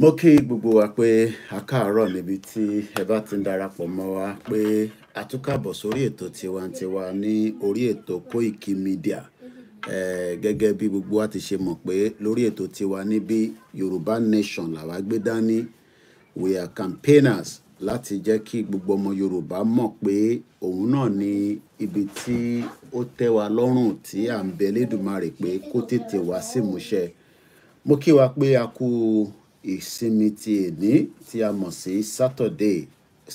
mo kí gbogbo wa pé a káàárọ̀ níbi tí ẹ bá ti ń darapọ̀ mọ́ wa pé a tún káàbọ̀ sórí ètò tiwantiwa ní orí ètò Koiki Media gẹ́gẹ́ bí gbogbo wa ti ṣe mọ̀ pé lórí ètò tiwa níbi Yorùbá Nation làwa gbé dání we are campaigners láti jẹ́ kí gbogbo ọmọ Yorùbá mọ̀ pé òun náà ni ibi tí ó tẹ́ wa lọ́rùn tí à ń bẹ Lédùmarè pé kó tètè wá sí ìmúṣẹ mo kí wa pé a kú. Aku ìsinmi ti èní tí a mọ̀ sí Saturday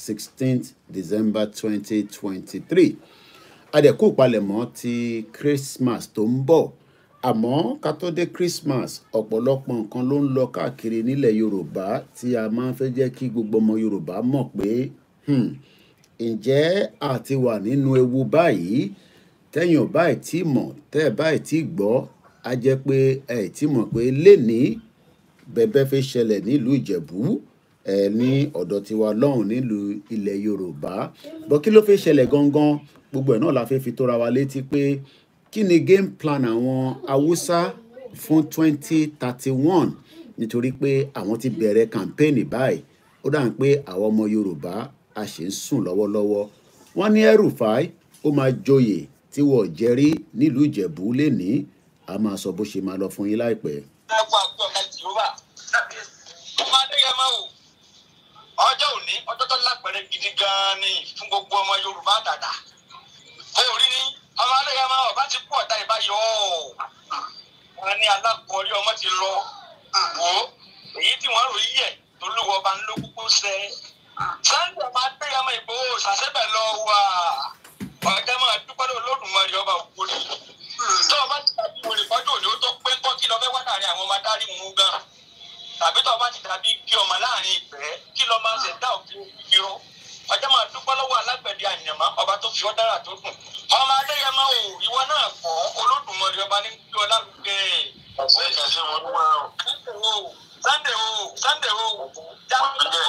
sixteenth December twenty twenty three adẹ̀kú ìpalẹ̀mọ́ ti Christmas tó ń bọ̀ àmọ́ ká tó dé Christmas ọ̀pọ̀lọpọ̀ nǹkan ló ń lọ káàkiri nílẹ̀ Yorùbá tí a máa ń fẹ́ jẹ́ kí gbogbo ọmọ Yorùbá mọ̀ pé hmm, ǹjẹ́ àti wà nínú ewu báyìí tẹ́yìn ò báyìí tí mọ̀ tẹ́ ẹ̀ báyìí tí gbọ́ á jẹ́ pé ẹ̀ tí mọ̀ pé lénìí bẹbẹ fẹ́ ṣẹlẹ̀ nílùú Ìjẹ̀bú ẹ ní ọ̀dọ̀ tiwa lọ́hùn nílùú ilẹ̀ Yorùbá bọ kí ló fẹ́ ṣẹlẹ̀ gangan gbogbo ẹ̀ náà la fẹ́ fi tóra wa létí pé kí ni game plan àwọn Haúsá fún twenty thirty one nítorí pé àwọn ti bẹ̀rẹ̀ kàmpéènì báyìí ó dáhùn pé àwọn ọmọ Yorùbá a ṣe ń sùn lọ́wọ́lọ́wọ́ wọ́n ní el ó máa joyè tí wọ́n jẹ́rí nílùú Ìjẹ̀bú lẹ́ni a máa sọ bó ṣe máa lọ fún yín láìpẹ́ sùúrà ọmọ adéyẹmọ o ọjọ́ òní ọjọ́ tó lágbẹ̀rẹ̀ gidi gan-an ni fún gbogbo ọmọ yorùbá dàda orí ni ọmọ adéyẹmọ ọba ti kú ọ̀tá ìbáyọ̀ wọn ní alákọ̀ọ́rí ọmọ ti lọ wò ó èyí tí wọ́n rò yíyẹ olúwọ bá ń ló kúkú sẹ sáńdì ọmọ adéyẹmọ ìgbòho sàṣẹbẹ lọ wà ọjọ́ máa dúpẹ́ lọ́dún mọ́rin ọba òkúri tó ọba ti tàbí wòlé kọjú òní láàrin àwọn ọmọ adarí mú gan tàbí tó o bá ti dàbí kí ọmọ láàrin ìgbẹ́ kí lọ́ máa ṣe dá òkú ìró ọjọ́ máa dúpẹ́ lọ́wọ́ alágbẹ̀dẹ àyànmọ́ ọba tó fi ọ́ dára tó gùn ọmọ adéyẹmọ ò ìwọ náà kọ́ olódùmọ̀rẹ́ ọba ní kí ọlá gbé Sunday o o Sunday o jáde o.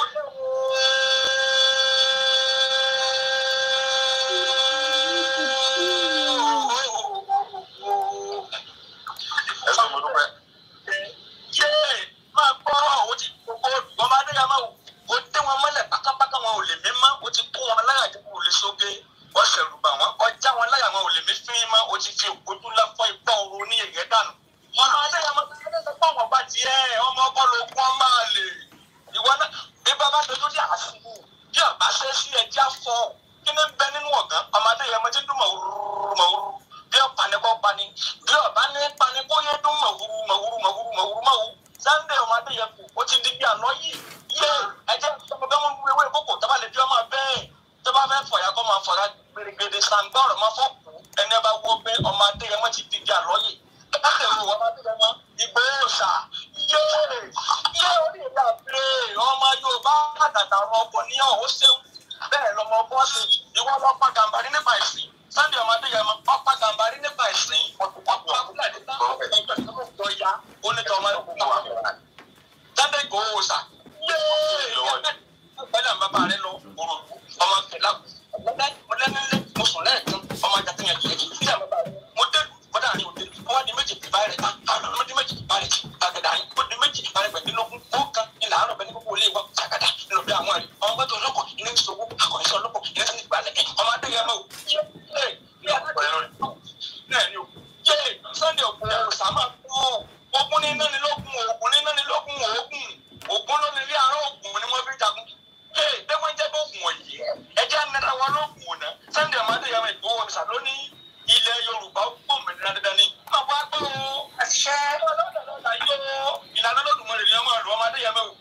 ti fi ògbójú lẹ́fọ́ ìgbọ́ òru ní ẹ̀yẹ́ dànù. wọn máa lé ọmọ tó ń sọ pé àwọn bá ti ẹ ọmọ ọkọ ló kún ọ máa lè ìwọ náà bí bàbá tó tó dé àfúgbù bí ọba ṣe sí ẹjẹ afọ kí ni bẹ nínú ọgán ọmọ adé yẹn mo ti dùn màwúrú màwúrú bí ọba ní kò pani bí ọba ní pani kó yẹ dùn màwúrú màwúrú màwúrú màwúrú màwúrú sunday ọmọ adé yẹn kù ó ti di bí àná yìí yé ẹjẹ ọmọ bẹ wọn wéwé kókò tábà bí ọmọ bẹ́ẹ̀ tó fọyà kó máa fọyà gbèrègbèrè sàǹgbọrọ máa fọ kù ẹni ẹ bá wọ pé ọmọ adéyẹmọ ti di di àlọyè káàkiri wo ọmọ adéyẹmọ ìgbéró sà yé yé orí ìlà pé ọmọ yorùbá àtàtà ọmọ ọkọ ní ọhún ṣéwù bẹ́ẹ̀ lọmọ bọọsì ìwọ ọlọpàá gàmbarí nípa ìsìn sunday ọmọ adéyẹmọ ọpá gàmbarí nípa ìsìn ọpá fúlàní táwọn ọmọ ìyá oníkà ọmọ ìyá sunday gbowó sà yé ẹgbẹ́ náà bàbá rẹ lọ òròlù ọmọ kẹlá mọlẹ́nilẹ́ mọ̀sùn lẹ́ẹ̀kan ọmọ jata yẹn kìí bí àwọn bá mo dé mo dá àárín òde mo wá di méjì bíbá rẹ àná mo di méjì bíbá rẹ àgàdà yìí mo di méjì bíbá rẹ gbẹdínlógún ó kan ilà àárọ̀ bẹ ní gbogbo ilé wa àgàdà ló bí àwọn rẹ ọmọ gbẹdọ olóko ilé ti sọgbó akọ̀yẹsẹ ilé ti ee bẹ́ẹ̀ wọ́n jẹ́ bó wù wọ́n yìí ẹjẹ́ anara wọn ló wù náà Sunday amadu yàrá ìgbó wọn sà ló ní ilẹ̀ Yorùbá gbòmìnira dandan ni. wọ́n bá gbọ́ o àṣìṣe ọlọ́dọ̀lọ́dà yóò ìlànà lọ́dúnmọ́lẹ̀ ni ọmọ àlọ́ ọmọdé yàrá o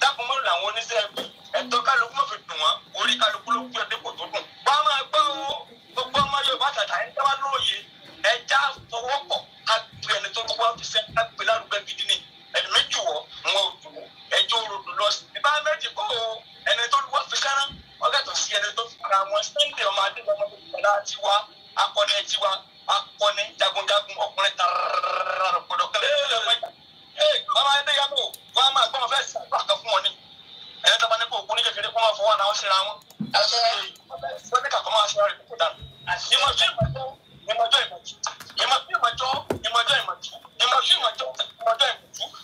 dákun mọ́lẹ̀ làwọn oníṣẹ́ ẹ̀tọ́ kálukú ló fi dùn wọ́n orí kálukú ló kúrẹ́ dípò tó dùn. wọ́n á ẹjọ́ ròdù lọ sí dìpámẹ́ǹtì kó o ẹni tó wá fi kárá wọ́n gàtọ̀ sí ẹni tó fi kárá wọn Sunday ọmọ adébọmọ tó fi kárá tiwa akọni tiwa akọni jagunjagun ọkùnrin tààrà rọpọdọ kẹlẹ ẹ bàbá ẹdẹ yà kó wọn a máa gbọmọ fẹẹ sàn bá kan fún wọn ni ẹni tó ní kó o kún ní kékeré kó máa fọwọ́ náà ṣe ra wọn wọ́n ní kàkọ́ máa ṣe ara rẹ̀ dànù ìmọ̀jọ́ ìmọ̀jọ́ ìmọ̀jọ́ ìmọ̀jọ́ ìmọ̀jọ́ ìmọ̀jọ́ ìmọ̀jọ́ ìmọ̀jọ́ ìmọ̀jọ́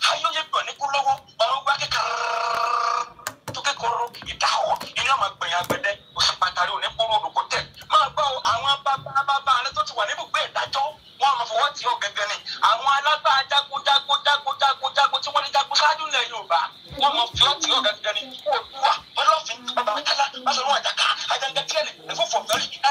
ayọ́yẹ́ bọ̀ ní kú lọ́wọ́ ọ̀rọ̀ wá kékeré tó kékeré ìdáhùn iná máa gbẹ̀yìn agbẹ̀dẹ oṣù pàtàkì òní kúrò òdòkó tẹ̀ máa gbọ́ àwọn bábábábá alẹ́ tó ti wà níbùgbé ìdájọ́ wọn máa fọwọ́ tí ó gẹ́gẹ́ ni àwọn alágbá jagunjagun jagunjagun jagun tí wọ́n ní jagun ṣáájú ilẹ̀ Yorùbá wọn máa fi ọtí ó gẹ́gẹ́ ni kó o dúwà ọlọ́fin ọbàmọ́tálá bá sọ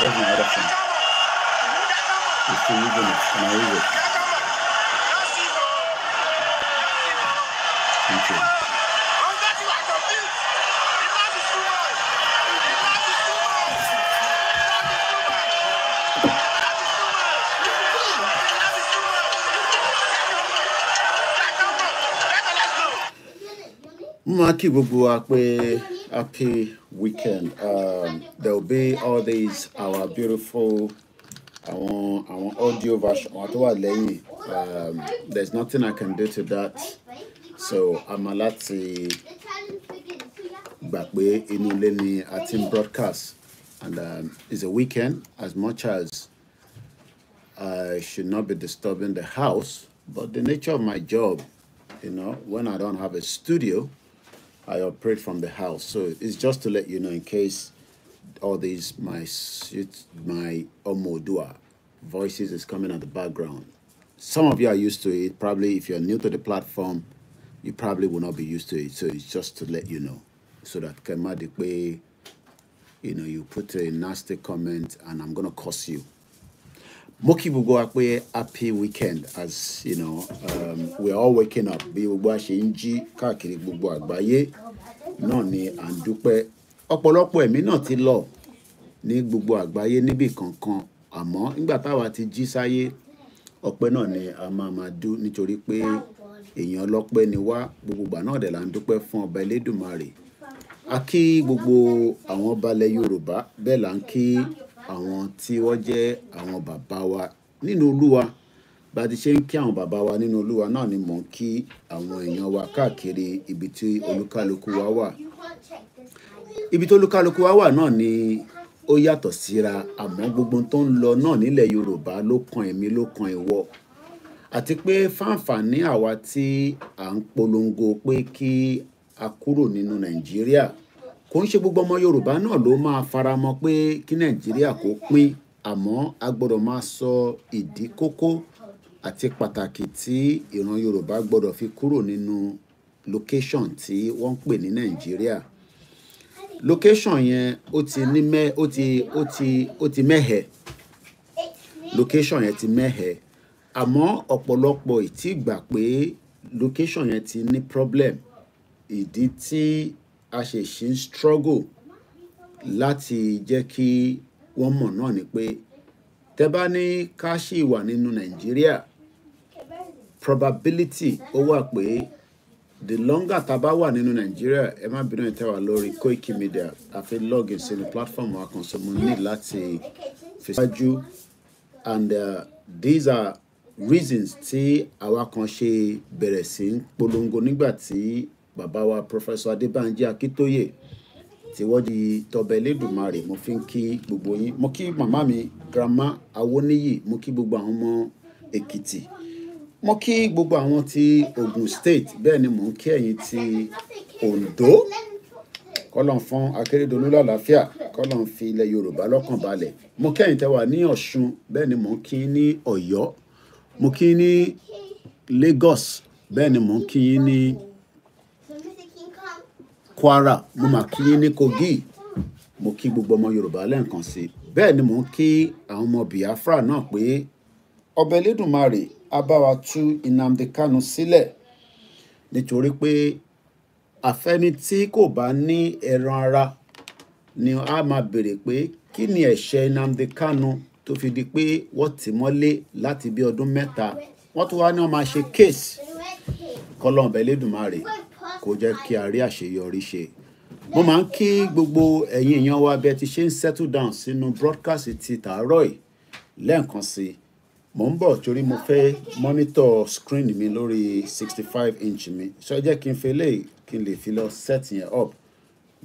There's my other phone. It's still using it, and I use it. Thank you. mo máa kí gbogbo wa pé a pe weekend. Um, there'll be all these our beautiful àwọn àwọn audio version um, there's nothing I can do to that so I'm allowed to. But we ni a ti broadcast and um, it's a weekend as much as I should not be disturbing the house but the nature of my job you know when I don't have a studio I operate from the house. So it's just to let you know in case all these my my omodua voices is coming at the background. Some of you are used to it. Probably if you're new to the platform, you probably will not be used to it. So it's just to let you know. So that Kemadikwe, you know, you put a nasty comment and I'm gonna curse you. mo kí gbogbo wa pé happy weekend as you know um, we are all waking up bí gbogbo wa ṣe ń jí káàkiri gbogbo àgbáyé náà ni à ń dúpẹ́ ọ̀pọ̀lọpọ̀ ẹ̀mí náà ti lọ ní gbogbo àgbáyé níbì kankan àmọ́ nígbà táwa ti jí sáyé ọpẹ́ náà ni a máa máa dú nítorí pé èèyàn ọlọ́pẹ́ ni wá gbogbo ìgbà náà dẹ̀ là ń dúpẹ́ fún ọba elédùmarè a kí gbogbo àwọn àwọn tí wọ́n jẹ́ àwọn bàbá wa nínú olúwa bá ti ṣe ń kí àwọn bàbá wa nínú olúwa náà ni mò ń kí àwọn èèyàn wa káàkiri ibi tí olúkálukú wa wà ibi tí olúkálukú wa wà náà ni ó yàtọ̀ síra àmọ́ gbogbo tó ń lọ náà nílẹ̀ yorùbá ló kan èmi ló kan ìwọ àti pé fáǹfààní àwa tí à ń polongo pé kí a kúrò nínú nàìjíríà kò ń ṣe gbogbo ọmọ Yorùbá náà ló máa fara mọ́ pé kí Nàìjíríà kó pín àmọ́ a gbọ́dọ̀ máa sọ ìdí kókó àti pàtàkì tí ìran Yorùbá gbọ́dọ̀ fi kúrò nínú location tí wọ́n ń pè ní Nàìjíríà location yẹn ó ti ní mẹ́ ó ti ó ti ó ti mẹ́hẹ̀ location yẹn ti mẹ́hẹ̀ àmọ́ ọ̀pọ̀lọpọ̀ ìtì gbà pé location yẹn ti ní problem ìdí tí a ṣe ṣì ń struggle láti jẹ́ kí wọ́n mọ̀ náà ni pé tẹ́ bá ní ká ṣì wà nínú nàìjíríà probability ó wà pé the longer tá a bá wà nínú nàìjíríà ẹ má bínú ẹ tẹ́ wà lórí Koiki Media àfi login sínú platform àkànṣe mo ní láti fi ṣáájú and uh, these are reasons tí àwa kan ṣe bẹ̀rẹ̀ sí ń polongo nígbà bàbá wa Professor Adébánjí Akíntóyè tí wọ́n di tọbẹ̀ lẹ́dùnmarè mo fi ń kí gbogbo yín mo kí màmá mi grandma awoniyi mo kí gbogbo àwọn ọmọ Èkìtì mo kí gbogbo àwọn ti Ogun State bẹ́ẹ̀ ni mò ń kí ẹ̀yin ti Ondo kọ́lọ́n fún Akérédolú lálàáfíà kọ́lọ́n fi ilẹ̀ Yorùbá lọ́kàn balẹ̀ mo kí ẹ̀yin tẹ́ wà ní Ọ̀ṣun bẹ́ẹ̀ ni mò ń kí ní Ọ̀yọ́ mo kí ní Lagos bẹ́ẹ̀ ni mò ń kí ní Kwara mo mà kí yín ní Kogi mo kí gbogbo ọmọ Yorùbá lẹ́ẹ̀kan sí i bẹ́ẹ̀ ni mò ń kí àwọn ọmọ Biafra náà pé ọba Elédùmarè á bá wa tú Nnamdi Kanu sílẹ̀ nítorí pé àfẹ́ni tí kò bá ní ẹran ara ni a máa béèrè pé kí ni ẹ̀ṣẹ̀ Nnamdi Kanu tó fi di pé wọ́n tì mọ́lé láti bí ọdún mẹ́ta wọ́n tún wá ní wọ́n máa ṣe kéèsì kọ́lọ́ọ̀bẹ Elédùmarè kó jẹ́ kí a rí àṣeyọrí ṣe mo máa ń kí gbogbo ẹ̀yin èèyàn wa bí ẹ ti ṣe ń settle down sínú broadcast ti tàárọ̀ yìí lẹ́ẹ̀kan sí i mo ń bọ̀ torí mo fẹ́ monitor screen mi lórí sixty five inch mi ṣé ẹ jẹ́ kí n fi eléyìí kí n lè fi lọ set yẹn up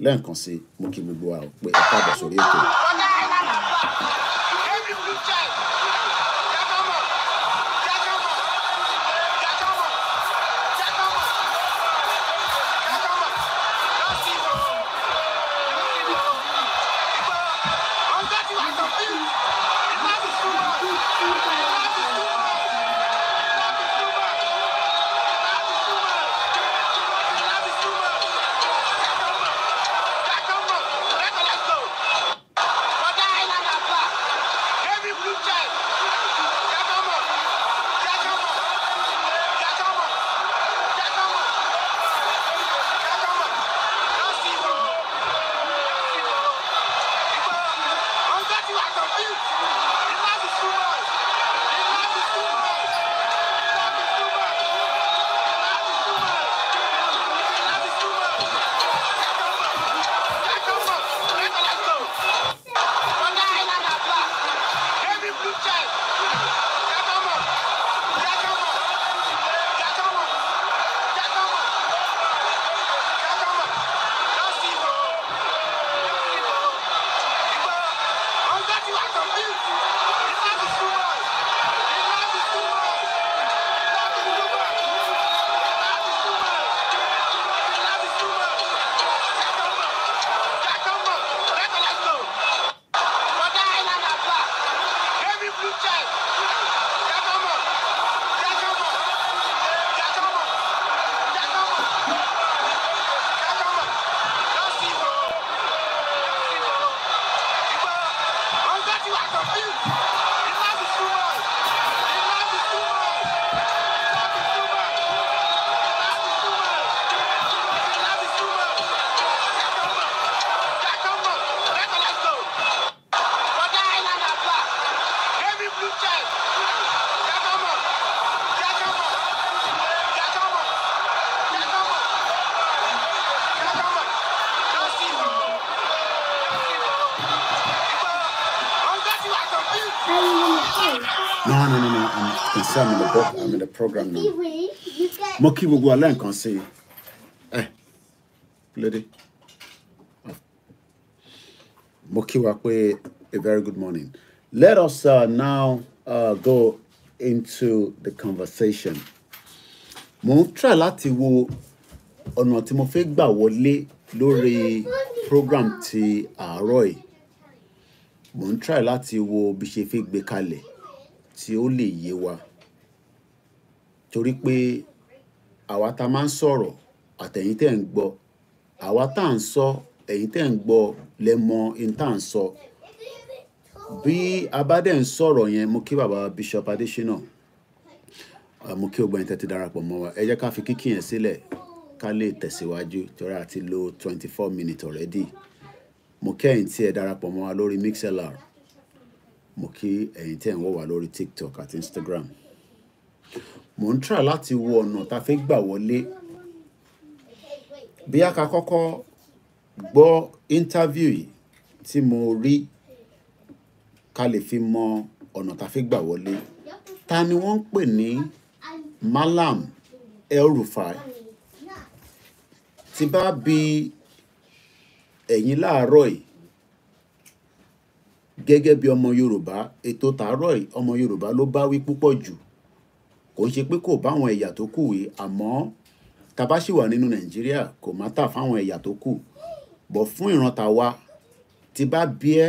lẹ́ẹ̀kan sí i mo kí gbogbo wa pé ẹ káàbọ̀ sórí ètò program náà mo kí gbogbo alẹ́ nǹkan sí ẹ lédè mo kí wa pé a very good morning let us uh, now uh, go into the conversation mo ń try lati wo ọ̀nà tí mo fẹ́ gbà wọlé lórí program ti àárọ̀ yìí mo ń try lati wo bí ṣe fi gbé kalẹ̀ tí ó lè yé wa torí pé àwa tá máa ń sọ̀rọ̀ àtẹ̀yìn tẹ̀ ń gbọ́ àwa tá à ń sọ ẹ̀yìn tẹ̀ ń gbọ́ lẹ mọ in tá à ń sọ bí a bá dẹ̀ ń sọ̀rọ̀ yẹn mo kí bàbá Bishop Adésínà mo kí ogbon tẹ́tí darapọ̀ mọ́ wa ẹ jẹ́ ká fi kíkì yẹn sílẹ̀ ká lè tẹ̀síwájú torí àti lo twenty four minutes already mo kí ẹ̀yin tí ẹ darapọ̀ mọ́ wa lórí mixlr mo kí ẹ̀yin tí ẹ ń wò wá lórí tiktok àti instagram mò ń try láti wo ọ̀nà tá a fẹ́ gbà wọlé bí a ká kọ́kọ́ gbọ́ interview yìí tí mo rí ká lè fi mọ ọ̀nà tá a gbà wọlé ta ni wọ́n ń pè ní Malam El-Rufai tí bá bi ẹ̀yin láàárọ̀ yìí gẹ́gẹ́ bí ọmọ Yorùbá ètò tàárọ̀ ọmọ Yorùbá ló bá wí púpọ̀ jù kò ń ṣe pé kò bá àwọn ẹ̀yà tó kù wí àmọ́ tá bá ṣì wà nínú nàìjíríà kò má tà fáwọn ẹ̀yà tó kù bọ̀ fún ìran ta wa bá bí ẹ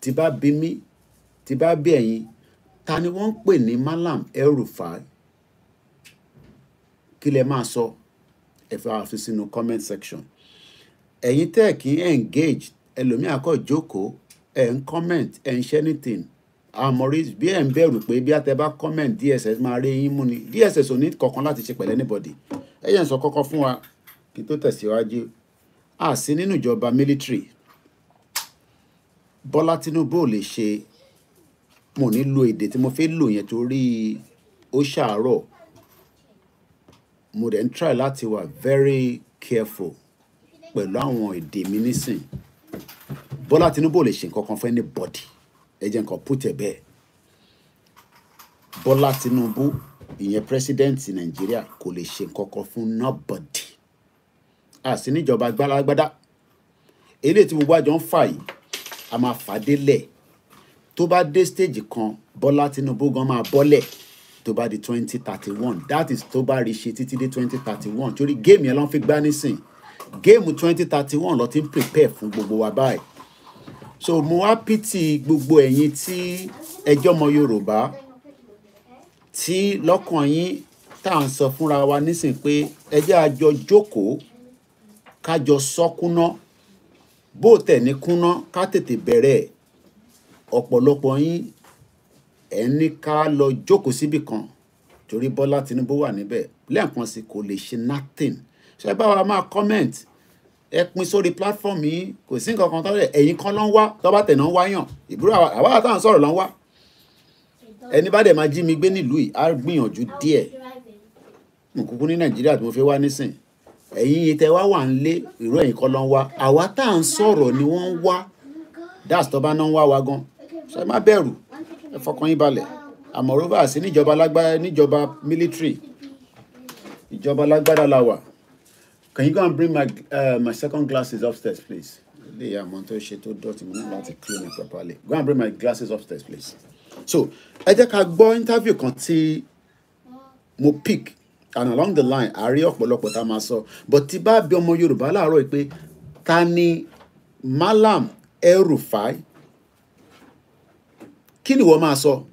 tí bá bí mí tí bá bí ẹ̀yin ta ni wọ́n ń pè ní Malam erufa rufai kí lẹ máa sọ ẹ fẹ́ wá fi sínú comment section ẹ̀yin tẹ́ ẹ̀ kí engage ẹlòmíà kọ́ jókòó ẹ̀ ń comment ẹ̀ ń share anything àmọ́rí bí ẹ̀ ń bẹ̀rù pé bí àtẹ bá comment dss máa rí yín mú ni dss ò ní kankan láti ṣe pẹ̀lẹ́ anybody ẹ yẹn sọ kọ́kọ́ fún wa kí tó tẹ̀síwájú a sí nínú ìjọba military bọ́lá tinubu ò lè ṣe mo ní lo èdè tí mo fẹ́ lò yẹn torí ó ṣàárọ̀ mo dẹ̀ ń try láti wà very careful pẹ̀lú àwọn èdè mi nísìn bọ́lá tinubu ò lè ṣe nǹkan kan fún anybody ẹ jẹ́ nǹkan pútẹ̀ bẹ́ẹ̀ Bọ́lá Tinubu ìyẹn president Nàìjíríà kò lè ṣe nǹkan kan fún nobody àti níjọba gbalagbada eléyìí tí gbogbo àjọ ń fà yìí a máa fà délẹ̀ tó bá dé stage kan Bọ́lá Tinubu gan máa bọ́lẹ̀ tó bá di twenty thirty one that is tó bá rí ṣe títí dé twenty thirty one torí géèmù yẹn ló ń fi gbá nísìn géèmù twenty thirty one ló ti ń prepare fún gbogbo wa báyìí so mo wá pìtì gbogbo ẹ̀yin tí ẹjọ́ ọmọ Yorùbá tí lọ́kàn yín tá à ń sọ fúnra wa nísìn pé ẹjẹ́ àjọ jókòó kájọ sọ kúná bó tẹ̀ ní kúná ká tètè bẹ̀rẹ̀ ọ̀pọ̀lọpọ̀ yín ẹ̀ ká lọ jókòó síbì kan torí Bọ́lá Tinubu wà níbẹ̀ lẹ́ẹ̀kan sí kò lè ṣe nothing ṣe bá máa comment ẹ pin sórí platform yìí kò sí nǹkan kan tọ́lẹ̀ ẹ̀yin kan ló ń wá tọ́ba tẹ̀ náà ń wáyàn ìbúrò àwa àtàwọn sọ̀rọ̀ ló ń wá ẹni bá dẹ̀ máa jí mi gbé nílùú yìí á gbìyànjú díẹ̀ nkùkú ní nàìjíríà tí mo fi wá nísìn ẹ̀yin yìí tẹ wá wà ń lé ìró ẹ̀yin kan ló ń wá àwa tá sọ̀rọ̀ ni wọ́n ń wá das tọ́ba náà ń wá wa gan ṣe má bẹ̀rù ẹ fọkàn yín balẹ̀ àmọ́ rúbà sí níjọba lágbára níjọba mílítírì ìjọba lágbára la Can you go and bring my uh, my second glasses upstairs, please? They are Montoya to dirty. We need to clean it properly. Go and bring my glasses upstairs, please. So, I jẹ́ ká go interview kan tí mo pick and along the line a rí ọ̀pọ̀lọpọ̀ tá a máa but tiba bá bí ọmọ Yorùbá láàárọ̀ pé Malam El-Rufai kí ni Tiba máa sọ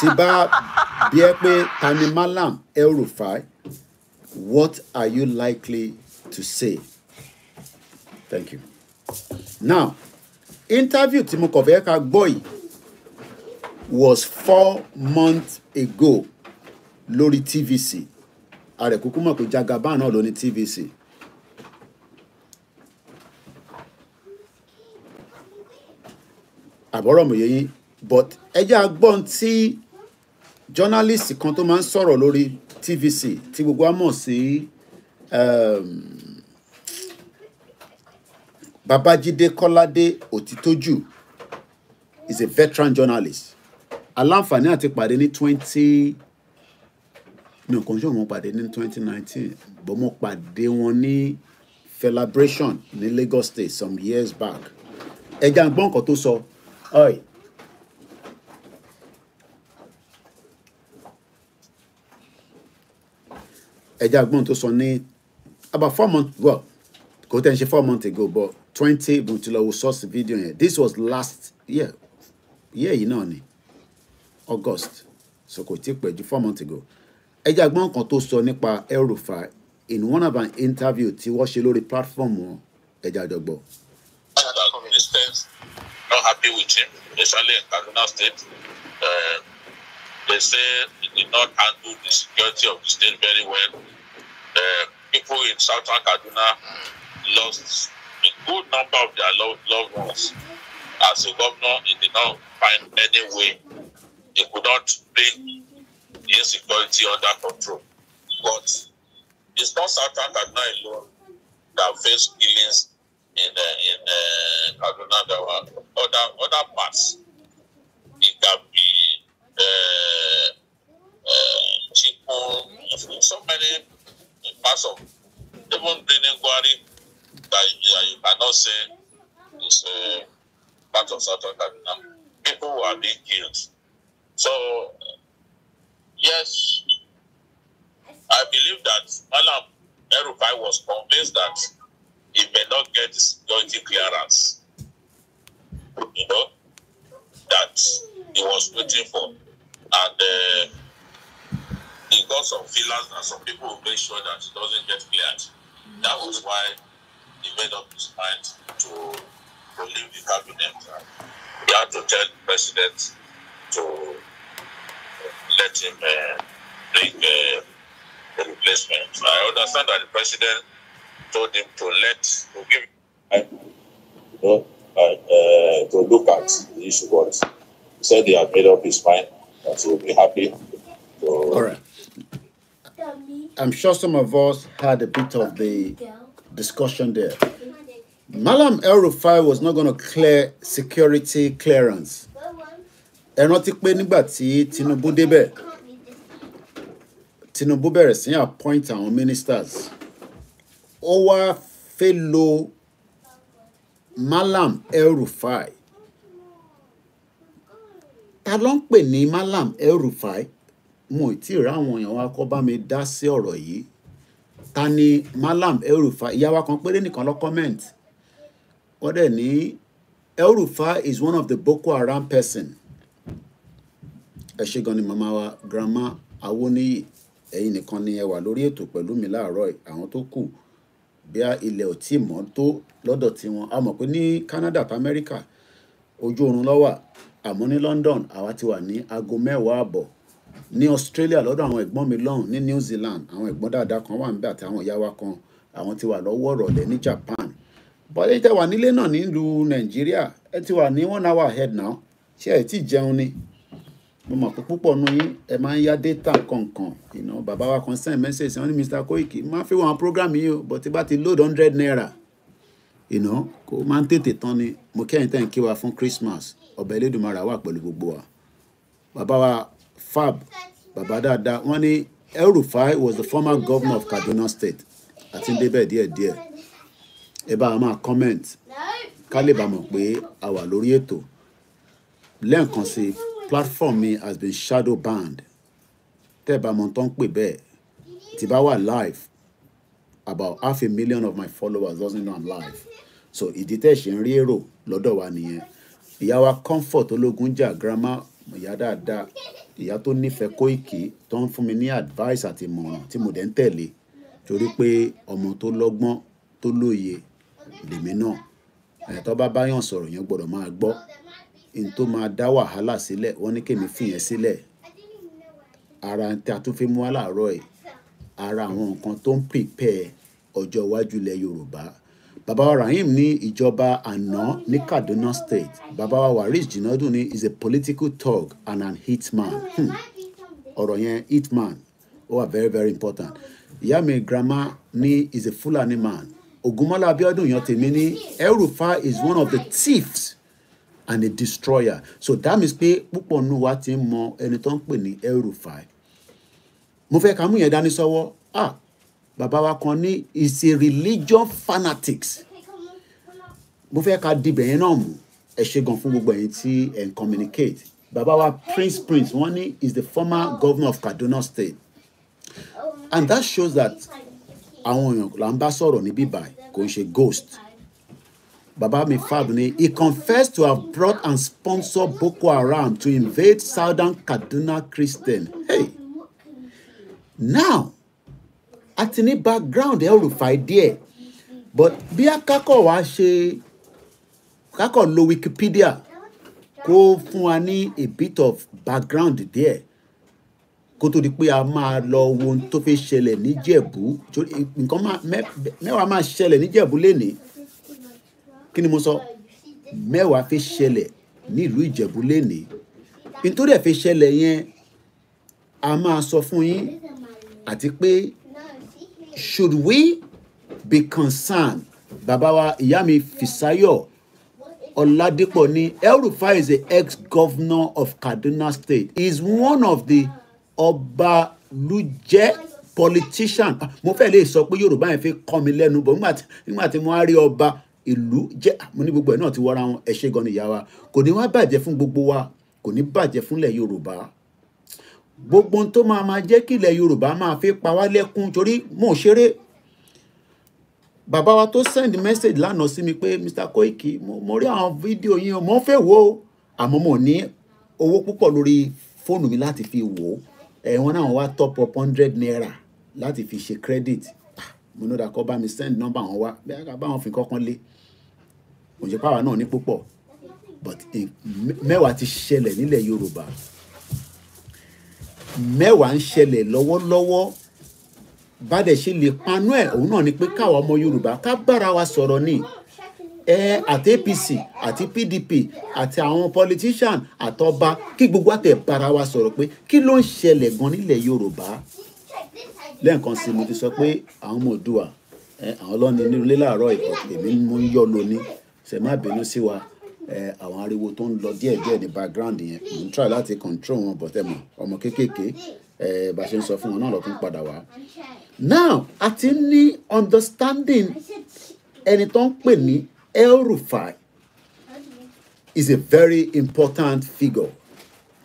tí Malam El-Rufai What are you likely to say? Thank you. Now, interview tí mo kàn was four months ago lórí TVC. Ààrẹ kúkú mọ̀ pé Jagaban náà ló ní TVC. àbọ̀rọ̀ mòye yín but ẹ jẹ́ àgbọ̀n tí journalist kan tó máa ń sọ̀rọ̀ tvc tí gbogbo wa mọ̀ sí um, babájídé kọ́ládé òtítójù is a veteran journalist aláǹfààní àti pàdé ní twenty mi ò kàn ṣe òun pàdé ní twenty nineteen bọ́ mo pàdé wọn ní celebration ní Lagos State some years back ẹja gbọ́n nǹkan tó sọ ẹja agbóhùn tó sọ ní about four months well kò tẹ́ ń ṣe four months ago but twenty mo ti lọ wo source video yẹn this was last year year yìí náà ni August so kò tí ì ju four months ago ẹja agbóhùn kan tó sọ nípa El-Rufai in one of an interview tí wọ́n ṣe lórí platform wọn ẹja àjọgbọ́. not happy with him, especially in Kaduna State. Uh, they say did not handle the security of the state very well. Uh, people in southern Kaduna lost a good number of their loved, ones. As a governor, he did not find any way. He could not bring the insecurity under control. But it's not southern Kaduna alone that faced killings in uh, in uh, Kaduna. There were other, other parts. It can be. Uh, uh, Chikun, so many parts of even Benin Gwari that you, you cannot say is uh, part of South Africa. People are being killed. So, yes, I believe that Malam Erufai was convinced that he may not get security clearance. You know, that he was waiting for. And uh, because of fillers and some people will make sure that it doesn't get cleared. That was why he made up his mind to, to leave the cabinet. He had to tell the president to let him uh, bring uh, the replacement. I understand that the president told him to let to give you know, uh, to look at the issue, but he said he had made up his mind that he would be happy. To, All right. I'm sure some of us had a bit of the discussion there. Malam El Rufai was not going to clear security clearance. Ẹ rántí pé nígbà tí Tinubu débẹ̀, Tinubu bẹ̀rẹ̀ sí appoint àwọn ministers. Ó wá fẹ́ lo Malam El Rufai. Ta ló ń pè ní Malam El Rufai? mo ì tí ì ráwọn èèyàn wa kọ́ bá mi dá sí ọ̀rọ̀ yìí ta ni Malam El-Rufai kan péré nìkan lọ comment wọ́n dẹ̀ Erufa is one of the Boko Haram person ẹ ṣé gan ni màmá wa grandma Awoniyi ẹ̀yin nìkan ni ẹ wà lórí ètò pẹ̀lú mi láàárọ̀ àwọn tó kù bí ilẹ̀ ò tí mọ́ tó lọ́dọ̀ tiwọn a mọ̀ pé ní Canada àti America ojú oorun ló àmọ́ ní London àwa ti wà ní aago mẹ́wàá àbọ̀ ní Australia lọ́dọ̀ àwọn ẹ̀gbọ́n mi lọ́hùn ní New Zealand àwọn ẹ̀gbọ́n dáadáa kan wà níbẹ̀ àti àwọn ìyá wa kan àwọn ti wà lọ́wọ́ ọ̀rọ̀lẹ́ ní Japan bọ́lá ìtẹ̀ wà nílé náà nílùú Nàìjíríà ẹ ti wà ní one hour ahead now ṣé ẹ ti jẹun ni mo mọ̀ pé púpọ̀ nu yín ẹ máa ń yá data kankan ìná bàbá wa kan send message wọn ní Mr Koiki máa fi wọn program yìí o but tí bá ti load hundred naira ìná kó máa ń tètè tán ni mo kẹ́yìn tẹ́ kí wa fún Christmas ọ̀bẹ Elédùmarè wà pẹ̀lú gbogbo wa bàbá wa Fab Babadada wọ́n ní El-Rufai was the former governor of Kaduna State àti ń débẹ̀ díẹ̀díẹ̀ ẹ bá a máa comment ká lè bá mọ̀ pé a wà lórí ètò lẹ́ẹ̀kan sí platform mi has been shadow banned tẹ́ ẹ bá mọ̀ tó ń pè bẹ́ẹ̀ tí bá wà live about half a million of my followers doesn't know I'm live so ìdí tẹ́ ṣe ń rí èrò lọ́dọ̀ wa nìyẹn ìyá wa comfort ológun jà grandma ìyá dáadáa ìyá tó nífẹ̀ẹ́ Kóìkì tó ń fún mi ní advice àti ìmọ̀ràn tí mo dẹ̀ ń tẹ̀lé torí pé ọmọ tó lọ́gbọ́n tó lóye lèmi náà ẹ̀yìn tó bá báyàn sọ̀rọ̀ yẹn gbọ́dọ̀ máa gbọ́ n tó máa dá wàhálà sílẹ̀ wọ́n ní kèmí fìyẹn sílẹ̀ ara tí a tún fi mú aláàárọ̀ ẹ̀ ara àwọn nǹkan tó ń prepare ọjọ́ iwájú ilẹ̀ Yorùbá baba wa rahim ní ìjọba àná ní kaduna state baba wa waris jinadu ní is a political thug and an hitman hmm. ọ̀rọ̀ hmm. yẹn hitman ó wà very very important ìyá mi grandma ni is a fulani man ogunmọ́lá abiodun yan tèmi ní erufa is one of the thieves and a destroyer so that means pé púpọ̀ nù wa ti ń mọ ẹni tó ń pè ní erufai mo fẹ́ ká mú yẹn dání sọ́wọ́ ah bàbá wa kan ní is a religion fanatics mo fẹ́ ka dibẹ̀ yẹn náà mú ẹ ṣe gan fún gbogbo ẹ̀yin tí ẹ̀ ń communicate bàbá wa prince prince wọ́n ní is the former governor of Kaduna State and that shows that àwọn èèyàn là ń bá sọ̀rọ̀ níbí báyìí kò ń ṣe ghost bàbá mi fàbí ni he confessed to have brought and sponsored Boko Haram to invade southern Kaduna Christian hey now a ti ní background ẹ̀ òrùfàì díẹ̀ but bí a kákọ̀ wá ṣe kákọ̀ lo Wikipedia kó fún wa ní a bit of background díẹ̀ kó tó di pé a máa lọ wo ohun tó fi ṣẹlẹ̀ níjẹ̀bú nǹkan mẹ́wàá máa ṣẹlẹ̀ níjẹ̀bú lénìí kí ni mo sọ mẹ́wàá fi ṣẹlẹ̀ nílùú ìjẹ̀bú lénìí nítorí ẹ̀ fi ṣẹlẹ̀ yẹn a máa sọ fún yín àti pé should we be concerned Babawa wa ìyá mi Fisayo Oladipo ni el is the ex-governor of Kaduna State he is one of the ọbalújẹ politician ah, mo fẹ́ lè sọ pé Yorùbá yẹn fi kọ́ mi lẹ́nu bọ̀ nígbà tí mo á rí ọba ìlú jẹ́ mo ní gbogbo ẹ̀ náà ti wọ́ra wọn ẹ̀ ṣe gan ni ìyá wa kò ní wá bàjẹ́ fún gbogbo wa kò ní bàjẹ́ fúnlẹ̀ Yorùbá gbogbo tó máa máa jẹ́ kí ilẹ̀ yorùbá máa fi pa wá lẹ́kún torí mò ń ṣeré bàbá wa tó send message lánàá sí mi pé Mr Koiki mo rí àwọn fídíò yín mo fẹ́ wò ó àmọ́ mo ní owó púpọ̀ lórí fóònù mi láti fi wò ó ẹ̀wọ̀n náà wá top up hundred naira láti fi ṣe credit ah, mo ní dàkọ́ bá mi send number wọn wá bí a bá wọn fi kọ́kàn lé òjò pàwọ́ náà ní púpọ̀ but mẹ́wàá ti ṣẹlẹ̀ nílẹ̀ yorùbá mẹ́wàá ń ṣẹlẹ̀ lọ́wọ́lọ́wọ́ bá dẹ̀ ṣe lè panú ẹ̀ òun náà ni pé káwa ọmọ yorùbá ká bára wa sọ̀rọ̀ ni ẹ àti apc àti pdp àti àwọn politician àtọba kí gbogbo àtẹ bára wa sọ̀rọ̀ pé kí ló ń ṣẹlẹ̀ gan nílẹ̀ yorùbá lẹ́ẹ̀kan sí mo ti sọ pé àwọn ọmọ òdùà àwọn ọlọ́ni nínú ilé láàárọ̀ ìkọ̀tẹ̀mí mo ń yọ lóní ṣẹ̀ má bínú sí wa àwọn ariwo tó ń lọ díẹ̀ díẹ̀ ní background yẹn mò try láti control wọn but ẹ ọmọ kéékèèké bá a ṣe ń sọ fún wọn náà lọ tún padà wá. now a ti ní understanding ẹni tó ń pè ní El-Rufai is a very important figure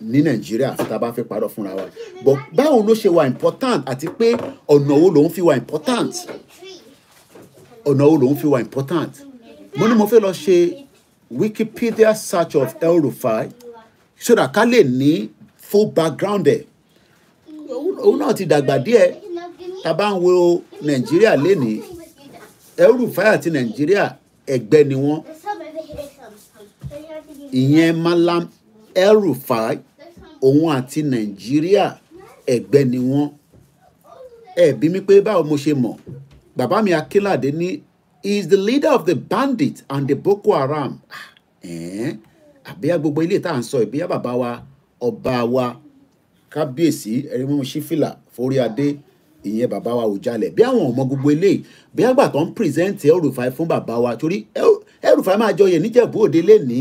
ní nàìjíríà tá a bá fẹ́ parọ́ fúnra wa but báwo ló ṣe wà important àti pé ọ̀nà wo lòun fi wà important ọ̀nà wo lòun fi wà important mo ní mo fẹ́ lọ ṣe Wikipedia search of El Rufai so that ká lè ní full background ẹ̀ òun náà ti dàgbà díẹ̀ tá a bá ń wo Nàìjíríà lénìí El Rufai àti Nàìjíríà ẹgbẹ́ ni wọ́n ìyẹn Malam El Rufai òun àti Nàìjíríà ẹgbẹ́ ni wọ́n ẹ bí mi pé báwo mo ṣe mọ̀ bàbá mi Akínládé ní he is the leader of the bandits and the Boko Haram eh? àbíyá gbogbo ilé tá à ń sọ ìbíyá bàbá wa ọba wa kábíyèsí ẹ̀rìmú sífìlà forí adé ìyẹn bàbá wa ò jalè bí àwọn ọmọ gbogbo eléyìí bí àgbà tó ń pírẹsẹ̀ǹtì El-Rufai fún bàbá wa torí El-Rufai máa jọyè níjẹ̀bú òde lẹ́ni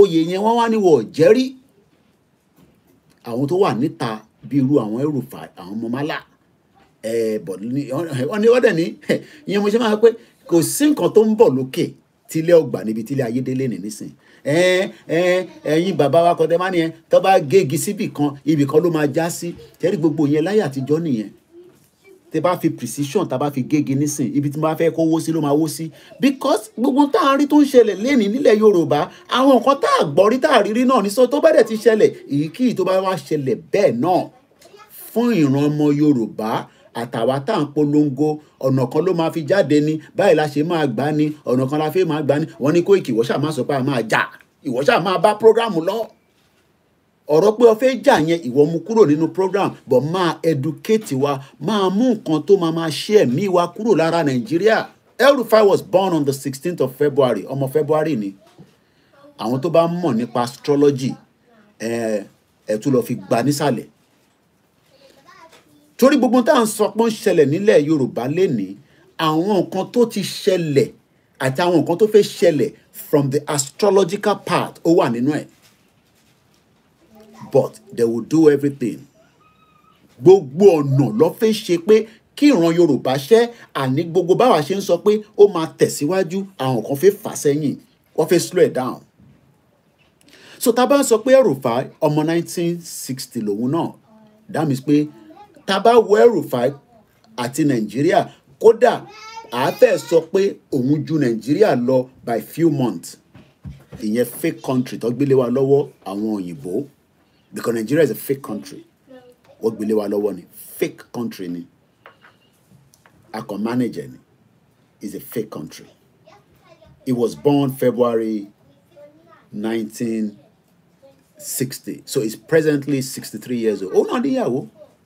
oyè yẹn wọ́n wá níwọ̀ jẹ́rí àwọn tó wà níta bí irú àwọn El-Rufai àwọn ọmọ mọ́lá ẹ̀ eh, bọ̀ ní ọ̀dẹ̀ ní ìyẹn mo ṣe máa pẹ́ kò sí nǹkan tó ń bọ̀ lókè tílé ọgbà níbi tílé ayédélé ní nísìn ẹn ẹn ẹyin bàbá wa kọtẹ má nìyẹn tó bá gégi síbì kan ibì kan ló máa já sí tẹ́rí gbogbo yẹn láyé àtijọ́ nìyẹn tẹ bá fi precision tá bá fi gégi nísìn ibi tí mo bá fẹ́ kó wó sí ló máa wó sí because gbogbo tá a rí tó ń ṣẹlẹ̀ lẹ́nìí nílẹ̀ yorùbá àwọn nǹkan tá a gbọ́ rí tá a rí rí náà ní sọ tó bá ti ṣẹlẹ̀ èyíkéyìí tó bá wá ṣẹlẹ̀ bẹ́ẹ̀ náà fún ìran ọmọ yorùbá àtàwa tá à ń polongo ọ̀nà kan ló máa fi jáde ni báyìí la ṣe máa gbà ni ọ̀nà kan la fi máa gbà ni wọ́n ní kó ìkìwọ́ ṣáà máa sọ pé a máa jà ìwọ máa bá prógráàmù lọ ọ̀rọ̀ pé o fẹ́ jà yẹn ìwọ mu kúrò nínú program bọ̀ máa educate wa máa mú nǹkan tó máa máa ṣe ẹ̀mí wa kúrò lára nàìjíríà el was born on the sixteenth of February ọmọ February ni àwọn tó bá mọ̀ nípa astrology ẹ̀ ẹ̀ tún lọ fi gbà nísàlẹ̀ torí gbogbo tá à ń sọ pé ń ṣẹlẹ̀ nílẹ̀ Yorùbá lénìí àwọn nǹkan tó ti ṣẹlẹ̀ àti àwọn nǹkan tó fẹ́ ṣẹlẹ̀ from the astrological part ó wà nínú ẹ̀ but they will do everything gbogbo ọ̀nà ló fẹ́ ṣe pé kí ìran Yorùbá ṣẹ́ àní gbogbo báwa ṣe ń sọ pé ó máa tẹ̀síwájú àwọn kan fẹ́ fà sẹ́yìn wọ́n fẹ́ slow it down so tá a bá sọ pé El Rufai ọmọ 1960 lòun náà that means pé tá a bá wo El-Rufai àti nàìjíríà kódà àáfẹ́ sọ pé òun ju nàìjíríà lọ by few months ìyẹn fake country tó gbélé wa lọ́wọ́ àwọn òyìnbó because Nigeria is a fake country wọ́n gbélé wa lọ́wọ́ ni fake country ni akọ manager ni is a fake country it was born February nineteen sixty so it's presently sixty three years old òun náà níyàwó.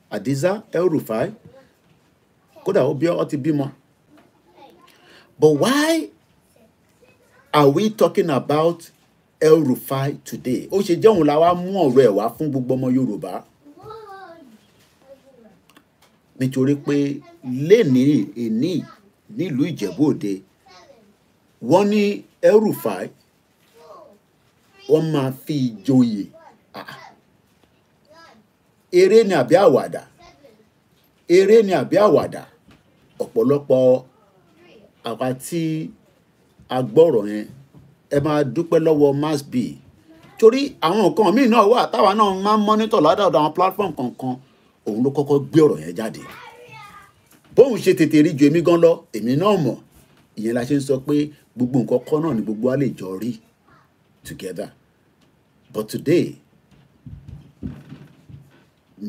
Hadiza El-Rufai kódà ó bí ọ ti bímọ. But why are we talking about El-Rufai today? ó ṣe jẹ́ òun la wá mú ọ̀rọ̀ ẹ̀ wá fún gbogbo ọmọ Yorùbá nítorí pé lénìí èní nílùú Ìjẹ̀bú Òde wọ́n ní El-Rufai wọ́n máa fi joyè. Ah, eré ni àbí àwàdà eré ni àbí àwàdà ọ̀pọ̀lọpọ̀ àwa tí a gbọ́rọ̀ yẹn ẹ máa dúpẹ́ lọ́wọ́ mass b torí àwọn nǹkan míì náà wà táwa náà máa ń mọ́nítọ̀ ládàá àwọn platform kankan òun ló kọ́kọ́ gbé ọ̀rọ̀ yẹn jáde bóun ṣe tètè rí ju èmi gan lọ èmi náà mọ̀ ìyẹn la ṣe ń sọ pé gbogbo nǹkan kọ́ náà ni gbogbo wa lè jọ rí together but today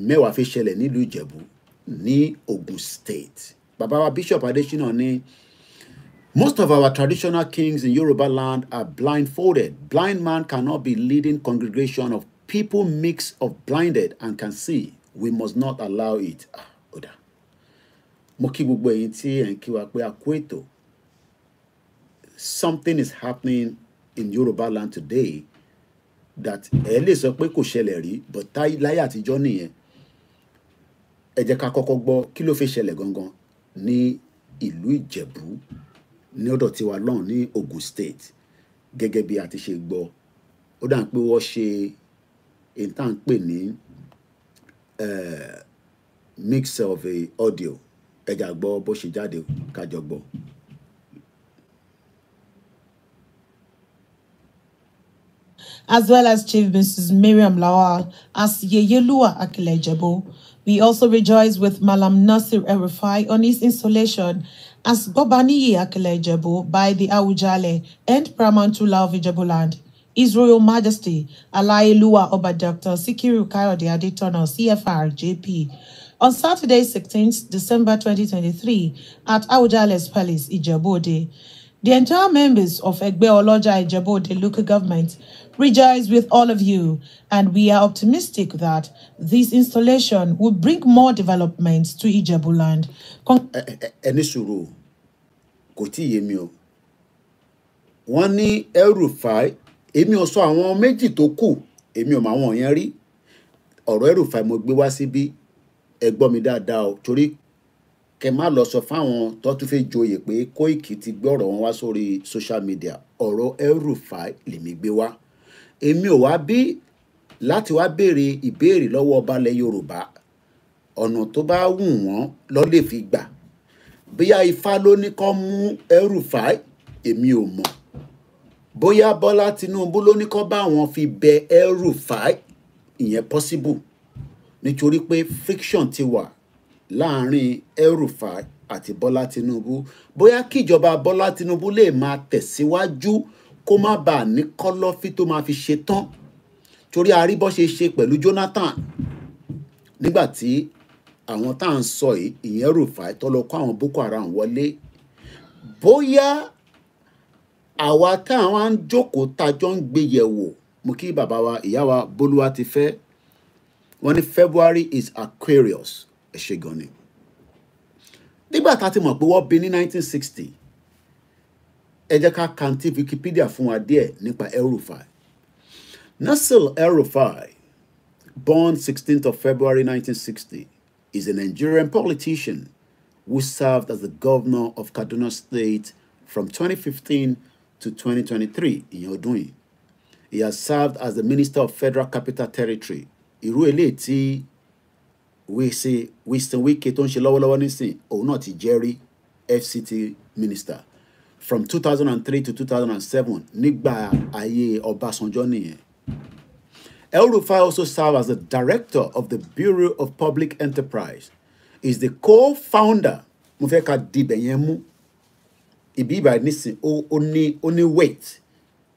mẹ́wàá fi ṣẹlẹ̀ nílùú ìjẹ̀bú ní Ogun State bàbá wa Bishop Adesina ní most of our traditional kings in Yoruba land are blindfolded blind man cannot be leading congregation of people mix of blinded and can see we must not allow it ah ọ̀dà mo kí gbogbo ẹ̀yin tí ẹ̀ ń kí wa pé a kú ètò something is happening in Yoruba land today that ẹ lè sọ pé kò ṣẹlẹ̀ rí but láyé àtijọ́ nìyẹn ẹ jẹ́ ká kọ́kọ́ gbọ́ kí ló fi ṣẹlẹ̀ gangan ní ìlú ìjẹ̀bú ní ọ̀dọ̀ tiwa lọ́hùn ní Ogun State gẹ́gẹ́ bí a ti ṣe gbọ́ ó dà ń pé wọ́n ṣe èyí tá à ń pè ní mix of a audio ẹ gbọ́ bó ṣe jáde ká gbọ́. As well as Chief Mrs. Miriam Lawal as Yeyelua Akilejebo. We also rejoice with Malam Nasir Erifai on his installation as Gobaniyi Akelejebo by the Awujale and Pramantula of Ijebuland. His Royal Majesty Alai Oba Dr. Sikiru Kayode Adetono, CFR, JP, on Saturday, 16th December 2023 at Aujales Palace, Ijebode. The entire members of Egbe Oloja Ijebode local government rejoice with all of you, and we are optimistic that this installation will bring more developments to Ijebu land. sùúrù kò tí ì yé mi o. Wọ́n ní El-Rufai, èmi ò sọ àwọn méjì tó kù, èmi ò mọ àwọn yẹn rí. Ọ̀rọ̀ El-Rufai mo gbé wá síbí, ẹ gbọ́ mi dáadáa o, torí kẹ má lọ sọ fáwọn tó tún fẹ́ joyè pé ti gbé ọ̀rọ̀ wọn wá social media oro El-Rufai lèmi gbé èmi ò wá bí láti wá béèrè ìbéèrè lọ́wọ́ ọba ilẹ̀ Yorùbá ọ̀nà tó bá wù wọ́n ló lè fi gbà bóyá Ifá ló ní kó mú El-Rufai èmi ò mọ̀ bóyá Bọ́lá Tinubu ló ní kó bá wọn fi bẹ El-Rufai ìyẹn possible nítorí pé friction ti wà láàrin El-Rufai àti Bọ́lá Tinubu bóyá kíjọba Bọ́lá Tinubu lè máa tẹ̀síwájú. Si kó má bàa ní kọ́lọ́fín tó máa fi ṣe tán torí a rí bó ṣe ṣe pẹ̀lú Jonathan nígbà tí àwọn tá à ń sọ yìí ìyẹn Rufai tó lọ kó àwọn Boko Haram wọlé bóyá àwa tá à ń jókòó tajọ́ ń gbé yẹ̀wò mo kí bàbá wa ìyá wa Bólúwa ti fẹ́ wọ́n ní February is Aquarius ẹ̀ ṣe gan ni nígbà tá a ti mọ̀ pé wọ́n bí ní 1960 ẹ jẹ́ ká kàǹtì Wikipedia fún wa díẹ̀ nípa El-Rufai Nasir el born 16th of February 1960 is a Nigerian politician who served as the governor of Kaduna State from 2015 to 2023 ìyẹn ọdún yìí he has served as the minister of Federal Capital Territory irú eléyìí tí Winston Wike tó ń ṣe lọ́wọ́lọ́wọ́ nísìn òun náà ti jẹ́ FCT minister from two thousand and three to two thousand and seven nígbà ayé Ọbásanjọ́ nìyẹn. El-Rufai also served as the director of the Bureau of Public Enterprise. He is the co-founder mo fẹ́ ka dibẹ̀ yẹn mú ìbí ìbàdàn nísìn ó ní ó ní weight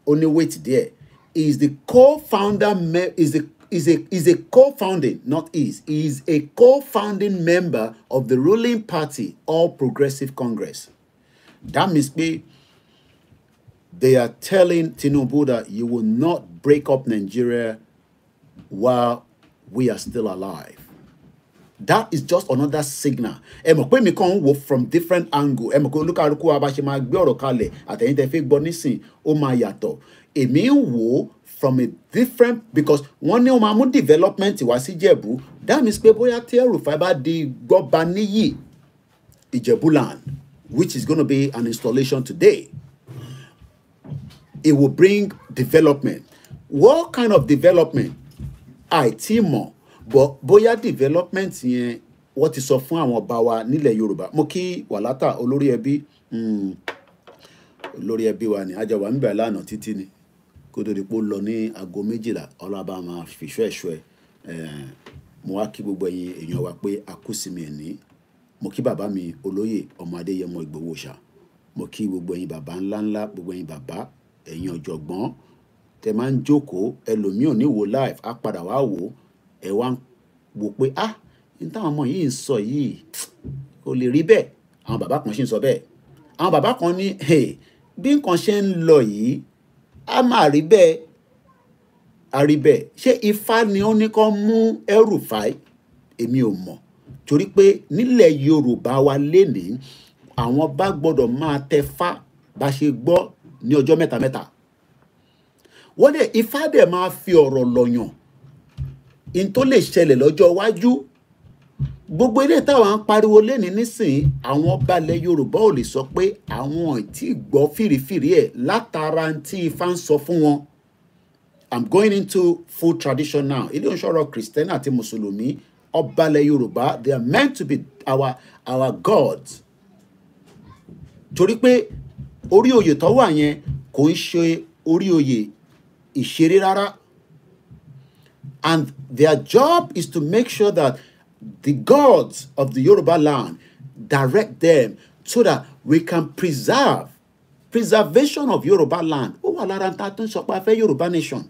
ó ní weight díẹ̀ he is the co-founder is the is a is a co-founding not is he is a co-founding member of the ruling party All Progressive Congress. That means pé they are telling Tinubu that you will not break up Nigeria while we are still alive. That is just another signal. Ẹ mọ̀ pé mi kàn ń wò from different angle. Ẹ mọ̀ pé olúkàlùkù wa bá ṣe máa gbé ọ̀rọ̀ kalẹ̀ àtẹ̀yìn tẹ́ fi gbọ́ nísìn ó máa yàtọ̀. Èmi ń wò from a different because wọ́n ní wọ́n máa mú development wá sí Ìjẹ̀bú. That means pé bóyá tí El-Rufai bá di Gbọ́baníyì Ìjẹ̀bú land which is going to be an installation today. It will bring development. What kind of development? àìtí mọ̀ bọ̀ bóyá development yẹn wọ́n ti sọ fún àwọn ọba wa nílẹ̀ Yorùbá mo kí wàlátà olórí ẹbí hmm, olórí ẹbí wa ni ajá wa ń bẹ̀rẹ̀ lánàá títí ni kó tó di pé ó lọ ní aago méjìlá ọlọ́ba máa fìṣọ́ ẹ̀ṣọ́ ẹ̀ mo wá kí gbogbo ẹ̀yin èèyàn wa pé a kú mo kí bàbá mi olóyè ọmọ adéyẹmọ ìgbòho ṣá mo kí gbogbo ẹ̀yin bàbá ńláńlá gbogbo ẹ̀yin bàbá ẹ̀yin ọ̀jọ̀gbọ́n tẹ máa ń jókòó ẹlòmíì ò ní wo live á padà wá wò ẹ wá ń wò pé ah n táwọn ọmọ yìí ń sọ yìí kò lè rí bẹ́ẹ̀ àwọn bàbá kan ṣì ń sọ bẹ́ẹ̀ àwọn bàbá kan ní bí nǹkan ṣe ń lọ yìí á máa rí bẹ́ẹ̀ á rí bẹ́ẹ̀ ṣé ifá ni ó ní kó mú ẹrù fàáì èmi ò mọ̀ torí pé nílẹ̀ yorùbá wa lénìí àwọn bá gbọ́dọ̀ máa tẹ fá bá ṣe gbọ́ ní ọjọ́ mẹ́ta mẹ́ta wọ́n dẹ̀ ifá dẹ̀ máa fi ọ̀rọ̀ lọ̀yàn in tó lè ṣẹlẹ̀ lọ́jọ́ iwájú gbogbo ilé táwọn pariwo lẹ́ni nísìn àwọn balẹ̀ yorùbá ò lè sọ pé àwọn tí gbọ́ fìrìfìrì ẹ̀ látara tí ifá ń sọ fún wọn i'm going into full tradition now ilé ìṣòro Christian àti mùsùlùmí ọbalẹ̀ yorùbá they are meant to be our our gods torí pé orí oyè tó wà yẹn kò ń ṣe orí oyè ìṣeré rárá and their job is to make sure that the gods of the Yoruba land direct them so that we can preserve preservation of Yoruba land. Ó wà lára ta tó ń sọ pé a fẹ́ Yoruba nation.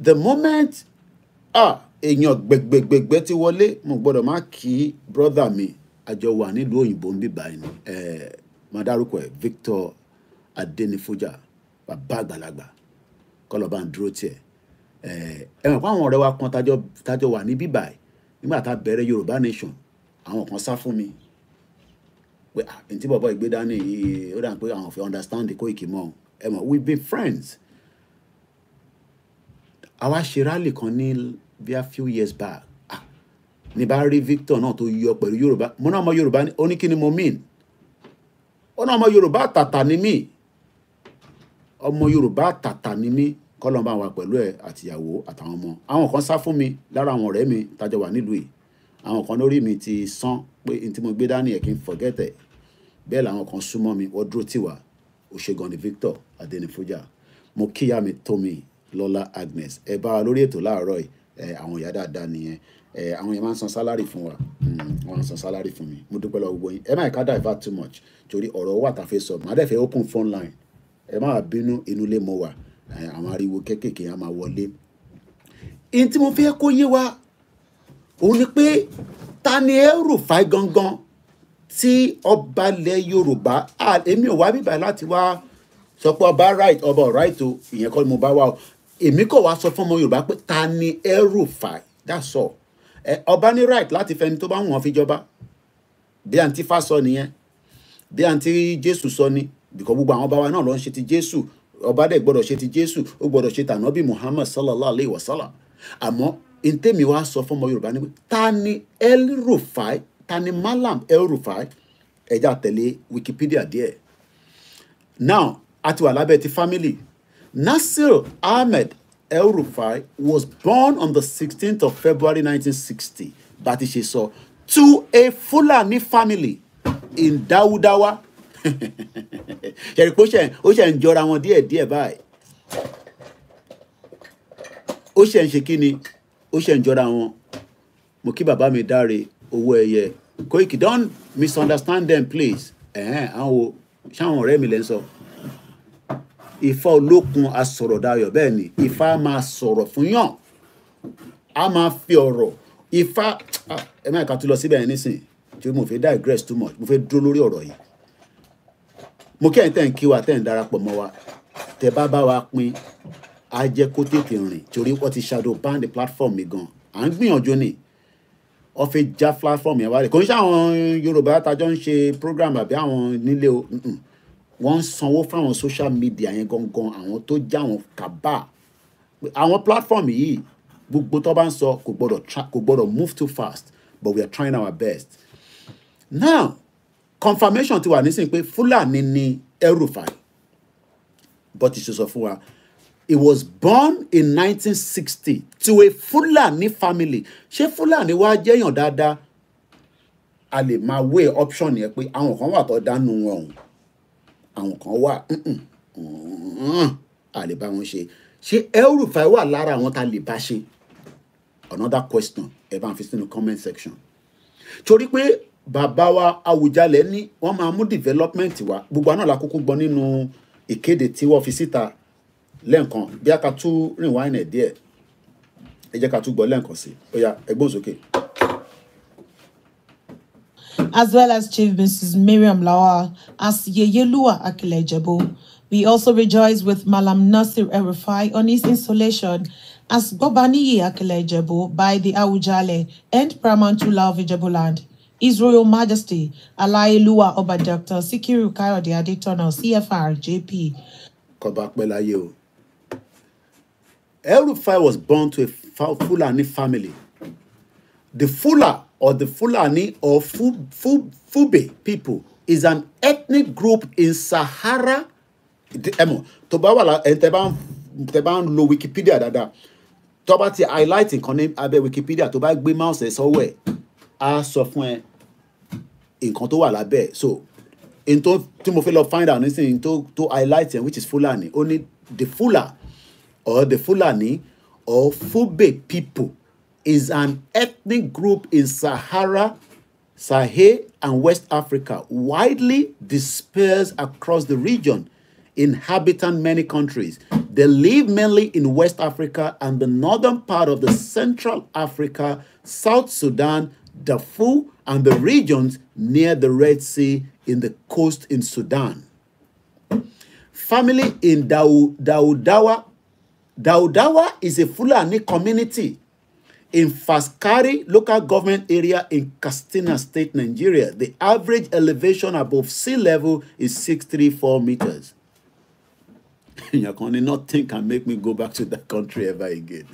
The moment ah èèyàn gbẹgbẹgbẹgbẹ ti wọlé mo gbọ́dọ̀ má kí brọdà mi àjọ wà nílùú òyìnbó ń bí báyìí ni ẹ máa dárúkọ ẹ Victor Adenifuja bàbá àgbàlagbà kọlọba ń dúró tiẹ ẹ ẹ mọ̀ pé àwọn ọ̀rẹ́ wa kan tájọ wà ní bíbà yìí nígbà tá a bẹ̀rẹ̀ Yorùbá Nation àwọn kan sá fún mi pé àǹtí bọ̀bọ̀ ìgbé dání yìí ó dà pé àwọn fẹ́ understand kó ìkì mọ́ ẹ mọ̀ we be friends àwa ṣe rálì kan ní bí a few years back ah ní bá rí Victor náà tó yọ pẹ̀lú Yorùbá mo náà mọ Yorùbá ó ní kí ni mo mean ó náà mọ Yorùbá tàtà ni mí ọmọ Yorùbá tàtà ni mí kọ́lọ́n bá wà pẹ̀lú ẹ̀ àtìyàwó àtàwọn ọmọ àwọn kan sá fún mi lára àwọn ọ̀rẹ́ mi tájọ wà nílùú yìí àwọn kan lórí mi ti sán pé n tí mo gbé dání ẹ̀ kí n forget bẹ́ẹ̀ làwọn kan súnmọ́ mi wọ́n dúró tì òṣègùn ní Victor Adénífújà mo kíyà mi Tómi Lọ́lá Agnes ẹ bá wa lórí ètò láàárọ̀ yìí àwọn ìyá dáadáa nìyẹn àwọn yẹn máa ń san salary fún wa hmm, wọ́n máa ń san sálárì fún mi mo dúpẹ́ lọ́wọ́ gbogbo yín ẹ má ká divert too much torí ọ̀rọ̀ wà tá a fẹ́ sọ màá dẹ̀ fẹ́ open phone line ẹ má bínú inú ilé mo wà àwọn ariwo kéékèèké á máa wọlé. ihun tí mo fẹ́ kó yé wa òun ni pé ta ni El-Rufai gangan tí ọba ilẹ̀ Yorùbá èmi ò wá bíbá láti wá sọ pé ọba right ọba right o ìyẹn kọ́ ni mo bá wà o èmi kò wá sọ fún ọmọ yorùbá pé ta ni El-Rufai that's all ọba ní right láti fẹni tó bá wù wọ́n fi jọba bí àǹtí fá sọ nìyẹn bí àǹtí jésù sọ ni bìkọ́ gbogbo àwọn ọba wa náà ló ń ṣe ti jésù ọba dẹ̀ gbọ́dọ̀ ṣe ti jésù ó gbọ́dọ̀ ṣe tànábì muhammad sallallahu alayhi wa sallam àmọ́ ntẹ́mi wa sọ fún ọmọ yorùbá ni ta ni El-Rufai ta ni malam El-Rufai ẹ̀já tẹ̀lé wikipedia díẹ̀ now a ti wà lábẹ́ ti family Nasir Ahmed El Rufai was born on the 16th of February 1960, Batishe saw to a Fulani family in Daudawa. Ṣẹ̀rí pé ó ṣe ń jọra wọn díẹ̀díẹ̀ báyìí. Ó ṣe ń ṣe kí ni? Ó ṣe ń jọra don't misunderstand them please. Ẹ̀hẹ́n, àwọn wo? Ṣé àwọn ọ̀rẹ́ Ifá olókun asọ̀rọ̀dayọ̀ bẹ́ẹ̀ ni Ifá máa sọ̀rọ̀ fún yàn a máa fi ọ̀rọ̀ Ifá ah, ẹ má ìka tó lọ síbẹ̀ yẹn nísìnyí tí mo fẹ́ digress too much mo fẹ́ dúró lórí ọ̀rọ̀ yìí mo kí ẹ̀ tẹ̀ ń kí wa tẹ̀ ń darapọ̀ mọ́ wa tẹ bá bá wa pín a kó tètè rìn torí wọ́n ti shadow ban the platform mi gan à ń gbìyànjú ni wọ́n fi já platform yẹn wá rẹ̀ kò ń ṣe àwọn Yorùbá tajọ́ ń ṣe program àbí àwọn nílé o wọ́n ń sanwó fáwọn social media yẹn gangan àwọn tó já àwọn kàbá àwọn platform yìí gbogbo tó bá ń sọ kò gbọ́dọ̀ kò gbọ́dọ̀ move too fast but we are trying our best now confirmation ti wà nísìnyí pé Fúlàní ni El-Rufai but ìṣe sọ fún wa he was born in 1960 to a Fulani family ṣé Fulani wá jẹ́yàn dáadáa a lè máa wé option yẹn pé àwọn kan wà tó dánú wọn ọ̀hún àwọn kan wà a lè bá wọn ṣe ṣé el wà lára àwọn tá lè bá ṣe another question ẹ bá ń fi sínú comment section torí pé bàbá wa Awùjalẹ̀ ní wọ́n máa mú development wa gbogbo àná la kúkú gbọ́ nínú ìkéde tí wọ́n fi síta lẹ́ǹkan bí a ka tún rìn wáìnì díẹ̀ ẹ jẹ́ ká tún gbọ́ lẹ́ǹkan sí i ó yá ẹgbọ́n sókè. Okay as well as Chief Mrs. Miriam Lawal as Yeyelua Akilejebo, We also rejoice with Malam Nasir Erifai on his installation as Gobaniye Akilejebo by the Awujale and Pramantula of Ijebuland. His Royal Majesty Alailua Oba Dr. Sikiru Kayode Adetona CFR JP. Come back, Kobakbelayo. Erufai was born to a Fulani family. The Fulani or the Fulani or Fub, Fub, Fube people is an ethnic group in Sahara. Ẹ̀mọ̀ tó bá wà lá ẹ̀ lo Wikipedia dada. tó bá ti highlight nǹkan ní abẹ́ Wikipedia tó bá gbé mouse ẹ̀ sọ́wọ́ ẹ̀ á sọ fún ẹ nǹkan tó wà lábẹ́ so n tó tí mo fẹ́ lọ find out nísìnyí tó tó highlight ẹ̀ which is Fulani ó ní the Fula or the Fulani or Fube people is an ethnic group in Sahara, Sahel, and West Africa, widely dispersed across the region, inhabiting many countries. They live mainly in West Africa and the northern part of the Central Africa, South Sudan, Darfur, and the regions near the Red Sea in the coast in Sudan. Family in Daou, Daoudawa. is a Fulani community In Faskari local government area in Kastina State, Nigeria, the average elevation above sea level is 634 meters. Èèyàn kan ní nothing can make me go back to that country ever again.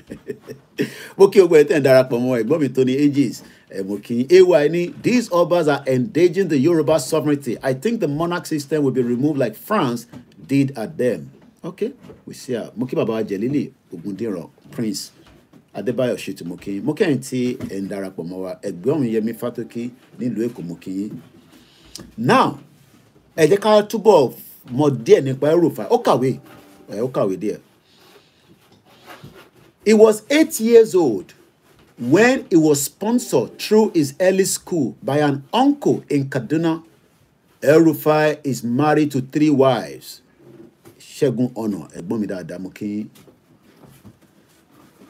Mo kí ogun ẹ̀tẹ̀ ń darapọ̀ mọ́ ẹ̀gbọ́n mi tó ages. Mo kí AY ní these obas are endangering the Yoruba sovereignty. I think the monarch system will be removed like France did at them. Okay, we see. Mo kí bàbá wa Jẹ̀lílì Ògúndìran Prince adébáyọ̀ ṣètìmọ̀kì mo kẹ́yìn tí ẹ̀ ń darapọ̀ mọ́ wa ẹ̀gbẹ́ ọ̀hún yẹmi fátókì nílùú èkó mọ̀kì now ẹ jẹ́ ká túbọ̀ mọ̀ díẹ̀ nípa El-Rufai ó kàwé ẹ̀ ó kàwé díẹ̀ he was eight years old when he was sponsored through his early school by an uncle in Kaduna El-Rufai is married to three wives ṣẹ́gun ọ̀nà ẹ̀gbọ́n mi dáadáa mo kí yín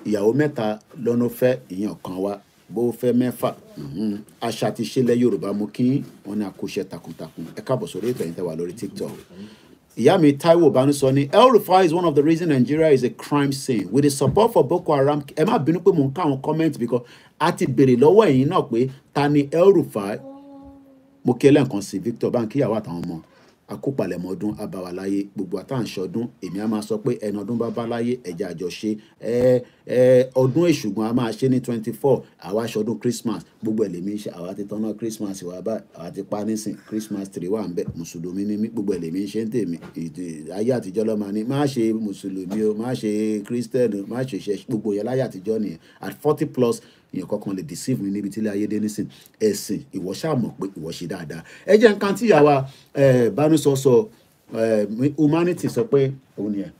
ìyàwó mẹ́ta lọ́nà fẹ́ ìyẹn kan wa bó fẹ́ mẹ́fà mhm. àṣà àti ìṣẹ̀lẹ̀ yorùbá mú kí wọ́n ní àkóṣe takuntakun ẹ káàbọ̀ sórí ètò ẹ̀yìn tẹ́ wà lórí tiktok ìyá mi taiwo banisọ ni el-rufai is one of the reasons nigeria is a crime scene with the support for boko haram ẹ má bínú pé mò ń ká àwọn comment because a ti béèrè lọ́wọ́ ẹ̀yin náà pé ta ni el-rufai mo kí ẹlẹ́ǹkan sí victor bankiyàwó àtàwọn ọmọ àkópalẹ̀mọ́ ọdún abáwa láyé gbogbo àtàǹṣe ọdún èmi á máa sọ pé ẹni ọdún bá bá láyé ẹ̀jẹ̀ àjọṣe ọdún èṣùgbọ́n a máa ṣe ní twenty four àwa aṣọdún christmas gbogbo ẹ̀lẹ́mí ṣe àwa ti tán christmas wà bá àwa ti pa nísìn christmas tree wà ń bẹ mùsùlùmí ni mí gbogbo ẹ̀lẹ́mí ṣe ń tèmi ayé àtijọ́ ló máa ní má ṣe mùsùlùmí o má ṣe christian má ṣe ṣe gbogbo yẹn láyé àtijọ́ nìyẹn at forty plus èèyàn kankan lè deceive mi níbi tílé ayé dé nísìn ẹ̀sìn ìwọ ṣáà pé ìwọ ṣe dáadáa ẹ jẹ́ nǹkan tí ìyàwó bánúsọ humanity sọ pé òun ni ẹ̀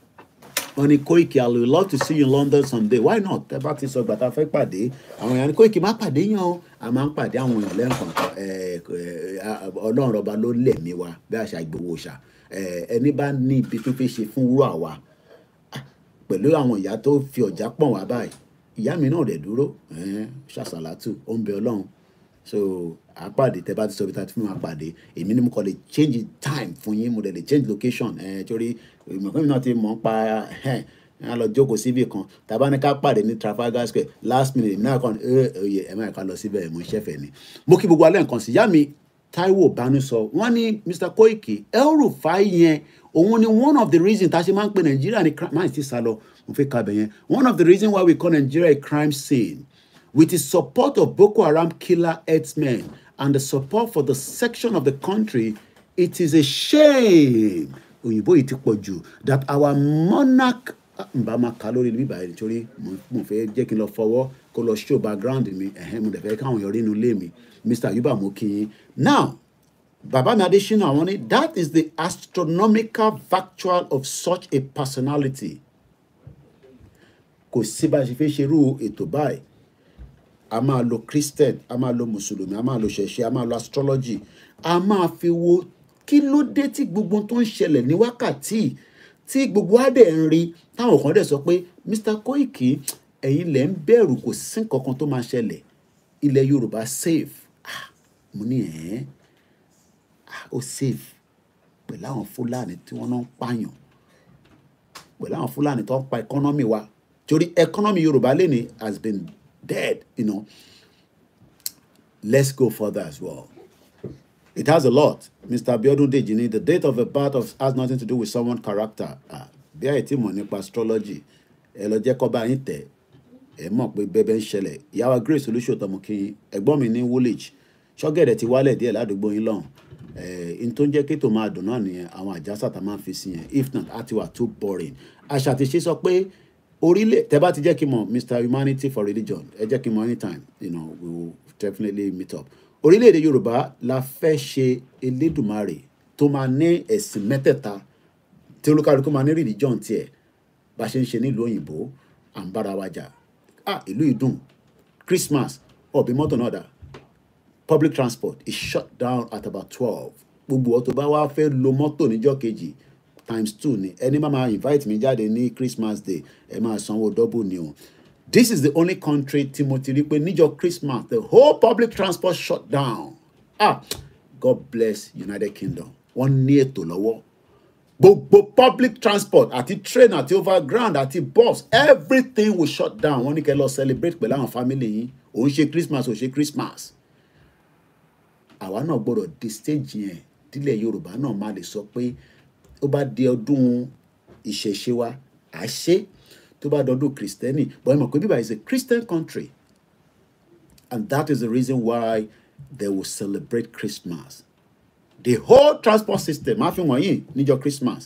wọ́n ní I would love to see you in London someday why not ẹ bá ti sọ ìgbà tá a fẹ́ pàdé àwọn èèyàn ní Koiki má pàdé yàn o a máa ń pàdé àwọn èèyàn lẹ́ǹkan ọlọ́run ọba ló lẹ̀mí wa bí àṣà ìgbowó ṣà ẹni bá ní ibi tó fẹ́ ṣe fún wúrà wa pẹ̀lú àwọn ìyá tó fi ọ̀já pọ̀n wá báyìí ìyá mi náà dẹ̀ dúró ṣàṣàlátù ó ń bẹ ọlọ́run so àpàdé tẹ bá ti sọ bí ta ti fún wa pàdé èmi ni mo kọ́ lè change time fún yín mo lè change location torí ìmọ̀kànmí náà ti mọ̀ ń pa a lọ jókòó síbì kan tàbá ní ká pàdé ní Trafalgar Square last minute náà kan eh, oyè ẹ máa ká lọ síbẹ̀ mo ṣẹ̀fẹ̀ ni mo kí gbogbo alẹ́ nǹkan sí ìyá mi Táíwò Bánúsọ wọ́n ní Mr Koike. El Rufai yẹn òun ni one of the reasons tá a ṣe máa ń pe Nàìjíríà ní crime ti sá lọ one of the reasons why we call Nigeria a crime scene with the support of Boko Haram killer headsmen and the support for the section of the country it is a shame that our monarch n ah, bá máa ka lórí bíbá yìí mo fẹ́ jẹ́ kí n lọ fọwọ́ kó lọ show background mi ẹ̀hẹ́n mo dẹ̀ fẹ́ káwọn èèyàn rí inú ilé mi Mr. Yuba mo kí now Baba mi Adesina àwọn that is the astronomical factual of such a personality kò sí bá a ṣe fẹ́ ṣerú ètò báyìí a máa lo christian a máa lo mùsùlùmí a máa lo ṣẹ̀ṣẹ̀ a máa lo astrology a máa fi wo kí ló dé tí gbogbo tó ń ṣẹlẹ̀ ní wákàtí tí gbogbo á ń rí táwọn kan dẹ̀ sọ pé Mr Koiki ẹ̀yin lẹ̀ ń bẹ̀rù kò sí kankan tó máa ṣẹlẹ̀ ilẹ̀ Yorùbá safe ah mo ní ẹ̀ ẹ́ ah ó safe pẹ̀lú àwọn Fúlàní tí wọ́n náà ń pààyàn pẹ̀lú àwọn Fúlàní tó ń pa ẹkọ́nọ́mì wa torí economy yorùbá lẹ́ni has been dead you know let's go further as well it has a lot mr abiodun dejini the date of a birth of has nothing to do with someone' character ah, bí àyè tí mọ̀ nípa astrology ẹ lọ jẹ́ kọ́ bá yín tẹ̀ ẹ mọ̀ pé bẹ́ẹ̀ ń ṣẹlẹ̀ ìyáwó grace olùṣòtọ́mọkìnyín ẹ̀gbọ́n mi ní woolwich ṣọ́gẹ̀dẹ̀ ti wálẹ̀ díẹ̀ ládùúgbò yín lọ́hùn n tó ń jẹ́ kí tó máa dùn náà nìyẹn àwọn àjàsà tá máa fi sí yẹn if not á ti wà too boring àṣà ti ṣe sọ pé orílẹ̀ tẹ́ bá ti jẹ́ kí n mọ̀ Mr Humanity for Religion ẹ jẹ́ kí n mọ̀ anytime you know we will definitely meet up orílẹ̀-èdè Yorùbá la fẹ́ ṣe Elédùmarè tó máa ní ẹ̀sìn mẹ́tẹ̀ẹ̀ta tí olúkálukú máa ní religion tiẹ̀ bá ṣe ń ṣe nílùú òyìnbó à ń bára wa jà ah ìlú ìdùn Christmas ọ̀bí mọ́tò náà dà public transport is shut down at about twelve gbogbo ọ̀tọ̀ bá wá fẹ́ lo mọ́tò níjọ́ kejì times two ni ẹni máa máa invite mi jáde ní Christmas day ẹ máa sanwó double ni o this is the only country tí mo ti rí pé níjọ́ Christmas the whole public transport shut down ah God bless United Kingdom wọ́n ní ètò lọ́wọ́ gbogbo public transport àti train àti overground àti bus everything will shut down wọ́n ní kẹ́ lọ celebrate pẹ̀lú àwọn family yín òun ṣe Christmas òun ṣe Christmas àwa náà gbọ́dọ̀ di stage yẹn dílẹ̀ Yorùbá náà má lè sọ pé ó bá di ọdún ìṣẹ̀ṣe wa à ṣe tó bá dọdún kìrìsìtẹ́nì but ẹ mọ̀ pé bíbá is a Christian country and that is the reason why they will celebrate Christmas the whole transport system máa fi wọ̀nyí níjọ́ Christmas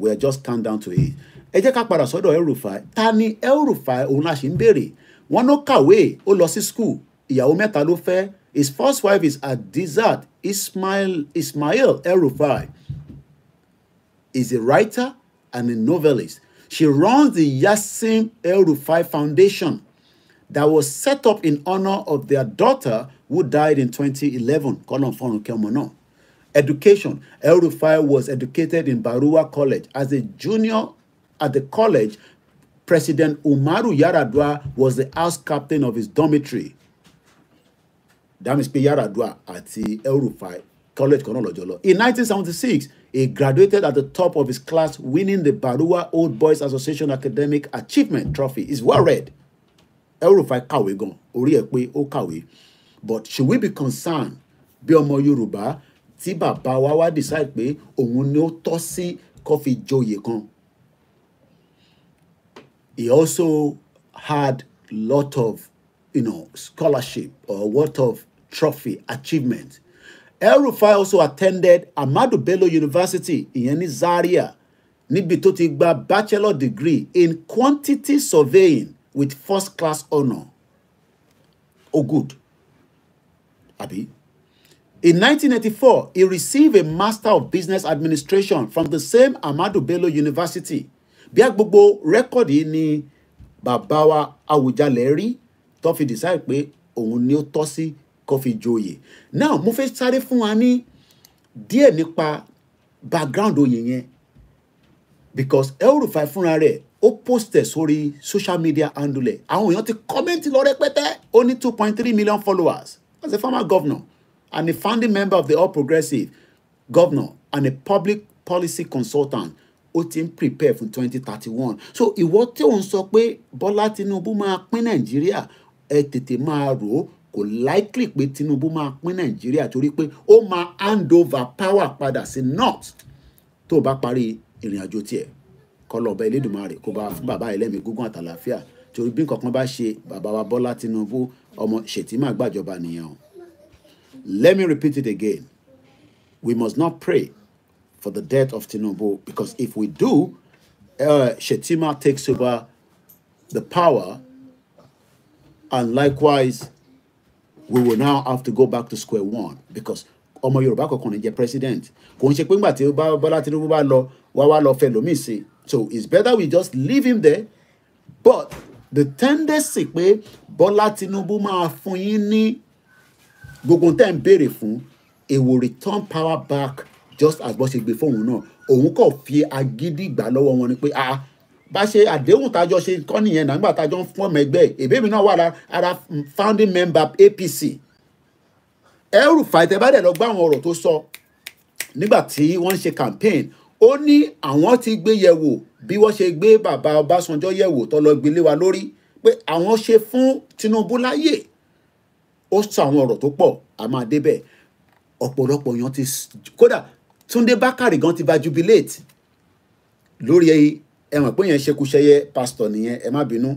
we are just calm down to it ẹ jẹ́ ká padà sọ́dọ̀ El-Rufai ta ni El-Rufai òun la ṣe ń béèrè wọn ló kàwé ó lọ sí school ìyàwó mẹ́ta ló fẹ́ his first wife is a Adizat Ismail Ismail El-Rufai is a writer and a novelist. She runs the Yassim El Rufai Foundation that was set up in honor of their daughter who died in 2011. Education. El Rufai was educated in Barua College as a junior at the college. President Umaru Yaradua was the house captain of his dormitory. That means Yaradua at the El Rufai College. In 1976, He graduated at the top of his class, winning the Barua Old Boys Association Academic Achievement Trophy. He's well read. el kawe kàwé gan, ekwe okawe, But should we be concerned bí ọmọ tiba tí bàbá wa wá decide pé òun ni ó tọ́ sí He also had lot of you know, scholarship or what of trophy achievement El-Rufai also attended Amadu Bello University ìyẹn ní Zaria níbi tó ti gba bachelor degree in quantity surveying with first class honour oh good abi in 1984 he received a master of business administration from the same Amadu Bello University bí a gbogbo rẹ́kọ̀dì ni bàbá wa Awùjalẹ̀ rí tó fi decide pé òun ni ó tọ́ sí kó fi joyè now mo fẹ́ sáré fún wa ní díẹ̀ nípa background oyè yẹn because El-Rufai fúnra rẹ̀ ó postẹ̀ sórí social media handle ẹ̀ àwọn èèyàn ti kọ́mẹ́ǹtì lọ rẹpẹtẹ ó ní two point three million followers as a former governor and a founding member of the All Progressive governor and a public policy consultant ó ti ń prepare fún twenty thirty one so ìwọ tí òun sọ pé Bọ́lá Tinubu máa pín Nàìjíríà ẹ tètè máa rò ó kò likely pé Tinubu máa pín Nàìjíríà torí pé ó máa hand over power padà sí north tó bá parí ìrìn àjò tiẹ̀ kọlọ ọba Elédùmarè kó bá fún bàbá ẹlẹ́mìí gúngún àtàlàáfíà torí bí nǹkan kan bá ṣe bàbá wa Bọ́lá Tinubu ọmọ Ṣètìmá gbàjọba nìyẹn o. Let me repeat it again. We must not pray for the death of Tinubu because if we do, uh, Shetima takes over the power and likewise we will now have to go back to square one because ọmọ yorùbá kankan ní jẹ president kò ń ṣe pé ńgbà tí bọ́lá tinubu bá lọ wá wá lọ fẹ́ lómi sí so it's better we just leave him there but the tendency pé bọ́lá tinubu máa fún yín ní gbogbo tẹ́ ń béèrè fún it will return power back just as bó ṣe gbé fóun náà òun kò fi agídí gbà lọ́wọ́ wọn ni pé ah bá ṣe àdéhùn tájọ ṣe kọ́ nìyẹn náà tájọ ń fún ọmọ ẹgbẹ́ èbèmí náà wà lára founding member APC ẹrù fàìtẹ́ bá dẹ̀ lọ gbọ́ àwọn ọ̀rọ̀ tó sọ nígbà tí wọ́n ń ṣe campaign ó ní àwọn ti gbé yẹ̀wò bí wọ́n ṣe gbé bàbá Ọbásanjọ́ yẹ̀wò tó lọ gbélé wa lórí pé àwọn ṣe fún Tinubu láyè ó sọ àwọn ọ̀rọ̀ tó pọ̀ a máa débẹ̀ ọ̀pọ̀lọpọ̀ èèyàn ti kódà Túndé Bákàrè gan ti bá jubilate lórí ẹ mọ̀ pé yẹn ṣekúṣẹyẹ pásítọ̀ nìyẹn ẹ má bínú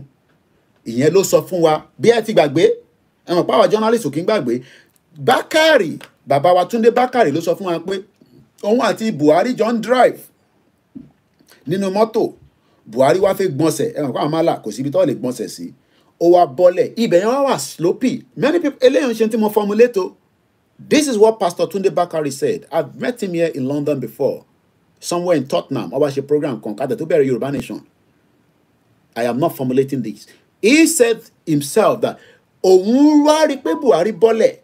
ìyẹn ló sọ fún wa bí ẹ ti gbàgbé ẹ mọ̀ páwa journalist kì í gbàgbé Bákàrì bàbá wa Túndé Bákàrì ló sọ fún wa pé òun àti Buhari John drive nínú mọ́tò Buhari wá fẹ́ gbọ́nsẹ̀ ẹ mọ̀ páwa má là kò síbi tó lè gbọ́nsẹ̀ sí ó wá bọ́lẹ̀ ibẹ̀ yẹn wá wà sloppy many people eléyìí ń ṣe tí mo formulate o this is what Pastor Tunde Bakari said I've met him here in London before somewhere in Tottenham ọba ṣe program kan to bear bẹ̀rẹ̀ nation I am not formulating this he said himself that òun wá Buhari bọ́lẹ̀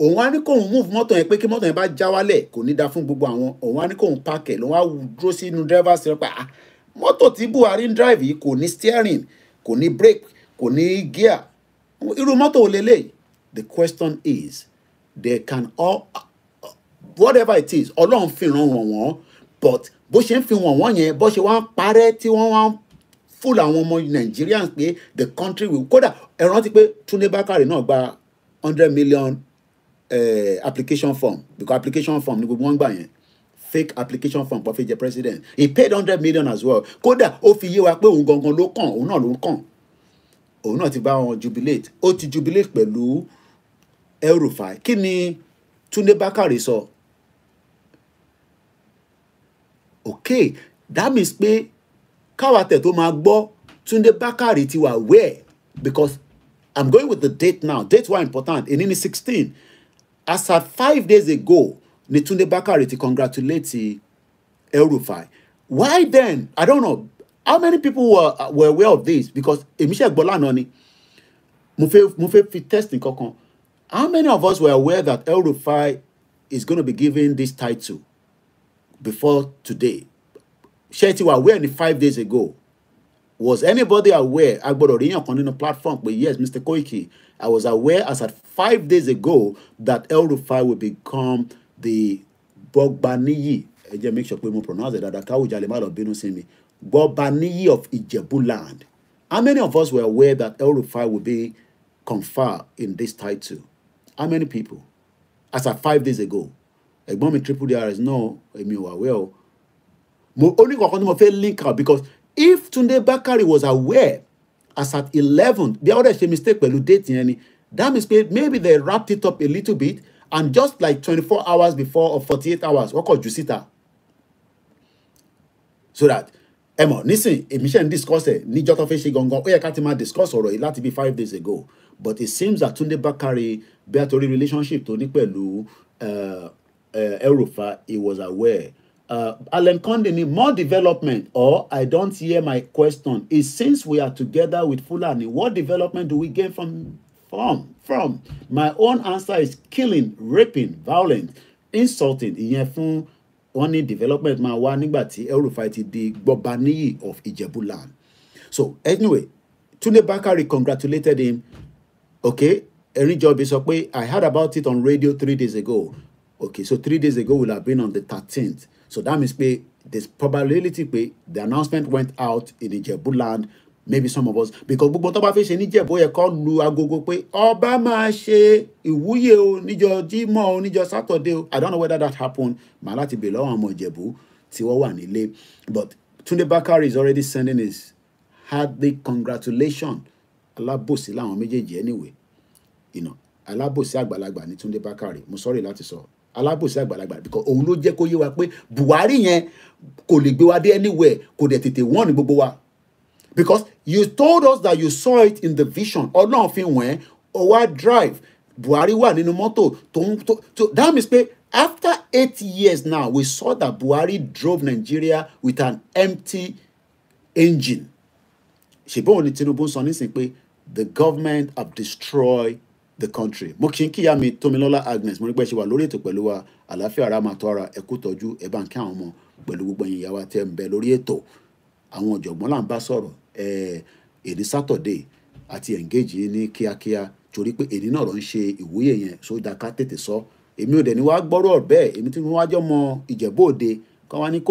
òun á ní move mọ́tò yẹn pé kí mọ́tò yẹn bá já wálẹ̀ kò ní da fún gbogbo àwọn òun á ní kóun pààkẹ̀ lòun á dúró sínú driver sí ọ̀pá ah mọ́tò tí Buhari drive yìí kò ní steering kò ní brake kò ní gear irú mọ́tò ò the question is they can all whatever it is ọlọ́run fi ràn wọ́n wọ́n but bó ṣe ń fi wọ̀n wọ́n yẹn bó ṣe wá ń parẹ́ tí wọ́n wá ń fún àwọn ọmọ Nigerians pé the country will kódà ẹ rántí pé Túndé Bákàrè náà gba hundred million uh, application form because application form ni gbogbo wọn gbà yẹn fake application form pọ̀ fi jẹ president he paid hundred million as well kódà ó fi yé wa pé òun gangan ló kàn òun náà ló kàn òun náà ti bá wọn jubilate ó ti jubilate pẹ̀lú El Rufai kí ni Túndé Bákàrè sọ. So okay that means pé káwa tẹ̀ tó máa gbọ́ Túndé Bákàrè ti wà where because i'm going with the date now date wa important èní ni sixteen as at five days ago ni Túndé Bákàrè ti congratulate El-Rufai why then i don't know how many people were, were aware of this because èmi ṣe gbọ́ lánàá ni mo fẹ́ mo fẹ́ fi test nǹkan how many of us were aware that El-Rufai is going to be given this title before today ṣé ti aware five days ago was anybody aware agbọ́dọ̀ ríyàn kan nínú platform pé yes Mr. Koiki I was aware as at five days ago that El Rufai will become the Gbogbaniyi ẹ make sure we mo pronounce it That káwùjà lè má lọ bínú sí mi Gbogbaniyi of Ijebuland how many of us were aware that El Rufai would be conferred in this title how many people as at five days ago ẹ̀gbọ́n mi triple drs náà èmi ò aware o mo oníkọ̀ọ̀kan tí mo fẹ́ link out because if Tunde Bakari was aware as at eleven bí ọ̀rẹ́ ṣe mistake pẹ̀lú date yẹn ni that means pé maybe they wrapped it up a little bit and just like twenty-four hours before or forty-eight hours wọ́n kọ̀ jù síta so that ẹ mọ̀ nísìn èmi ṣe ń discuss ẹ̀ níjọ́ tó fẹ́ ṣe gangan ó yẹ ká ti máa discuss ọ̀rọ̀ yìí láti bí five days ago but it seems that Tunde Bakari bí a torí relationship tó ní pẹ̀lú eh, Uh, El-Rufai, he was aware. Uh, Alan Conde need more development, or I don't hear my question. Is since we are together with Fulani, what development do we gain from from from? My own answer is killing, raping, violent, insulting. Ìyẹn fún wọn ní development máa wá nígbà tí El-Rufai ti di Gbobaniyi of Ijebuland. So anyway, Tunde Bakari congratulated him. Okay, Erinjobi sọ pé I heard about it on radio three days ago okay so three days ago will have been on the thirteenth so that means pé there's probability pé the announcement went out in Ìjẹ̀bú land maybe some of us because gbogbo tó bá fi ṣe níjẹ̀bú yẹ kó lu agogo pé ọba máa ṣe ìwúyè o níjọ́ Jímọ̀ o níjọ́ Saturday o I don't know whether that happened màá láti bèèrè lọ́wọ́ ọmọ Ìjẹ̀bú tí wọ́n wà nílé but Tunde Bakari is already sending his hearty congratulation alábòsí láwọn méjèèjì anyway you know alábòsí àgbàlagbà ni Tunde Bakari. mo sorry láti sọ alábòsí àgbàlagbà because òun ló jẹ́ kó yé wa pé Buhari yẹn kò lè gbé wa dé anywhere kò dẹ̀ tètè wọ́n ní gbogbo wa because you told us that you saw it in the vision ọlọ́run fi wọ̀n ọ wá drive Buhari wà nínú mọ́tò tó ń tó that means pé after eight years now we saw that Buhari drove Nigeria with an empty engine ṣùgbọ́n òun ni Tinubu sọ nísìnyí pé the government have destroyed the country mo kì í kíyà mi Tómilọ́lá Agnes mo rí pé ṣe wà lórí ètò pẹ̀lú wa àlàáfíà ara máa tọ́ ara ẹ kú tọ́jú ẹ bá ń kí àwọn ọmọ pẹ̀lú gbogbo ẹ̀yin ìyá wa tẹ́ lórí ètò àwọn ọ̀jọ̀gbọ́n là ń bá sọ̀rọ̀ èdè Saturday àti engage yìí ní kíákíá torí pé èdè náà ló ń ṣe ìwúyè yẹn so dá ká tètè sọ èmi ò dẹ̀ ni wá gbọ́rọ̀ bẹ́ẹ̀ èmi tí mo wájọ́ mọ Ìjẹ̀bú Òde kọ́ wa ní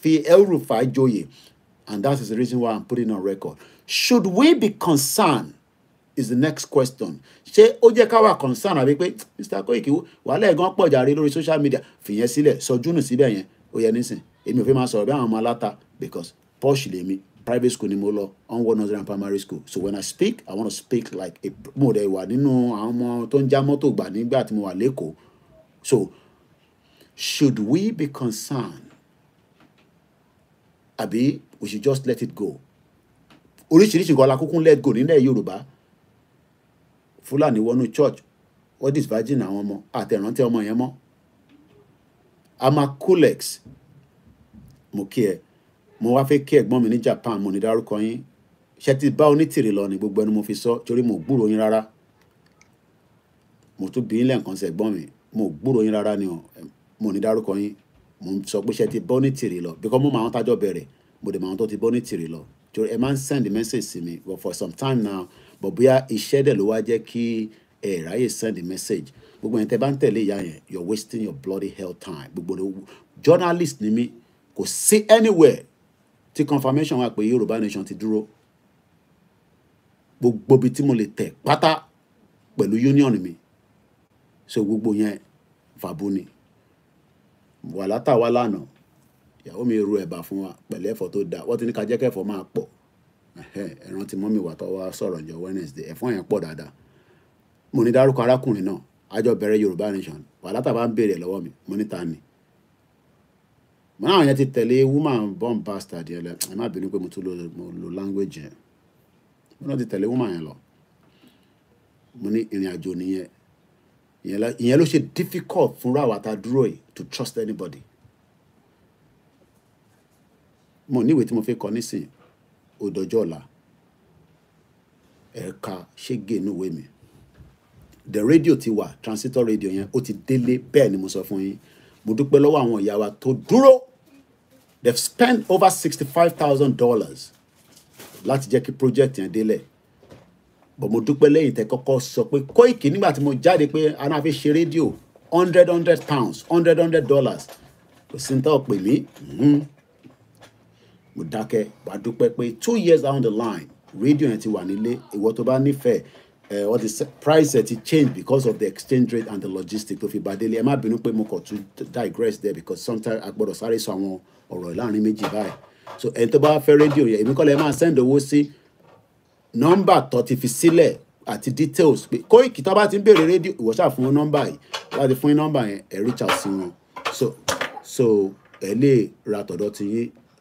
fi El Rufai and that is the reason why I'm putting on record should we be concerned is the next question ṣé ó jẹ́ ká wà concerned àbí pé Mr. Koiki wàhálà ẹ̀gán pọ̀ jàre lórí social media fìyẹn sílẹ̀ sọjúnù síbẹ̀ yẹn ó yẹ nísìn èmi ò fi máa sọ̀rọ̀ bí àwọn ọmọ aláta because posh lèmi private school ni mo lọ onward nursery and primary school so when i speak i want to speak like a mo dẹ̀ wà nínú àwọn ọmọ tó ń já mọ́tò gbà nígbà tí mo wà lẹ́kọ̀ọ́ so should we be concerned Abi, we should just let it go oríṣiríṣi nǹkan alákókún lẹ́gò nílẹ̀ yorùbá fúlàní wọnú church wọ́n disvirgin àwọn ọmọ àtẹ̀rántí ọmọ yẹn mọ́ amakulex mo kí ẹ mo wá fẹ́ kí ẹ̀gbọ́n mi ní japan mo ní dárúkọ yín ṣe ti bá onítìrì lọ ní gbogbo ẹni mo fi sọ torí mo gbúrò yín rárá mo tún bí yín lẹ́ǹkan sí ẹ̀gbọ́n mi mo gbúrò yín rárá ni o mo ní dárúkọ yín mo sọ pé ṣe ti bá onítìrì lọ bíkọ́ mo máa ń tájọ́ bẹ̀rẹ̀ mo dẹ̀ mọ àwọn tó ti bọ́ ní tìrì lọ torí ẹ máa send message sí mi but for some time now but bóyá iṣẹ́ dẹ̀ ló wá jẹ́ kí ẹ ráyè send message gbogbo yẹn tẹ bá ń tẹ̀lé ìyá yẹn you're wasting your bloody hell time gbogbo rẹ journalist ni mí kò sí anywhere tí confirmation wà pé Yorùbá nation ti dúró gbogbo ibi tí mo lè tẹ̀ pátá pẹ̀lú union mi so gbogbo yẹn fàbú ni wàhálà tá a wá lánàá ìyàwó mi ru ẹ̀bà fún wa pẹ̀lú ẹ̀fọ́ tó dáa wọ́n ti ní ká jẹ́ kẹ́fọ́ máa pọ̀ ẹ̀ràn tí mọ́mì wà tó sọ̀rọ̀ ǹjọ́ Wednesday ẹ̀fọ́ yẹn pọ̀ dáadáa mo ní dárúkọ arákùnrin náà àjọ bẹ̀rẹ̀ Yorùbá Nation wàhálà tàbá ń béèrè lọ́wọ́ mi mo ní ta ni mo náà yẹn ti tẹ̀lé woman born bastard yẹn lẹ ẹ má bínú pé mo tún lo language yẹn mo náà ti tẹ̀lé woman yẹn lọ mo ní ìrìn àjò nìyẹn ìyẹn ló ṣe difficult fúnra wa ta dúró yìí to trust anybody mo níwèé tí mo fi kọ nísìn òdòjọ́ ọ̀la ẹ̀ka ṣége inú ìwé mi the radio ti wà transistor radio yẹn ó ti délé bẹ́ẹ̀ ni mo sọ fún yín mo dúpẹ́ lọ́wọ́ àwọn ìyá wa tó dúró they've spent over sixty five thousand dollars láti jẹ́ kí project yẹn délẹ̀ bọ̀ mo dúpẹ́ lẹ́yìn tẹ́ kọ́kọ́ sọ pé Koiki nígbà tí mo jáde pé a fi ṣe rédíò hundred hundred pounds hundred hundred dollars kò sí ní tá pè mí. Hmm mo dákẹ́ wà á dúpẹ́ pé two years down the line rédíò yẹn ti wà nílé ìwọ tó bá nífẹ̀ẹ́ ẹ ọ the price ẹ ti change because of the exchange rate and the logistics tó fi bá délé ẹ má bínú pé mo kàn tún digress there because sometimes a gbọ́dọ̀ sáré sọ àwọn ọ̀rọ̀ láàrin méjì báyìí so ẹni tó bá fẹ́ rédíò yẹn èmi kọ́ lẹ́ máa send owó sí nọ́mbà tó ti fi sílẹ̀ àti details pé Koiki tó bá ti ń béèrè rédíò ìwọ ṣáà fún nọ́mbà yìí láti fún nọ́mbà yẹn ẹ reach sí wọn so so ẹ lè ra tọ̀dọ̀ ti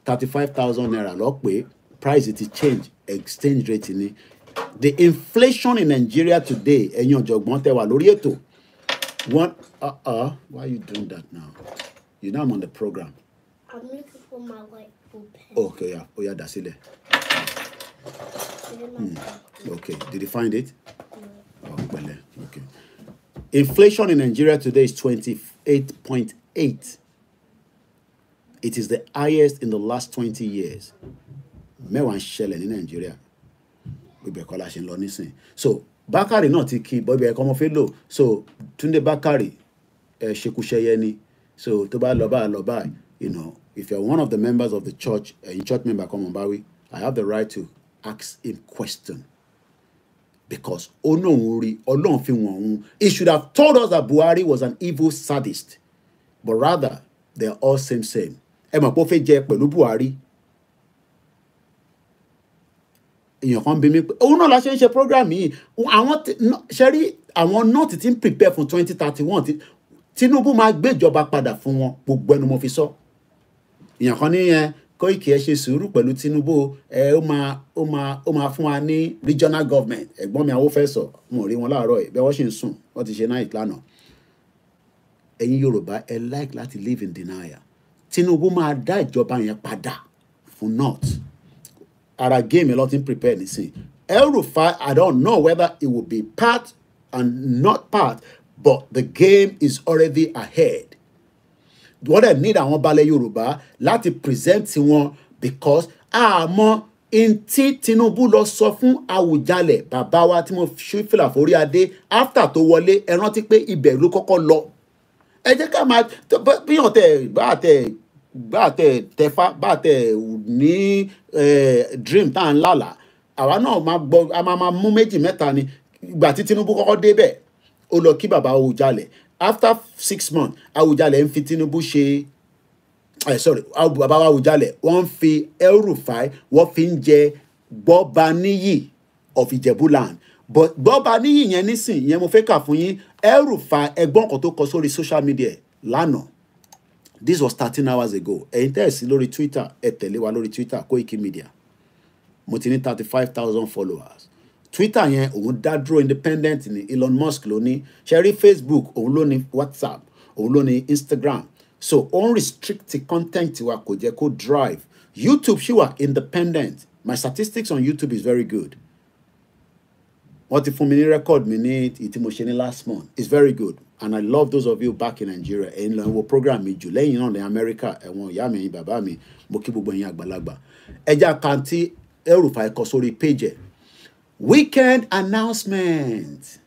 thirty five thousand naira lọ pé price ti change exchange rate ni the inflation in Nigeria today ẹ̀yin ọ̀jọ̀gbọ́n tẹ́ wà lórí ètò one uh -uh, why are you doing that now you know I'm on the program. I'm looking for my white ball pen. okay oya oya dà sílẹ̀. Hmm. okay did you find it. No. Hmm. Oh, okay. Inflation in Nigeria today is twenty eight point eight it is the highest in the last twenty years mẹ́wàá ń ṣẹlẹ̀ ní nàìjíríà ibẹ̀ kọ́ la ṣe ń lọ nísìn so bákàrè náà ti kí bọ́bí ẹ̀kọ́ ọmọ fẹ́ so túndé Bakari, ẹ̀ ṣekúṣẹyẹ ni so tó bá lọ bá lọ bá you know if you're one of the members of the church ẹ̀yin uh, church member come on, Bawi. i have the right to ask him question because oh no, worry, oh no, wọ̀n òun he should have told us that buhari was an evil sadist but rather they're all same same ẹ mọ̀ pé ó fẹ́ jẹ pẹ̀lú Buhari èèyàn kan bí mi pé òun náà la ṣe ń ṣe program yìí àwọn ṣe rí àwọn nọ́ọ̀tì tí ń prepare fún twenty thirty one Tinubu máa gbéjọba padà fún wọn gbogbo ẹnu mo fi sọ èèyàn kan ní yẹn Koiki ẹ ṣe sùúrù pẹ̀lú Tinubu ẹ ó máa ó máa ó máa fún wa ní regional government ẹ̀gbọ́n mi àwọn fẹ́ sọ mo rí wọn láàárọ̀ ẹ̀ bẹ́ẹ̀ wọ́n ṣì ń sùn wọ́n ti ṣe náà ìlànà ẹ̀yin Yorùbá ẹ like láti live in denial Tinubu máa dá ìjọba yẹn padà fún north ara game ẹ lọ ti ń prepare nísìn el I don't know whether it will be part and not part but the game is already ahead wọ́n dẹ̀ need àwọn balẹ̀ Yorùbá láti present wọn because àmọ́ ntí Tinubu lọ sọ fún Àwùjalẹ̀ bàbá wa tí mo ṣí fìlà forí adé after tó wọlé ẹ rántí pé ibẹ̀ ló kọ́kọ́ lọ ẹ jẹ́ ká máa bíyàn tẹ̀ bá tẹ̀ bá a tẹ̀ tẹ̀fá bá a tẹ̀ ní dream tá à ń lálàá àwa náà máa gbọ́ a máa máa mú méjì mẹ́ta ni ìgbà tí Tinubu kọ́kọ́ débẹ̀ ó lọ kí bàbá Awùjalẹ̀ after six months Awùjalẹ̀ ń fi Tinubu ṣe eh, sorry bàbá Awùjalẹ̀ wọ́n ń fi El-Rufai wọ́n fi ń jẹ Gbọ́baníyì of Ijebuland but Gbọ́baníyì yẹn nísìn yẹn mo fẹ́ kà fún yín El-Rufai ẹgbọ́n kan tó kọ sórí social media lánàá this was thirteen hours ago ẹ̀yin tẹ́ ẹ̀ sí lórí twitter ẹ̀ tẹ̀lé wa lórí twitter Koiki Media mo ti ní thirty five thousand followers twitter yẹn òun dá independent ní Elon Musk ló ní ṣe facebook òun ló ní whatsapp òun ló ní instagram so unrestricted content wa kò jẹ́ kó drive youtube ṣì wà independent my statistics on youtube is very good wọ́n ti fún mi ní record mi ní ìtí mo ṣe ní last month it's very good and i love those of you back in nigeria ẹ̀yin lọ ẹ wo program mi jù lẹ́yìn náà ní america ẹ̀wọ̀n ìyá mi ẹ̀yin bàbá mi mo kí gbogbo ẹ̀yin àgbàlagbà ẹja kan tí ẹkọ sórí page weekend announcement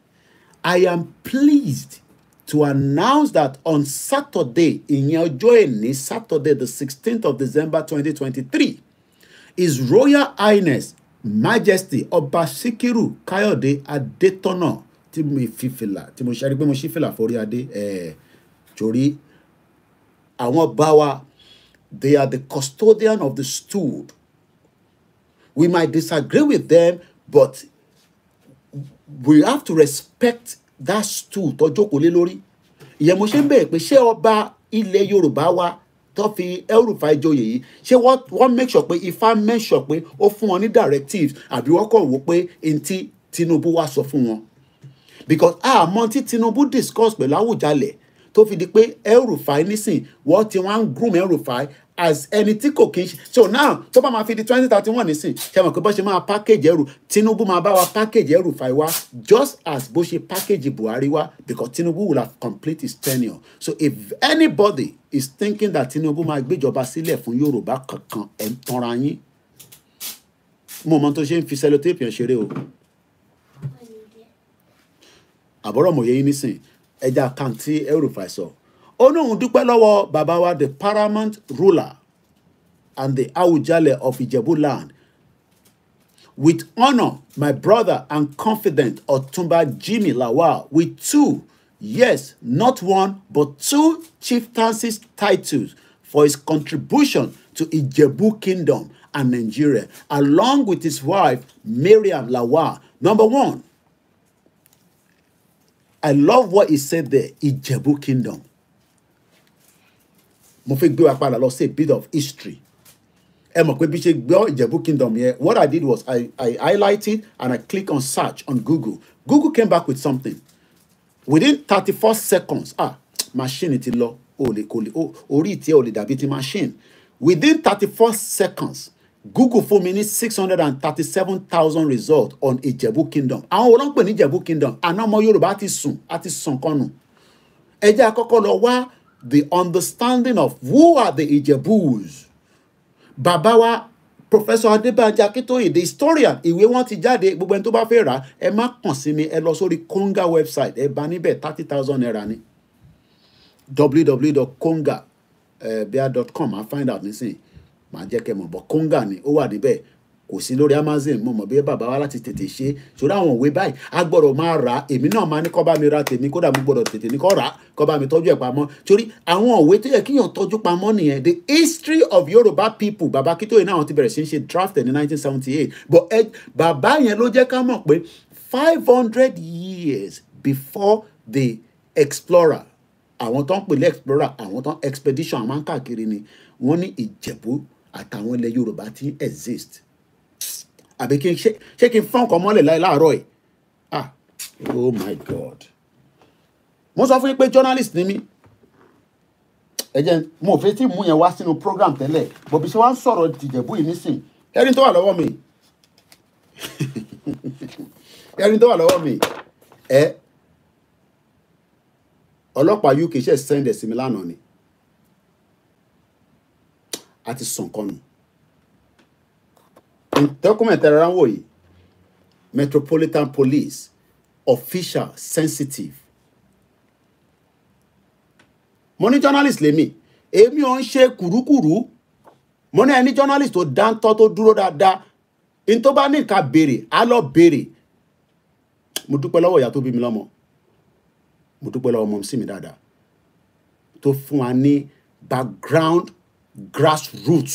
i am pleased to announce that on saturday ìyẹn ọjọ́ ẹ̀ní saturday the sixteenth of december twenty twenty three his royal highness majesty ọba sikiru kayode adetona tí mo fi fìlà tí mo ṣe pé mo ṣí fìlà forí adé torí àwọn bá they are the custodian of the stool we might disagree with them but we have to respect that stool tó jókòó lé lórí ìyẹn mo ṣe ń bẹ̀rẹ̀ pé ṣé ọba ilẹ̀ yorùbá wa tó fi El-Rufai yìí ṣé wọ́n make sure pé ifá make sure pé ó fún wọn ní directives àbí wọ́n kàn wò pé ntí Tinubu wá sọ fún wọn because àmọ́ tí Tinubu discuss pẹ̀lú Àwùjalẹ̀ tó fi di pé El-Rufai nísìn wọ́n ti wá ń groom el as ẹni tí kò kí n ṣe so now tó bá máa fi di twenty thirty one nísìn ṣe mọ̀ pé bó ṣe máa package ẹrù Tinubu máa bá wa package el wa just as bó ṣe package Buhari wa because Tinubu will have complete his tenure so if anybody is thinking that Tinubu máa gbéjọba sílẹ̀ fún Yorùbá kankan ẹ̀ ń tanra yín mo mọ tó ṣe ń fi cellotape yẹn ṣeré o àbọ̀rọ̀mọ̀yé yín nísìn ẹja kàǹtì El-Rufai sọ ó dúpẹ́ lọ́wọ́ bàbá wa the paramount ruler and the Awujale of Ijebu land with honour my brother and confidant Ọ̀túnba Jimmy Lawal with two yes not one but two chieftaincy titles for his contribution to Ijebu kingdom and Nigeria along with his wife Mariam Lawal number one I love what he said there, Ijebu Kingdom. Mo fẹ́ gbé wa padà lọ sí a bit of history. Ẹ mọ̀ pé bí ṣe gbọ́ Ijebu Kingdom yẹn, what I did was I, I highlighted and I click on search on Google. Google came back with something. Within thirty-four seconds, ah, machine ti lọ, o lè kò lè, orí ìtì ẹ̀ ò lè dàbí ti machine. Within thirty-four seconds, google fún mi ní six hundred and thirty-seven thousand results on ìjẹ̀bú kingdom àwọn olóńpẹ̀ ní ìjẹ̀bú kingdom àná ọmọ yorùbá ti sùn á ti sùn kọ́nù ẹ jẹ́ àkọ́kọ́ lọ wá the understanding of who are the ìjẹ̀bús bàbá wa professor adébánjá akíntóyè the historian ìwé wọn ti jáde gbogbo ẹni tó bá fẹ́ rà ẹ má kàn sí mi ẹ lọ sórí konga website ẹ bá níbẹ̀ thirty thousand naira ni www.konga.com eh, i find out nísìnyí màá jẹ́ kẹ́ mọ̀ bọ̀ kóńgà ni ó wà níbẹ̀ kò sí lórí amazon mo mọ̀ bí bàbá wa láti tètè ṣe sórí àwọn òwe báyìí a gbọ́dọ̀ máa rà á èmi náà máa ní kọ́ bá mi ra tèmi kódà mo gbọ́dọ̀ tètè ní kọ́ rà á kọ́ bá mi tọ́jú ẹ̀ pamọ́ torí àwọn òwe tó yẹ kíyàn tọ́jú pamọ́ nìyẹn the history of Yorùbá people bàbá Akíntóyè náà ti bẹ̀rẹ̀ sí ṣe draft ní 1978 but ẹ bàbá yẹn ló jẹ́ ká mọ̀ pé 500 years before the explorer àwọn tó ń pè ní explorer àwọn tó ń expedition àwọn káàkiri ni wọ́n ní àtàwọn ilẹ̀ yorùbá ti ń exist àbí kí n ṣe kí n fọ́n kan mọ́lẹ̀ láàárọ̀ yìí ah oh my god mo sọ fún yín pé journalist ni mí ẹ jẹ́ mo fẹ́ tí mú yẹn wá sínú program tẹ́lẹ̀ bọ̀bí ṣe wá ń sọ̀rọ̀ tìjẹ̀bú yìí nísìn ẹni tó wà lọ́wọ́ mi ẹni tó wà lọ́wọ́ mi ẹ ọlọ́pàá uk ṣe send ẹ̀ sí mi lánàá ni a ti sọ nǹkan nù document ẹ̀rọ yìí metropolitan police official sensitive mo ní journalist lèmi èmi ò ń ṣe kùrúkùrú mo ní ẹni journalist tó dáńtọ́ tó dúró dáadáa n tó bá ní nǹkan béèrè á lọ béèrè mo dúpẹ́ lọ́wọ́ ìyá tó bí mi lọ́mọ mo dúpẹ́ lọ́wọ́ ọmọ sí mi dáadáa tó fún wa ní background grassroots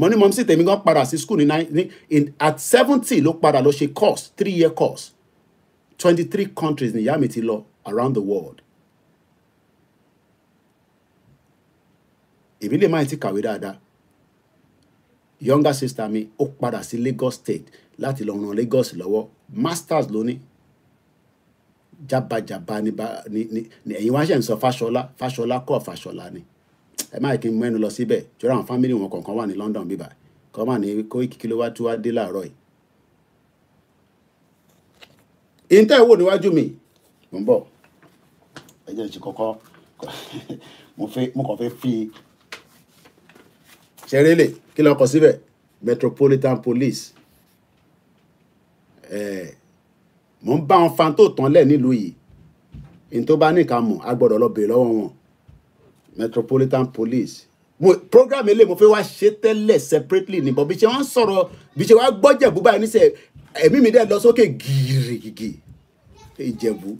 mo ní mọ̀mísí tèmi gan padà sí school ní nine at seventy ló padà lọ ṣe course three year course twenty three countries ni ìyá mi ti lọ around the world. èmi lè máa ti kàwé dáadáa younger sister mi ó padà sí Lagos State láti lọ ran Lagos lọ́wọ́ masters ló ní jábàjábà ní ẹ̀yin wá ṣe ń sọ Fáṣọlá Fáṣọlá kọ́ Fáṣọlá ni. ni, Ba, ni, ni ẹ má kí n mú ẹnu lọ síbẹ̀ jọ̀rọ̀ àwọn fámìlì wọn kọ̀ọ̀kan wà ní London bíbà kọ́ mà ní Koiki kí ló wá tú wá dé láàárọ̀ yìí. ìǹtẹ́ ìwò níwájú mi mò ń bọ̀ ẹ jẹ́ kọ́kọ́ mo kàn fẹ́ fi ṣẹrẹ́lẹ̀ kí ló síbẹ̀ Metropolitan Police mò ń bá wọn fan tó tán lẹ̀ nílùú yìí ní tó bá nìkan mọ̀ a lọ bèèrè lọ́wọ́ wọn metropolitan police mo program eléyìí mo fẹ́ wá ṣe tẹ́lẹ̀ separately nìbọn bí ṣe wọ́n sọ̀rọ̀ bí ṣe wá gbọ́ jẹ̀bú báyìí níṣẹ́ ẹ̀mí mi dẹ̀ lọ sókè gírígì ìjẹ̀bú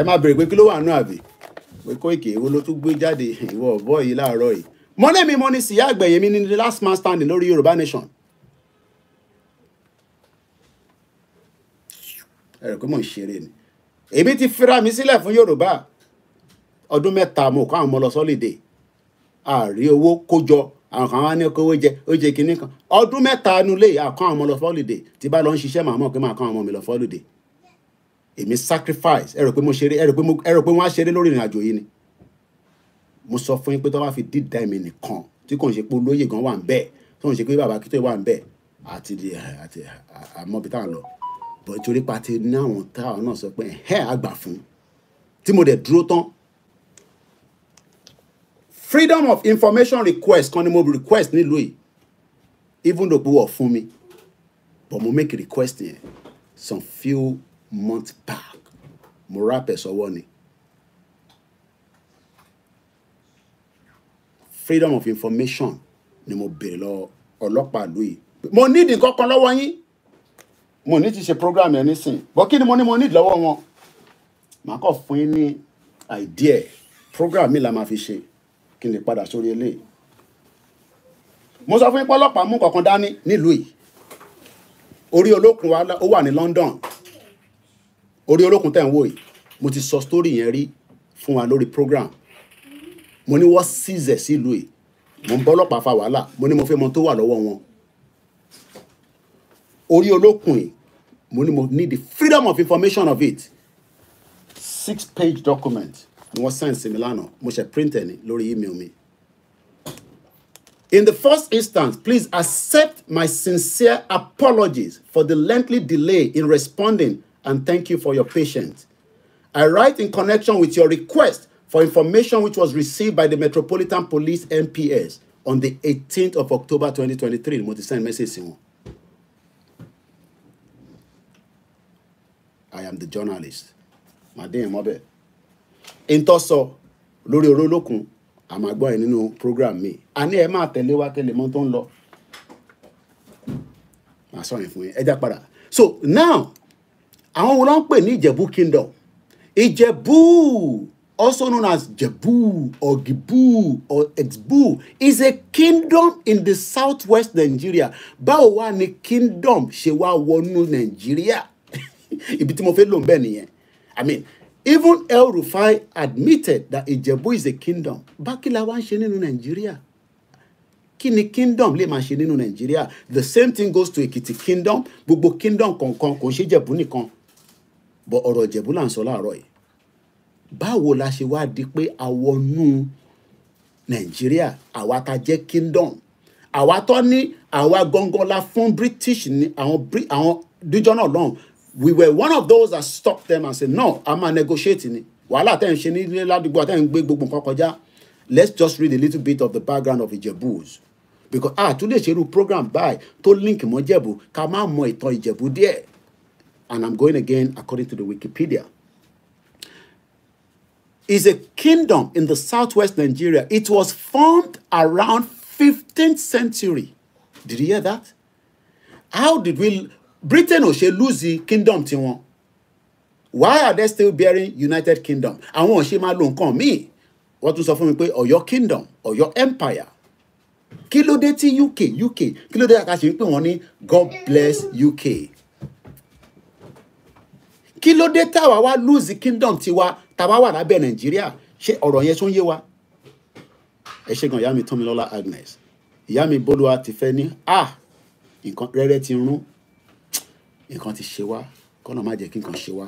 ẹ má bèrè pé kí ló wà nù àbí pé Koiki èwo ló tún gbé jáde ìwọ ọ̀bọ yìí láàárọ̀ yìí mọ́lẹ́ mi mo ní síyá àgbẹ̀yẹ mi ní the last man standing lórí Yorùbá nation ẹ rẹ̀ pé mò ń ṣeré ni èmi ti fira mi sílẹ̀ fún Yorùbá ọdún mẹ́ta mo kọ́ àwọn ọmọ lọ sọ́lìdè àrí owó kójọ àwọn kan wá ní kówó jẹ ó jẹ kínní kan ọdún mẹ́ta nulẹ̀ àkọ́ àwọn ọmọ lọ sọ́lìdè tí bá lọ ń ṣiṣẹ́ màmá òkè máa kọ́ àwọn ọmọ mi lọ sọ́lìdè èmi sacrifice ẹ rò pé mo ṣeré ẹ rò pé mo ẹ pé wọ́n á ṣeré lórí ìrìnàjò yìí ni mo sọ fún yín pé tó bá fi dídá èmi nìkan tí kò ń ṣe pé olóyè gan wà ń bẹ́ẹ̀ tó ń ṣe pé bàbá kító wà ń bẹ́ẹ̀ àti àti àmọ́bi tá à ń lọ bọ̀ torí pa ti ní àwọn táwọn náà sọ pé ẹ̀hẹ́ àgbà fún tí mo dẹ̀ dúró tán freedom of information request kan ni mo request nílùú yìí even though pé wọ́n fún mi but mo make request yẹn some few months back mo rápẹ̀ sọ́wọ́ ni freedom of information ni mo béèrè lọ ọlọ́pàá ìlú yìí mo need nǹkan kan lọ́wọ́ yín mo ní ti ṣe program yẹn nísìn but kí ni mo ní mo need lọ́wọ́ wọn màá kàn fún yín ní idea program mi la ma fi ṣe kí n lè padà sórí eléyìí mo sọ fún yín pọ́lọ́pàá mú kankan dání nílùú yìí orí olókun wa ó wà ní London orí olókun tẹ̀ ń wò yìí mo ti sọ sítórì yẹn rí fún wa lórí program mo ní wọ́n ṣìzẹ̀ sílùú yìí mo ń bọ́ ọlọ́pàá fa wàhálà mo ní mo fẹ́ mọ tó wà lọ́wọ́ wọn orí olókun yìí mo ní mo need the freedom of information of it six page document ni wọ́n sign sí mi lánàá mo ṣe print ẹ̀ ní lórí email mi. In the first instance, please accept my sincere apologies for the lengthy delay in responding and thank you for your patience. I write in connection with your request for information which was received by the Metropolitan Police MPS on the 18th of October 2023. Mo ti send message sí wọn. I am the journalist. Màdé ìmọ̀bẹ̀ ntọ́ sọ lórí oró lókun àmàgbọ́n ẹ̀ nínú program mi àní ẹ máa tẹ̀lé wa kẹlẹ̀ mọ́ tó ń lọ màá sọ yẹn fún yín ẹ padà so now àwọn wo ló ń pè ní ìjẹ̀bú kingdom ìjẹ̀bú also known as jebu or gibu or exbu is a kingdom in the southwest nigeria báwo wá ni kingdom ṣe wá wọnú nàìjíríà ibi tí mo fẹ́ lò ń bẹ̀ nìyẹn i mean even El Rufai admitted that Ìjẹ̀bú is a kingdom Bakila wa ń ṣe nínú Nàìjíríà kí kingdom le máa ṣe nínú Nàìjíríà the same thing goes to Ekiti kingdom gbogbo kingdom kọ̀ọ̀kan kò ń ṣe Ìjẹ̀bú nìkan but ọ̀rọ̀ Jebu la n sọ láàárọ̀ yìí báwo la ṣe wá di pé a wọnú àwa ta jẹ́ kingdom àwa tó ní àwa gangan la fún British ni àwọn àwọn díjọ́ náà lọ́hùn we were one of those that stopped them and said no I'm máa negotiate wàhálà tẹ̀ ń ṣe ní ládùúgbò àtẹ̀ ń gbé gbogbo nǹkan kọjá let's just read a little bit of the background of Ìjẹ̀bú because ah tún lè ṣerú program báyìí tó link mọ́ Ìjẹ̀bú ká má mọ ìtàn Ìjẹ̀bú díẹ̀ and I'm going again according to the Wikipedia is a kingdom in the southwest Nigeria. It was formed around 15th century. Did you hear that? How did we Britain ò ṣe lose kingdom tiwọn why are they still bearing United Kingdom àwọn ò ṣe máa lo nǹkan míì wọ́n tún sọ fún mi pé Ọ̀yọ́ kingdom Ọ̀yọ́ empire kí ló dé tí UK UK kí ló dé àká ṣe ń pè wọ́n ní God bless UK kí ló dé táwa wá lose kingdom tiwa tàwa wà lábẹ́ Nàìjíríà ṣé ọ̀rọ̀ yẹn tún yé wa ẹ ṣe gan ìyá mi Tómilọ́lá Agnes ìyá mi Bólúwa ti fẹ́ ní ah nǹkan rẹ́rẹ́ ti rún nǹkan ti ṣe wá kọ́nà má jẹ́ kí nǹkan ṣe wá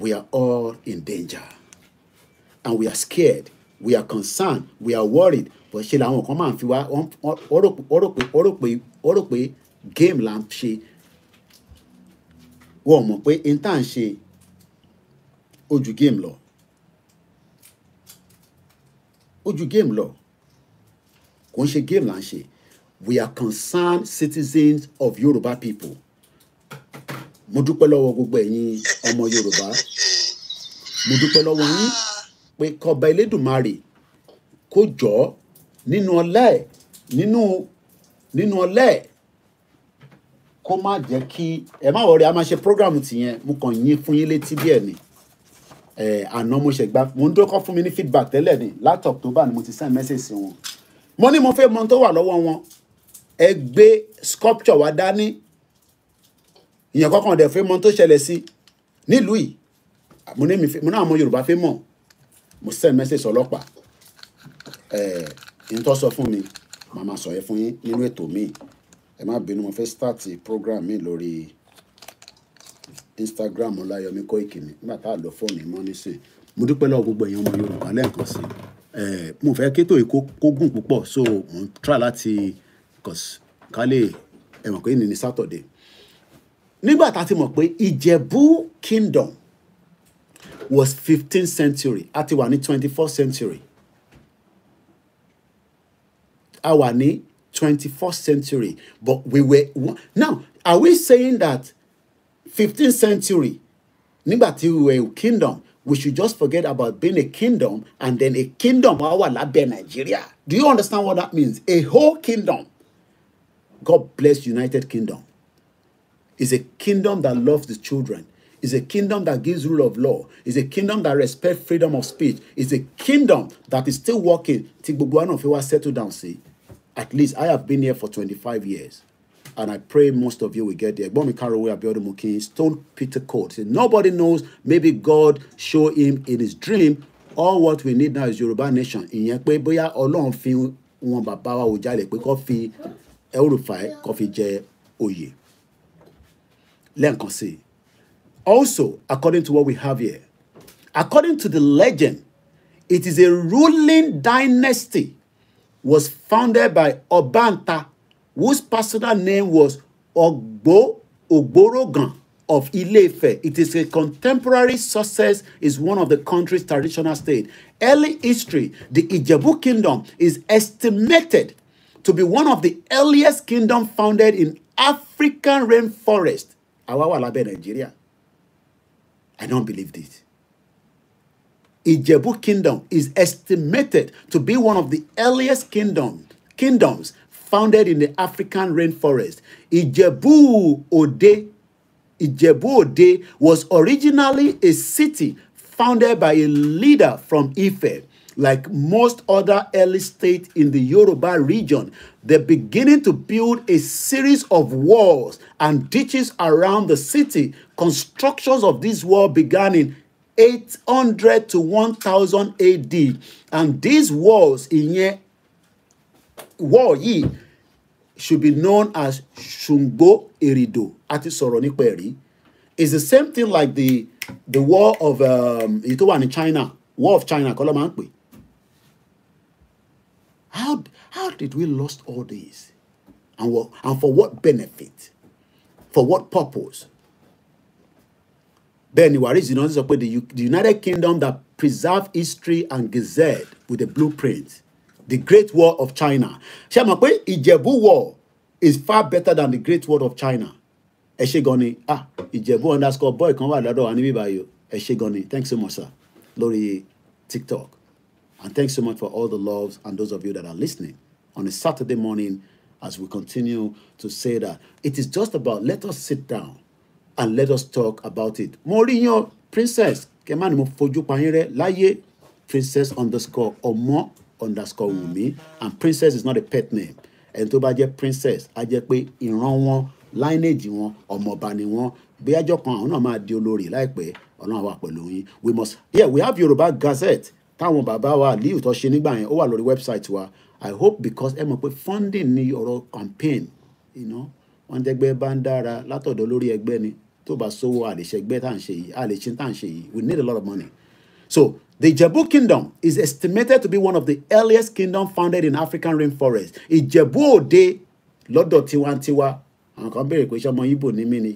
we are all in danger and we are scared we are concerned we are worried but ṣe làwọn kan máa ń fi wá ó rò pé game là ń ṣe wọ́n mọ̀ pé n ṣe ojú game lọ ojú game lọ kò ń ṣe game là ń ṣe we are concerned citizens of Yoruba people mo dúpẹ́ lọ́wọ́ gbogbo ẹ̀yin ọmọ Yorùbá mo dúpẹ́ lọ́wọ́ yín pé kọba Elédùmarè kó jọ nínú ọlá ẹ̀ nínú nínú ọlá ẹ̀ kó má jẹ́ kí ẹ má wọrí a máa ṣe program tìyẹn mo kàn yín fún yín létí díẹ̀ ni àná mo ṣe gbà mo ń dókọ́ fún mi ní feedback tẹ́lẹ̀ ni láti October ni mo ti send message sí wọn mo ní mo fẹ́ mọ tó wà lọ́wọ́ wọn ẹ gbé sculpture wa dání ìyẹn kọ́kàn dẹ̀ fẹ́ mọ tó ṣẹlẹ̀ sí nílùú yìí mo ní mo náà mọ Yorùbá fẹ́ mọ̀ mo send message ọlọ́pàá ẹ̀ẹ́n tó sọ fún mi màá máa sọ yẹn fún yín nínú ètò mi ẹ má bínú mo fẹ́ start program mi lórí Instagram Ọláyọmí Koiki mi nígbà tá a lọ fóònù mọ́ nísìnyí mo dúpẹ́ lọ́wọ́ gbogbo èèyàn ọmọ Yorùbá lẹ́ẹ̀kan sí mo fẹ́ kétò ìkógùn púpọ̀ so mo ń try láti ká lè ẹ̀wọ̀n pé ní ní Saturday nígbà tá a ti mọ̀ pé ìjẹ̀bú kingdom was fifteenth century a ti wà ní twenty fourth century a wà ní twenty first century but we were now are we saying that fifteenth century nígbà tí we were a kingdom we should just forget about being a kingdom and then a kingdom wá wà lábẹ́ Nigeria do you understand what that means a whole kingdom God bless United Kingdom is a kingdom that loves the children, is a kingdom that gives rule of law, is a kingdom that respects freedom of speech, is a kingdom that is still working till gbogbo one of you are settled down. See, at least I have been here for 25 years. And I pray most of you will get there. Bomi Karowe Abiodun Mukin, Stone Peter Court. See, nobody knows. Maybe God show him in his dream. All what we need now is Yoruba nation. Ìyẹn pé bóyá Ọlọ́run fi wọn bàbá wa ò jalè pé kó fi ẹrù fà kó fi jẹ Oye. Lenkosi. Also, according to what we have here, according to the legend, it is a ruling dynasty was founded by Obanta, whose personal name was Ogbo Ogborogan of Ilefe. It is a contemporary success, is one of the country's traditional state. Early history, the Ijebu kingdom is estimated to be one of the earliest kingdom founded in African rainforest àwa wà lábẹ́ nàìjíríà i don't believe this. Ijebu kingdom is estimated to be one of the earliest kingdom, kingdoms founded in the African rainforest. Ijebu Ode, Ijebu Ode was originally a city founded by a leader from Ife like most other early states in the Yoruba region, they're beginning to build a series of walls and ditches around the city. Constructions of this wall began in 800 to 1000 AD. And these walls in here, wall yìí should be known as Shungo Erido. ati sọ̀rọ̀ nípa ẹ̀rí. It's the same thing like the the war of um, èyí tó wà China, war of China kọ́ ló How, how did we lost all these? And, what, and for what benefit? For what purpose? bẹ́ẹ̀ ni wàrí ìsìnà sọ pé the united kingdom that preserve history and gazette with a blueprint the great wall of china ṣe mọ̀ pé wall is far better than the great wall of china ẹ ṣe ah Ijebu underscore boy kan wà lọ́dọ̀ wa níbí báyìí o ẹ ṣe gan thanks so much sir lórí tiktok And thanks so much for all the loves and those of you that are listening on a Saturday morning as we continue to say that it is just about let us sit down and let us talk about it. Mo rí princess kẹ́mà ni mo fojú pa princess underscore ọmọ underscore wùmí and princess is not a pet name ẹni tó bá princess Ajekwe jẹ́ pé ìran wọn lineage wọn ọmọọba ni wọn bí ajọ kan àwọn náà we must yeah we have Yoruba Gazette táwọn bàbá wa àlíyù tó ṣe nígbà yẹn ó wà lórí website wa i hope because ẹ mọ̀ pé funding ni ọ̀rọ̀ campaign you know wọ́n tẹ́gbẹ́ bá ń dára látọ̀dọ̀ lórí ẹgbẹ́ ni tó bá sówó àlèṣẹgbẹ́ tá à ń ṣe yìí àlèṣin tá à ń ṣe yìí we need a lot of money. so the Jebu kingdom is estimated to be one of the earliest kingdom founded in African rainforest. Ìjẹ̀bú Òde lọ́dọ̀ tiwantiwa àwọn kan béèrè pé ṣé ọmọ Ìgbò ni mí ni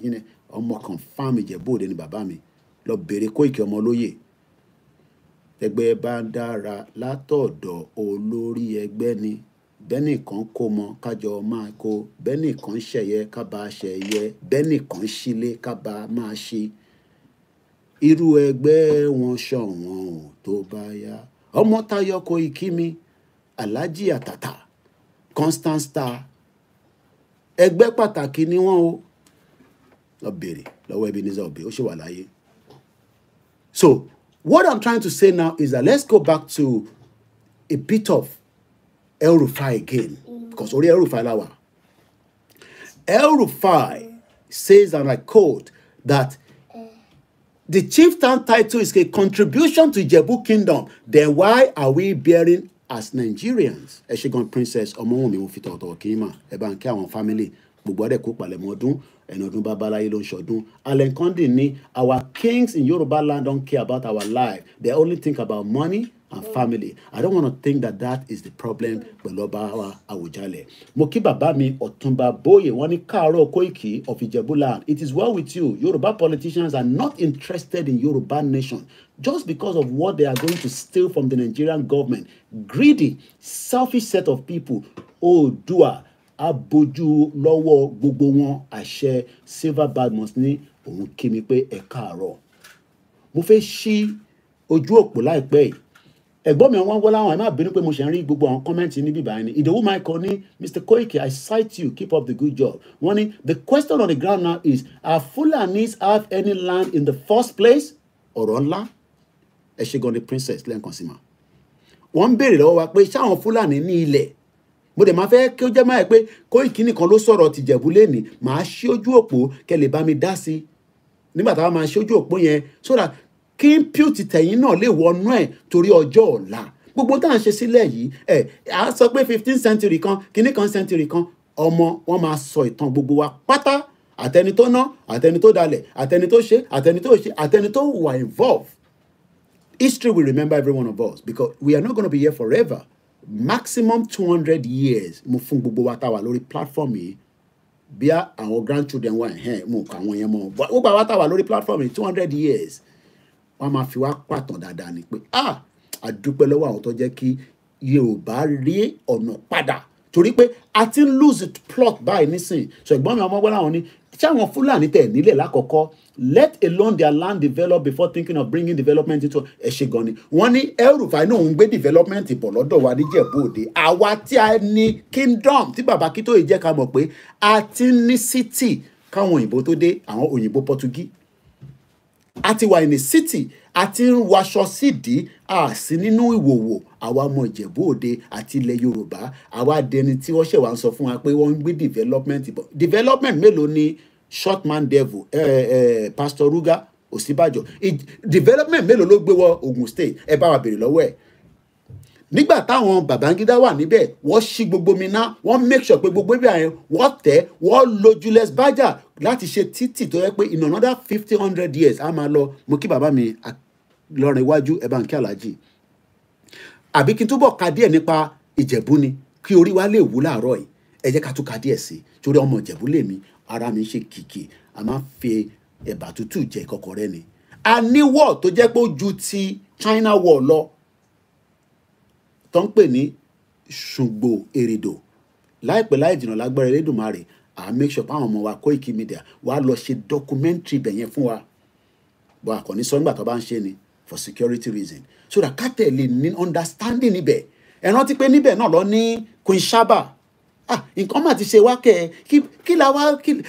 ọmọ confam Ìjẹ̀bú Òde ni bàbá mi lọ béèrè Koiki ọmọ olóyè tẹgbẹ́ bá ń dára látọ̀dọ̀ olórí ẹgbẹ́ ni bẹ́nìkan kó mọ kájọ máa kó bẹ́nìkan ṣẹ̀yẹ kábà ṣẹ̀yẹ bẹ́nìkan ṣílé kábà máa ṣe irú ẹgbẹ́ wọn ṣọ̀wọ́n ò tó bá yá ọmọ tayọ kó ikí alhaji àtàtà constant star ẹgbẹ́ pàtàkì ni wọ́n o lọ bèrè lọ́wọ́ ẹbí nígbà òbí ó ṣì wà láyé so What I'm trying to say now is that let's go back to a bit of El Rufai again, mm. because only El Rufai lawa. El Rufai says, and I quote, that the chieftain title is a contribution to Jebu kingdom. Then why are we bearing as Nigerians? Eshigon Princess Omowumi Ofitoto Kima, Ebanke, our family, gbogbo àdẹ̀ kó palẹ̀mọ́ ọdún ẹni ọdún bá balaye ló ń ṣọdún Allen Kondi ní our kings in Yoruba land don't care about our life they only think about money and family i don't want to think that that is the problem pẹ̀lú ọba wa Àwùjalẹ̀ mo kí bàbá mi ọ̀túnba bóyè wọn ní káàárọ̀ Koiki of Ijebuland it is well with you Yoruba politicians are not interested in Yoruba nation just because of what they are going to steal from the Nigerian government greedy selfish set of people Oòduà. Oh, á bójú lọ́wọ́ gbogbo wọn àṣẹ silver badmus ní òun kí mi pé ẹ káàárọ̀ mo fẹ́ ṣí ojú òpó láìpẹ́ yìí ẹ̀gbọ́n mi àwọn wọlé àwọn ẹ má bínú pé mo ṣe ń rí gbogbo àwọn kọ́mẹ́ǹtì níbí báyìí ni ìdòwú michael ní mr koike i cite you keep up the good job wọ́n ní the question on the ground now is are fulanis have any land in the first place ọ̀rọ̀ ńlá ẹ ṣe gan ni princess lẹ́ǹkan sí ma wọ́n ń béèrè lọ́wọ́ wa pé ṣáwọn fúlàní ní ilẹ̀ mo dẹ̀ máa fẹ́ kí ó jẹ́ máa pé Koiki nìkan ló sọ̀rọ̀ tìjẹ̀bú lẹ́nìí màá ṣí ojú òpó kẹ́ lè bá mi dá sí i nígbà táwa máa ṣí ojú òpó yẹn so that kí n pí òtítẹ̀yìn náà lè wọnú ẹ̀ torí ọjọ́ ọ̀la gbogbo tá à ń ṣe sílẹ̀ yìí ẹ̀ à á sọ pé fifteen century kan kìíní kan century kan ọmọ wọn máa sọ ìtàn gbogbo wa pátá àtẹni tó ná àtẹni tó dalẹ̀ àtẹni tó ṣe àtẹni tó ṣe àtẹni tó wà involve history will remember every one of us because we are not gonna be here forever maximum two hundred years mo fún gbogbo wa tá a wà lórí platform yìí bí àwọn grandchildren wa ẹ̀hẹ́n mo kọ àwọn yẹn mọ́ gbogbo àwa tá a wà lórí platform yìí two hundred years wọ́n máa fi wá pàtàn dáadáa ni pé ah àdúpẹ́ lọ́wọ́ àwọn tó jẹ́ kí Yorùbá rí ọ̀nà padà torí pé a ti ń lose plot báyìí nísìnyí ṣùgbọ́n mi ọmọ gbọ́dọ̀ àwọn ní tí àwọn fúlàní tẹ̀ nílẹ̀ lákọ̀ọ́kọ́ let alone their land develop before thinking of bringing development into ẹ̀ ṣe gan ni wọ́n ní el náà ń gbé development bọ̀ lọ́dọ̀ wa níjẹ̀bú òde àwa tí a ní kingdom tí baba kí tó yìí jẹ́ ká mọ̀ pé a ti ní city káwọn òyìnbó tó dé àwọn òyìnbó pọtugí a ti wà ní city a ti ń waṣọ sídìí a sí nínú ìwòwò àwa ọmọ ìjẹ̀bú òde àti ilẹ̀ yorùbá àwa dẹni tí wọ́n ṣẹ̀ ń sọ fún wa pé wọ́n ń gbé development bọ̀ development mélòó ni short man devil eh, eh, pastor ruga òsínbàjò development mélòó ló gbé wọ Ogun State ẹ bá wa béèrè lọ́wọ́ ẹ̀ nígbà táwọn Babangida wà níbẹ̀ wọ́n ṣí gbogbo mi ná wọ́n make sure pé gbogbo ibi àyẹn wọ́n tẹ̀ wọ́n lo Julius Baja láti ṣe títì tó yẹ pé in another fifty hundred years a máa lọ mo kí bàbá mi lọ́rin iwájú ẹ̀ bá ń kí aláàjì àbí kí n túbọ̀ ka díẹ̀ nípa Ìjẹ̀bú ni kí orí wa lè wú láàárọ̀ yìí ẹ jẹ́ ká tún ka díẹ̀ sí torí ọmọ Ìjẹ̀bú lèmi ara mi ṣe kìkì a máa fi ẹ̀bà tútù jẹ ìkọkọrẹ́ ni a ní wọ́ọ̀ tó jẹ́ pé ó ju ti China wọ́ọ̀ lọ tó ń pè ní ṣùgbò èrìdò láìpẹ́ láì jìnnà lágbára Elédùmarè à make sure fáwọn ọmọ wa Koiki Media wàá lọ ṣe documentary bẹ̀yẹn fún wa bọ́ àkànní sọ nígbà tó bá ń ṣe ni for security reason so that kátẹ́ lè ní understanding níbẹ̀ ẹ rántí pé níbẹ̀ náà lọ ní Queen Shaba Ah, nǹkan mà ti ṣe wá kẹ́ ẹ kí la wá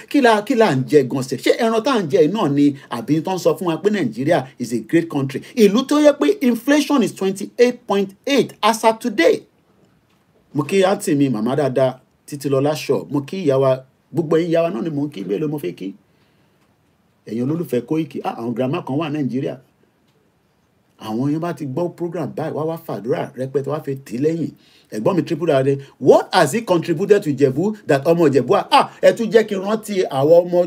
kí la kí la ń jẹ gànṣẹ́ ṣé ẹran tá à ń jẹ náà ni àbí tó ń sọ fún wa pé Nàìjíríà is a great country ìlú tó yẹ pé inflation is twenty eight point eight as at today mo kí àǹtí mi màmá dáadáa títí lọ láṣọ mo kí ìyá wa gbogbo ẹ̀yin ìyá náà ni mo ń kí mélòó mo fẹ́ kí ẹ̀yin olólùfẹ́ Kóìkì ah, àwọn girama kan wà Nàìjíríà àwọn yẹn bá ti gbọ́ program báyìí wá wá fàdúrà rẹpẹtẹ wá fi tì í lẹ́yìn ẹ̀gbọ́n mi triple dade what has he contributed to Jebu that ọmọ Ìjẹ̀bú ah ẹ tún jẹ́ kí n rántí àwọn ọmọ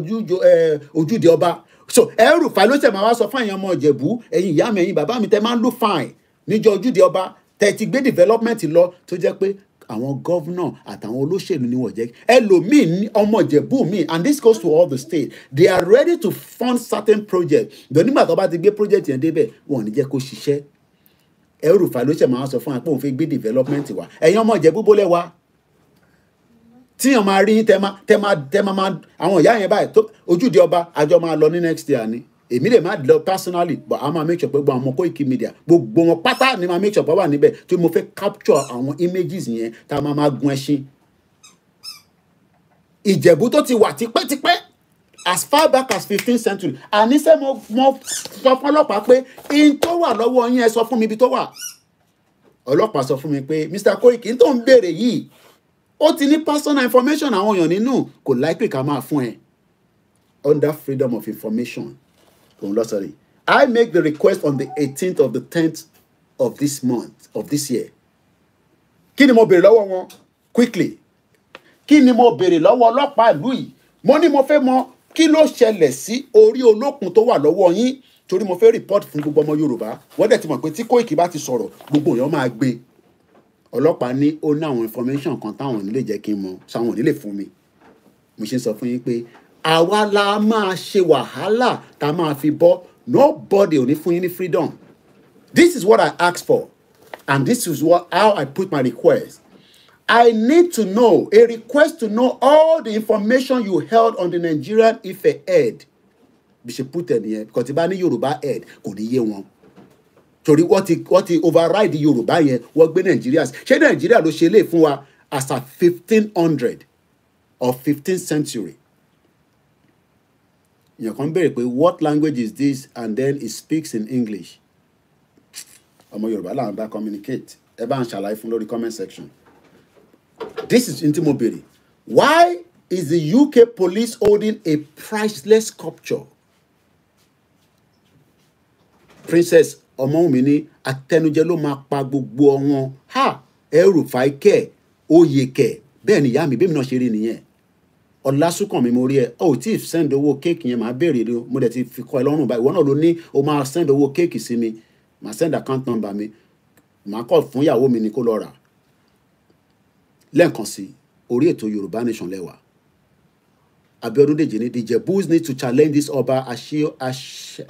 ojúde ọba so ẹrù fàlọ́ ṣẹ̀ máa wá sọ fún ẹ̀yin ọmọ Ìjẹ̀bú ẹ̀yin ìyá mi ẹ̀yin bàbá mi tẹ́ máa ń lò fine níjọ ojúde ọba tẹ́ ti gbé development lọ tó jẹ́ pé àwọn gọ́vnà àtàwọn olóṣèlú ni wọ́n jẹ́ ẹlòmíì ọmọ ìjẹ̀bú mi and this goes to all the state they are ready to fund certain projects ìdọ̀ nígbà tó bá ti gbé project yẹn débẹ̀ wọn ò ní jẹ́ kó ṣiṣẹ́ ẹrùfà ló ṣe máa sọ fún wa pé òun fi gbé development wa ẹ̀yin ọmọ ìjẹ̀bú bólẹ̀ wa tíyàn máa rí tẹ́ máa tẹ́ máa tẹ́ máa àwọn ìyá yẹn báyìí ojúde ọba àjọ máa lọ ní next year ni èmi lè má lọ personally but a máa make sure pé gbogbo àwọn ọmọ Koiki Media gbogbo wọn pátá ni máa make sure pé wà níbẹ̀ tí mo fẹ́ capture àwọn images yẹn tá a máa máa gun ẹṣin. ìjẹ̀bú tó ti wà tipẹ́tipẹ́ as far back as fifteenth century àníṣe mo mo sọ fún ọlọ́pàá pé in tó wà lọ́wọ́ yín ẹ sọ fún mi ibi tó wà ọlọ́pàá sọ fún mi pé Mr Koiki n tó ń béèrè yìí ó ti ní personal information àwọn èèyàn nínú kò láìpẹ́ ká máa fún ẹ under freedom of information òun lọ I make the request on the 18th of the 10th of this month of this year Kini mo bere lọ́wọ́ wọn quickly Kini ni mo béèrè lọ́wọ́ ọlọ́pàá ìlú yìí mo ní mo fẹ́ mọ kí ló ṣẹlẹ̀ sí orí olókun tó wà lọ́wọ́ yín torí mo fẹ́ report fún gbogbo ọmọ Yorùbá wọ́n dẹ̀ ti mọ̀ pé tí Kóìkì bá ti sọ̀rọ̀ gbogbo èèyàn máa gbé ọlọ́pàá ní ó ní àwọn information kan táwọn ò ní lè jẹ́ kí n mọ sáwọn ò ní lè fún mi mo ṣe ń sọ fún yín pé àwa la máa ṣe wàhálà tá a máa fi bọ́ nobody ò ní fún yín ní freedom this is what I ask for and this is what, how I put my request I need to know a request to know all the information you held on the Nigerian Ife head bí ṣe put ẹ nìyẹn because tí bá ní Yorùbá head kò ní yé wọn torí wọ́n ti wọ́n ti override Yorùbá yẹn wọ́n gbé Nàìjíríà ṣé Nàìjíríà ló ṣe lè fún wa as a fifteen hundred or fifteenth century èèyàn kan béèrè pé what language is this and then he speaks in English ọmọ Yorùbá làwọn bá communicate ẹ bá ń ṣàlàyé fún lórí comment section this is ntí mo béèrè why is the UK police holding a priceless sculpture Princess Ọmọwùmí ní atẹnujẹ ló máa pa gbogbo ọwọn ha ẹrù fàákẹ oyè kẹ ni ìyá mi bẹ́ẹ̀ mi náà ṣe rí nìyẹn ọlásùnkànmí mo rí ẹ ọ tí ì send owó kéèkì yẹn màá béèrè ni mo dẹ̀ ti fi kọ́ ẹ lọ́rùn báyìí ìwọ náà ló ní o máa send owó kéèkì sí mi màá send account number mi màá kọ́ fún ìyàwó mi ni kó lọ rà lẹ́ẹ̀kan sí orí ètò Yorùbá Nation lẹ́wà Abíọ́dún Dèjì ní the Jebus need to challenge this ọba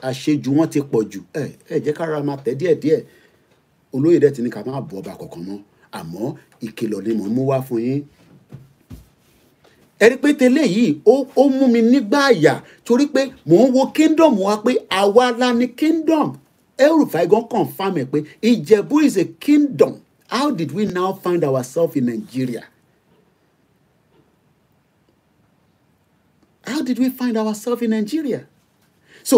àṣejù wọn ti pọ̀ jù ẹ ẹ jẹ́ ká ra máa tẹ̀ díẹ̀díẹ̀ olóyè dẹ̀ ti ní ká má bọ ọba kọ̀ọ̀kan mọ́ àmọ́ ìkìlọ̀ ni mò ń mú wá fún yín ẹ̀rí pé tẹ́lẹ̀ yìí ó mú mi nígbà àyà torí pé mò ń wo kingdom wa pé àwa la ni kingdom El-Rufai gan confam ẹ̀ pé Ìjẹ̀bú is a kingdom how did we now find ourselves in Nigeria? how did we find ourselves in Nigeria? so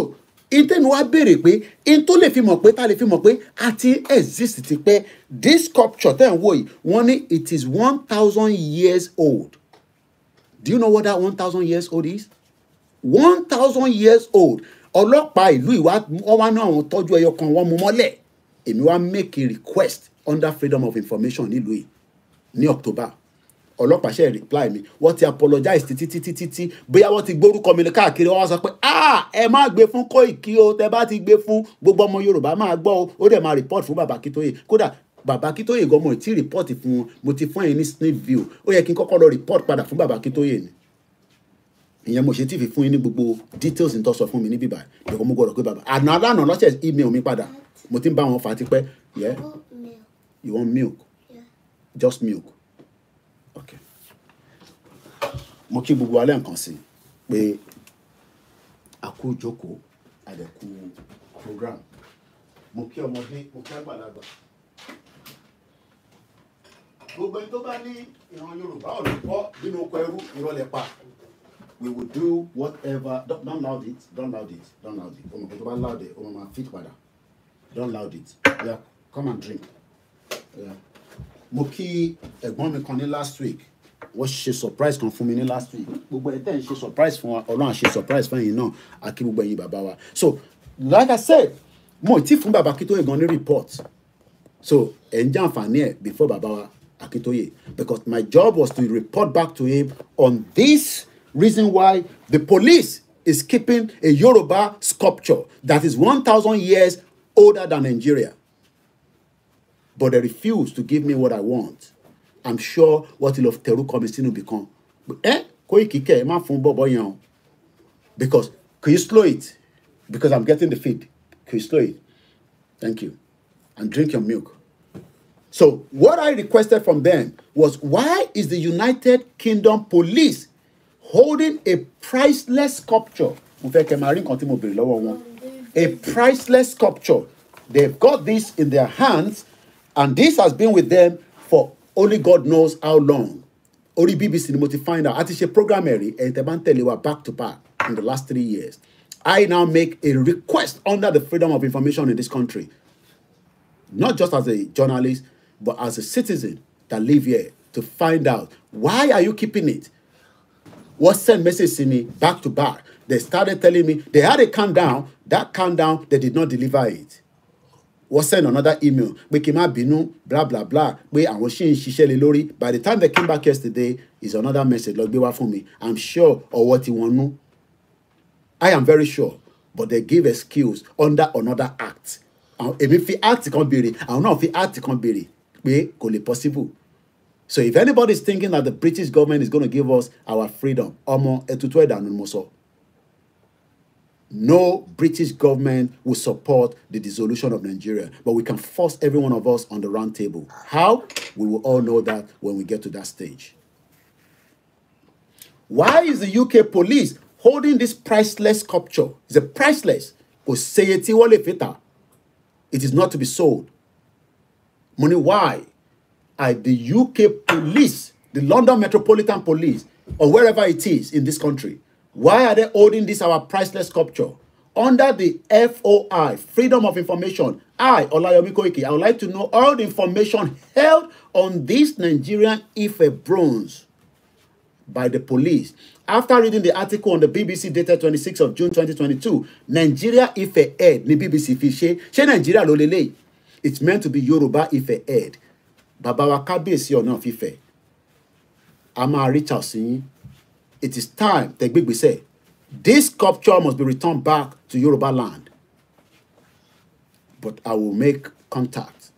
intanet wa béèrè pé in tó lè fi mọ̀ pé ta lè fi mọ̀ pé a ti exist ti pẹ́ this sculpture tẹ̀ ń wò yìí wọ́n ní it is one thousand years old do you know what that one thousand years old is one thousand years old ọlọ́pàá ìlú ìwà wọ́n wá ní àwọn tọ́jú ẹyọ kan wọ́n mú mọ́lẹ̀ èmi wá make a request under freedom of information nílùú yìí ní october ọlọ́pàá ṣe reply mi wọ́n ti apologize títí títí títí bóyá wọ́n ti gbórúkọ mi káàkiri wọ́n wá sọ pé ah ẹ má gbé fún Koiki o tẹ bá ti gbé fún gbogbo ọmọ yorùbá máa gbọ́ o ó dẹ̀ máa report fún bàbá Akíntóyè kódà bàbá akíntóyè gan mo ti rìpọ́ọ̀tì fún wọn mo ti fún ẹ̀yin ní snake view ó yẹ kí n kọ́kọ́ lọ rìpọ́ọ̀tì padà fún bàbá akíntóyè ni ìyẹn mo ṣe tí fi fún yín ní gbogbo details ń tọ́ sọ fún mi ní bíbá ìyẹn mo gbọ́dọ̀ pé bàbá àná lánàá lọ́sẹ̀ email mi padà mo ti ń bá wọn fà á tipẹ́ yeah you want milk just milk okay mo kí gbogbo alẹ́ nǹkan sí pé àkú jókòó program mo kí ọmọdé mo kí àgbàlagbà gbogbo ẹni tó bá ní ìran yorùbá ọ̀nà bọ́ nínú oko ẹrú ìrọ̀lẹ́ pa we will do whatever don don loud it don loud it don loud it ọmọ tó bá loud it ọmọ máa fit padà don loud it yeah come and drink yeah. mo kí ẹ̀gbọ́n mi kan ní last week wọ́n ṣe surprise kan fún mi ní last week gbogbo ẹ̀ tẹ̀ ń ṣe surprise fún wa ọlọ́run ṣe surprise fún ẹ̀yin náà àkí gbogbo ẹ̀yin bàbá wa so like i said mo ti fún bàbá kí tó yẹ gan ní report so ẹ̀ ń jàǹfààní ẹ̀ before bàbá wa Akitoye because my job was to report back to him on this reason why the police is keeping a Yoruba sculpture that is 1,000 years older than Nigeria. But they refuse to give me what I want. I'm sure what will of Teru Komisinu become. But, eh? Koikike, ma fun bobo Because, can you slow it? Because I'm getting the feed. Can you slow it? Thank you. And drink your milk. So, what I requested from them was why is the United Kingdom police holding a priceless sculpture? A priceless sculpture. They've got this in their hands, and this has been with them for only God knows how long. Only BBC ni mo find out. A ti ṣe program ẹ̀rí back to back in the last three years. I now make a request under the freedom of information in this country, not just as a journalist, but as a citizen that live here to find out why are you keeping it what sent message to me back to back they started telling me they had a countdown that countdown they did not deliver it Was send another email We came n má blah blah bla bla pé àwọn ṣì by the time they came back yesterday is another message lọ be wá fún mi i'm sure ọwọ́ tí wọ́n nú i am very sure but they give excuse under another act If fi act can't be kan béèrè know if fi act kan béèrè pé kò lè possible so if anybody is thinking that the British government is gonna give us our freedom ọmọ ètùtù ẹ̀dá ni mo sọ no British government will support the dissolution of Nigeria but we can force every one of us on the round table how we will all know that when we get to that stage why is the UK police holding this priceless sculpture it's a priceless kò sèye tí wọ́n lè fi tà it is not to be sold Money? why are the UK police the London Metropolitan Police or wherever it is in this country why are they holding this our priceless sculpture under the FOI Freedom of Information I Olayomi Koiki I would like to know all the information held on this Nigerian Ife bronze by the police. After reading the article on the BBC dated 26 of June 2022, Nigeria Ife head ni BBC fi ṣe ṣé Nigeria ló lélẹ́yìí it's meant to be Yoruba ife head bàbá wa kábíyèsí ọ̀nà fífẹ̀ a máa reach out sí yín it is time tẹ̀gbẹ́gbẹ́sẹ̀ this sculpture must be returned back to Yoruba land but I will make contact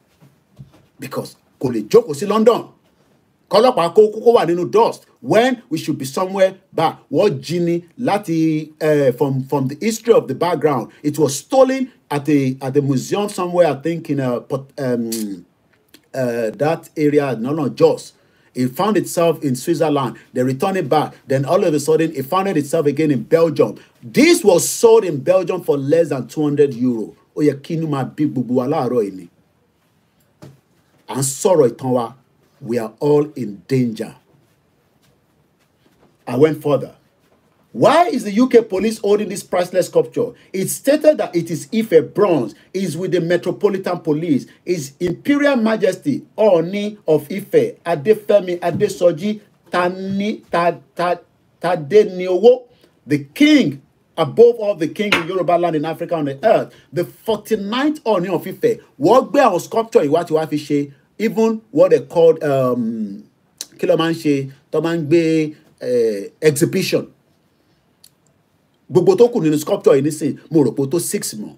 because kò lè jókòó sí London kọlọ́pàá kó kókó wà nínú dust when we should be somewhere back wọ́n jí ni láti uh, from from the history of the background it was stolen at the at the museum somewhere. I think in a um, uh, that area, no, no, Jos. It found itself in Switzerland. They returned it back. Then all of a sudden, it found itself again in Belgium. This was sold in Belgium for less than two hundred euro. Ó yẹ kí inú máa bí gbogbo wa láàárọ̀ ni. À ń sọ̀rọ̀ We are all in danger. I went further. Why is the UK police holding this priceless sculpture? It's stated that it is Ife bronze, is with the Metropolitan Police, is Imperial Majesty Oni of Ife, Adefemi Adesoji Tani Tadeniowo, the king above all the king in Yoruba land in Africa on the earth, the 49th Oni of Ife, What gbé àwọn sculpture ìwà tí wàá fi even what they called um, kí ló máa eh, exhibition gbogbo tó kù nínú sculpture yìí nísìn mo rò pé tó six mọ́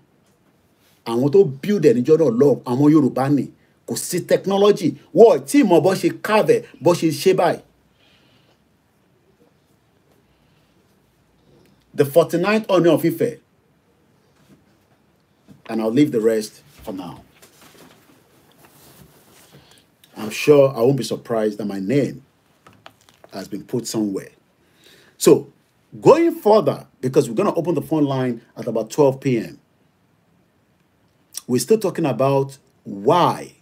àwọn tó build ẹ̀ níjọ́ náà lọ́hùn àwọn Yorùbá ni kò sí technology wọ́ọ̀ tí ìmọ̀ bọ́ ṣe carve bọ́ ṣe ṣe báyìí. the 49th Ooni of Ife. And I'll leave the rest for now. I'm sure I won't be surprised that my name has been put somewhere. So, going further, because we're going to open the phone line at about 12 p.m. We're still talking about why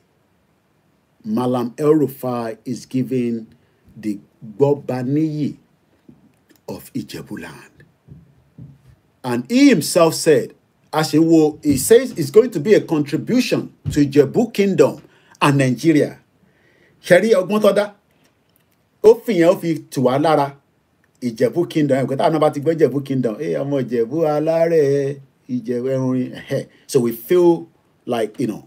Malam El Rufai is giving the Gbobaniyi of Ijebuland. And he himself said, as he will, he says it's going to be a contribution to Ijebu Kingdom and Nigeria. Ṣẹ̀rí ọgbọ́n tọ́dá, ó fìyàn ó fi ìjẹ̀bú kingdom ẹ̀ kọ́tà náà bá ti gbọ́ ìjẹ̀bú kingdom ẹ̀ ọmọ ìjẹ̀bú alárẹ̀ ìjẹ̀bú ẹ̀rùn ẹ̀ so we feel like you know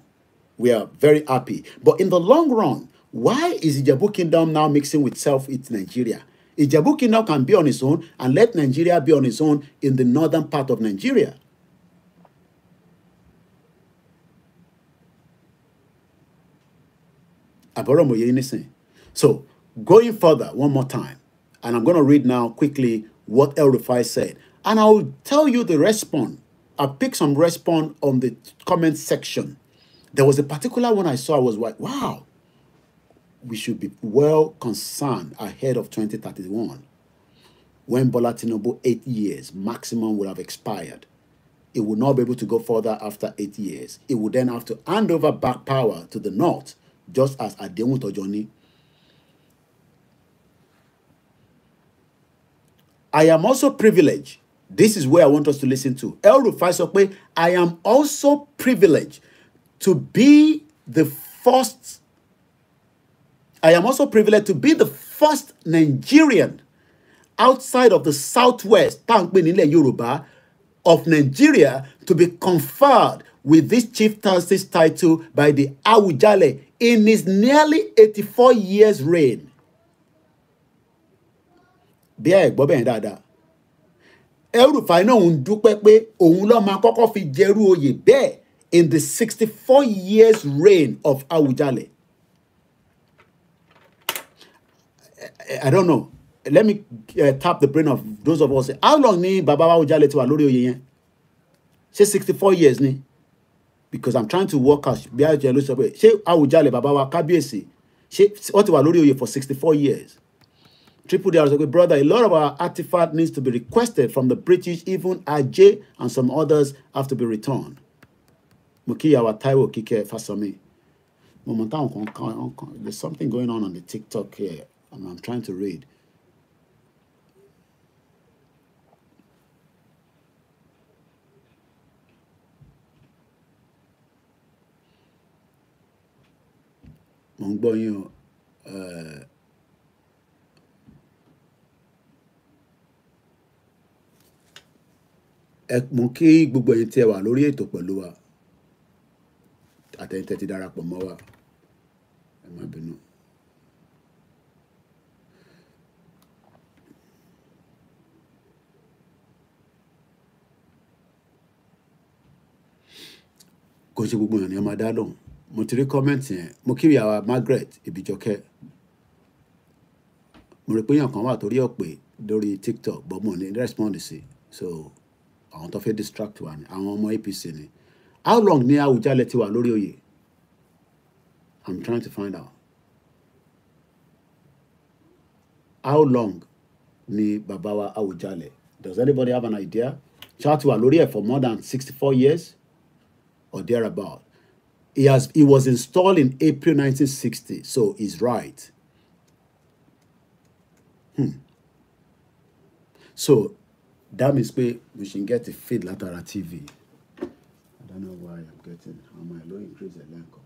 we are very happy but in the long run why is ìjẹ̀bú kingdom now mixing with self with Nigeria ìjẹ̀bú kingdom can be on its own and let Nigeria be on its own in the northern part of Nigeria. àbọ̀rọ̀ mòye nísìn so going further one more time And I'm going to read now quickly what El Rufai said. And I'll tell you the response. I picked some response on the comment section. There was a particular one I saw. I was like, wow, we should be well concerned ahead of 2031 when Bola Tinobu, eight years maximum would have expired. It would not be able to go further after eight years. It would then have to hand over back power to the North, just as Ademutojoni I am also privileged. This is where I want us to listen to. El Rufai sọ pé I am also privileged to be the first. I am also privileged to be the first Nigerian outside of the southwest tàǹpé nílẹ̀ Yorùbá of Nigeria to be conferred with this chieftaincy title by the Awujale in his nearly eighty-four years reign bí ẹ gbọ́ bẹ́ẹ̀ dáadáa El-Rufai náà ń dúpẹ́ pé òun ló máa kọ́kọ́ fi jẹrú oyè bẹ́ẹ̀ in the sixty four years reign of Awujale I don't know let me uh, tap the brain of those of us how long ni baba Awujale ti wà lórí oyè yẹn ṣé sixty four years ni because i'm trying to work out bí Awujale ló sọ pé ṣé Awujale baba wa kábíyèsí ṣé wọ́n ti wà lórí oyè for sixty four years Triple D said, brother, a lot of our artifact needs to be requested from the British, even Ajay and some others have to be returned. Mukiyawa Taiwo Kike Fasami. There's something going on on the TikTok here. I'm, I'm trying to read. Mongboyo, uh, ẹ mú kí gbogbo ẹ̀yin tí ẹ wà lórí ètò pẹ̀lú wa àtẹ̀yìn tẹ́ ti darapọ̀ mọ́ wa ẹ má bínú. kò ṣe gbogbo èèyàn ni ẹ máa dá lóhùn mo ti rí kọ́mẹ́ǹtì yẹn mo kí ìyàwó Margaret Ibijọkẹ́ mo rí pé èèyàn kan wà torí ọ̀pẹ lórí TikTok but mo ní respond sí so àwọn tó fẹ́ distract wa ni àwọn ọmọ APC ni how long ni Awùjalẹ̀ ti wà lórí oyè i'm trying to find out how long ni bàbá wa Awùjalẹ̀ does anybody have an idea ṣáà ti wà lórí ẹ̀ for more than sixty four years or thereabout he has he was installed in April nineteen sixty so he's right. Hmm. So that means pé we should get a feed látara tv i don't know why i'm getting how my low increase ẹ̀ lẹ́ǹkan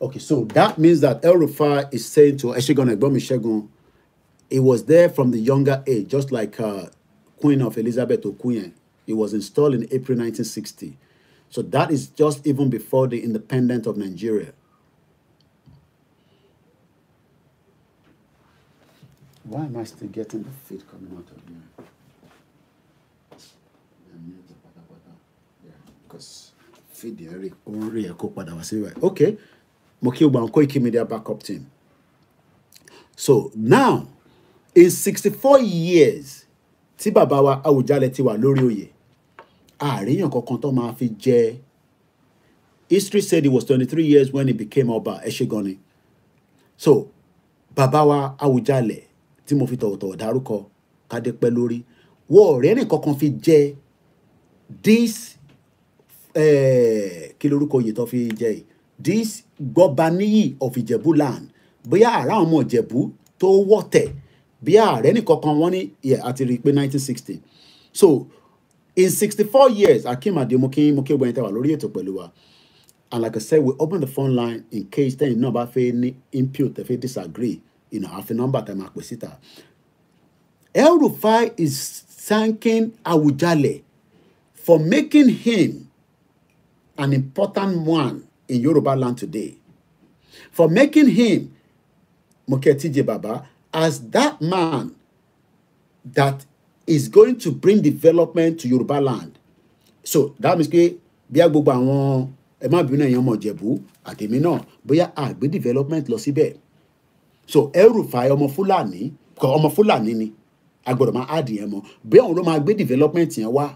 okay so that means that El-Rufai is saying to ẹ̀ṣẹ̀gun ẹ̀gbọ́n mi he was there from the younger age just like uh, queen of elizabeth okuyen He was installed in april 1960 so that is just even before the independence of nigeria why am I still getting the feed coming out of here? because fìdí ẹ rí ó ẹ kó padà wá síbẹ̀ ok mo kí o gba Koiki Media backup team so now in sixty four years tí bàbá wa Àwùjalẹ̀ ti wà lórí oyè àríyàn kankan tó máa fi jẹ history said he was twenty three years when he became ọba ẹṣẹgọni so bàbá wa Àwùjalẹ̀ tí mo fi tọ̀wọ̀tọ̀wọ̀ dárúkọ kádépẹ́ lórí wọ́ọ̀rẹ́ nìkankan fi jẹ this Eh, kí lorúkọ oyè tó fi jẹ yìí this gbọ́baniyi of Ìjẹ̀bú land bóyá àrà àwọn ọmọ Ìjẹ̀bú tó wọ̀tẹ̀ bí ààrẹ nìkankan wọ́n ní àti rí i pé 1960 so in 64 years akim adeomokin mokegbọn tẹwà lórí ètò pẹ̀lú wa and like i said we open the phone line in case tẹ́yìn náà bá fẹ́ ní impute tẹ́ fẹ́ disagree you know àfi nọ́mbà tẹ́ máa pè síta El Rufai is thanking Awujale for making him an important one in Yoruba land today for making him, Muketi Baba, as that man that is going to bring development to Yoruba land. So that means pé bí agbogbo àwọn ẹ má na ẹ̀yàn ọmọ Ìjẹ̀bú àtèmi náà bóyá àgbé development lọ síbẹ̀. So El-Rufai ọmọ ko ọmọ Fúlàní ni agbọ́dọ̀ máa áàdì yẹn mọ́ bóyá òun ló máa gbé development yẹn wa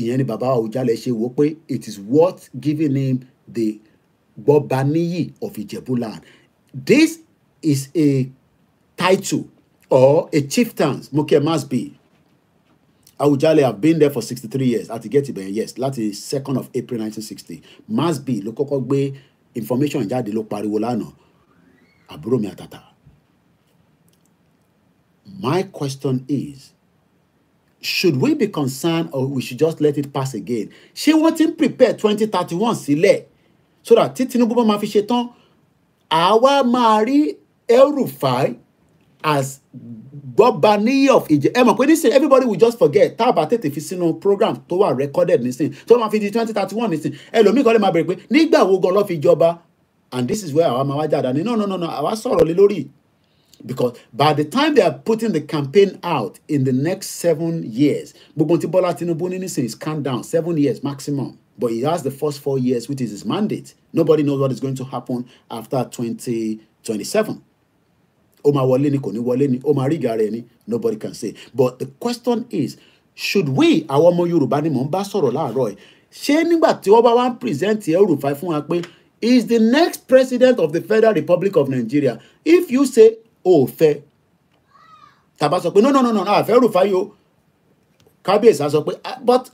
ìyẹn ni bàbá Awùjalẹ̀ ṣe wò pé it is worth giving him the Gbọ́baníyì of Ijebuland this is a title or a chieftain's. mo kí ẹ must be Awùjalẹ̀ have been there for sixty three years àti get ibẹ̀ yes láti second of April nineteen sixty must be ló kọ́kọ́ gbé information jáde ló pariwo lánàá àbúrò mi àtàtà my question is should we be concerned or we should just let it pass again ṣé wọ́n ti ń prepare twenty thirty one sílẹ̀ so that tí Tinubu bá máa fi ṣe tán àwa máa rí el as Gbobaniyi of Ije ẹ mọ̀ pé nísìnyí everybody will just forget tá a bá tètè fi sínú program tó wà recorded nísìnyí tó máa fi di twenty thirty one nísìnyí ẹlòmíì kan lè máa bèrè pé nígbà wo gan ló fi jọba and this is where àwa máa wá jáde ní no no no no àwa sọ̀rọ̀ lé lórí because by the time they are putting the campaign out in the next seven years gbogbo tí Bọ́lá Tinubu ní nísìnyí is calm down seven years maximum but he has the first four years which is his mandate nobody knows what is going to happen after twenty twenty seven ó máa ni kò ní wọlé ni ó máa ni nobody can say but the question is should we àwọn ọmọ Yorùbá ni mò ń bá sọ̀rọ̀ láàárọ̀ ẹ̀ ṣé nígbà tí wọ́n bá wá ń present El-Rufai fún is the next president of the Federal Republic of Nigeria if you say ò fẹ́ tàbá sọ pé no no no no àfẹ́ Rufai o kábíyèsí á sọ pé ah, but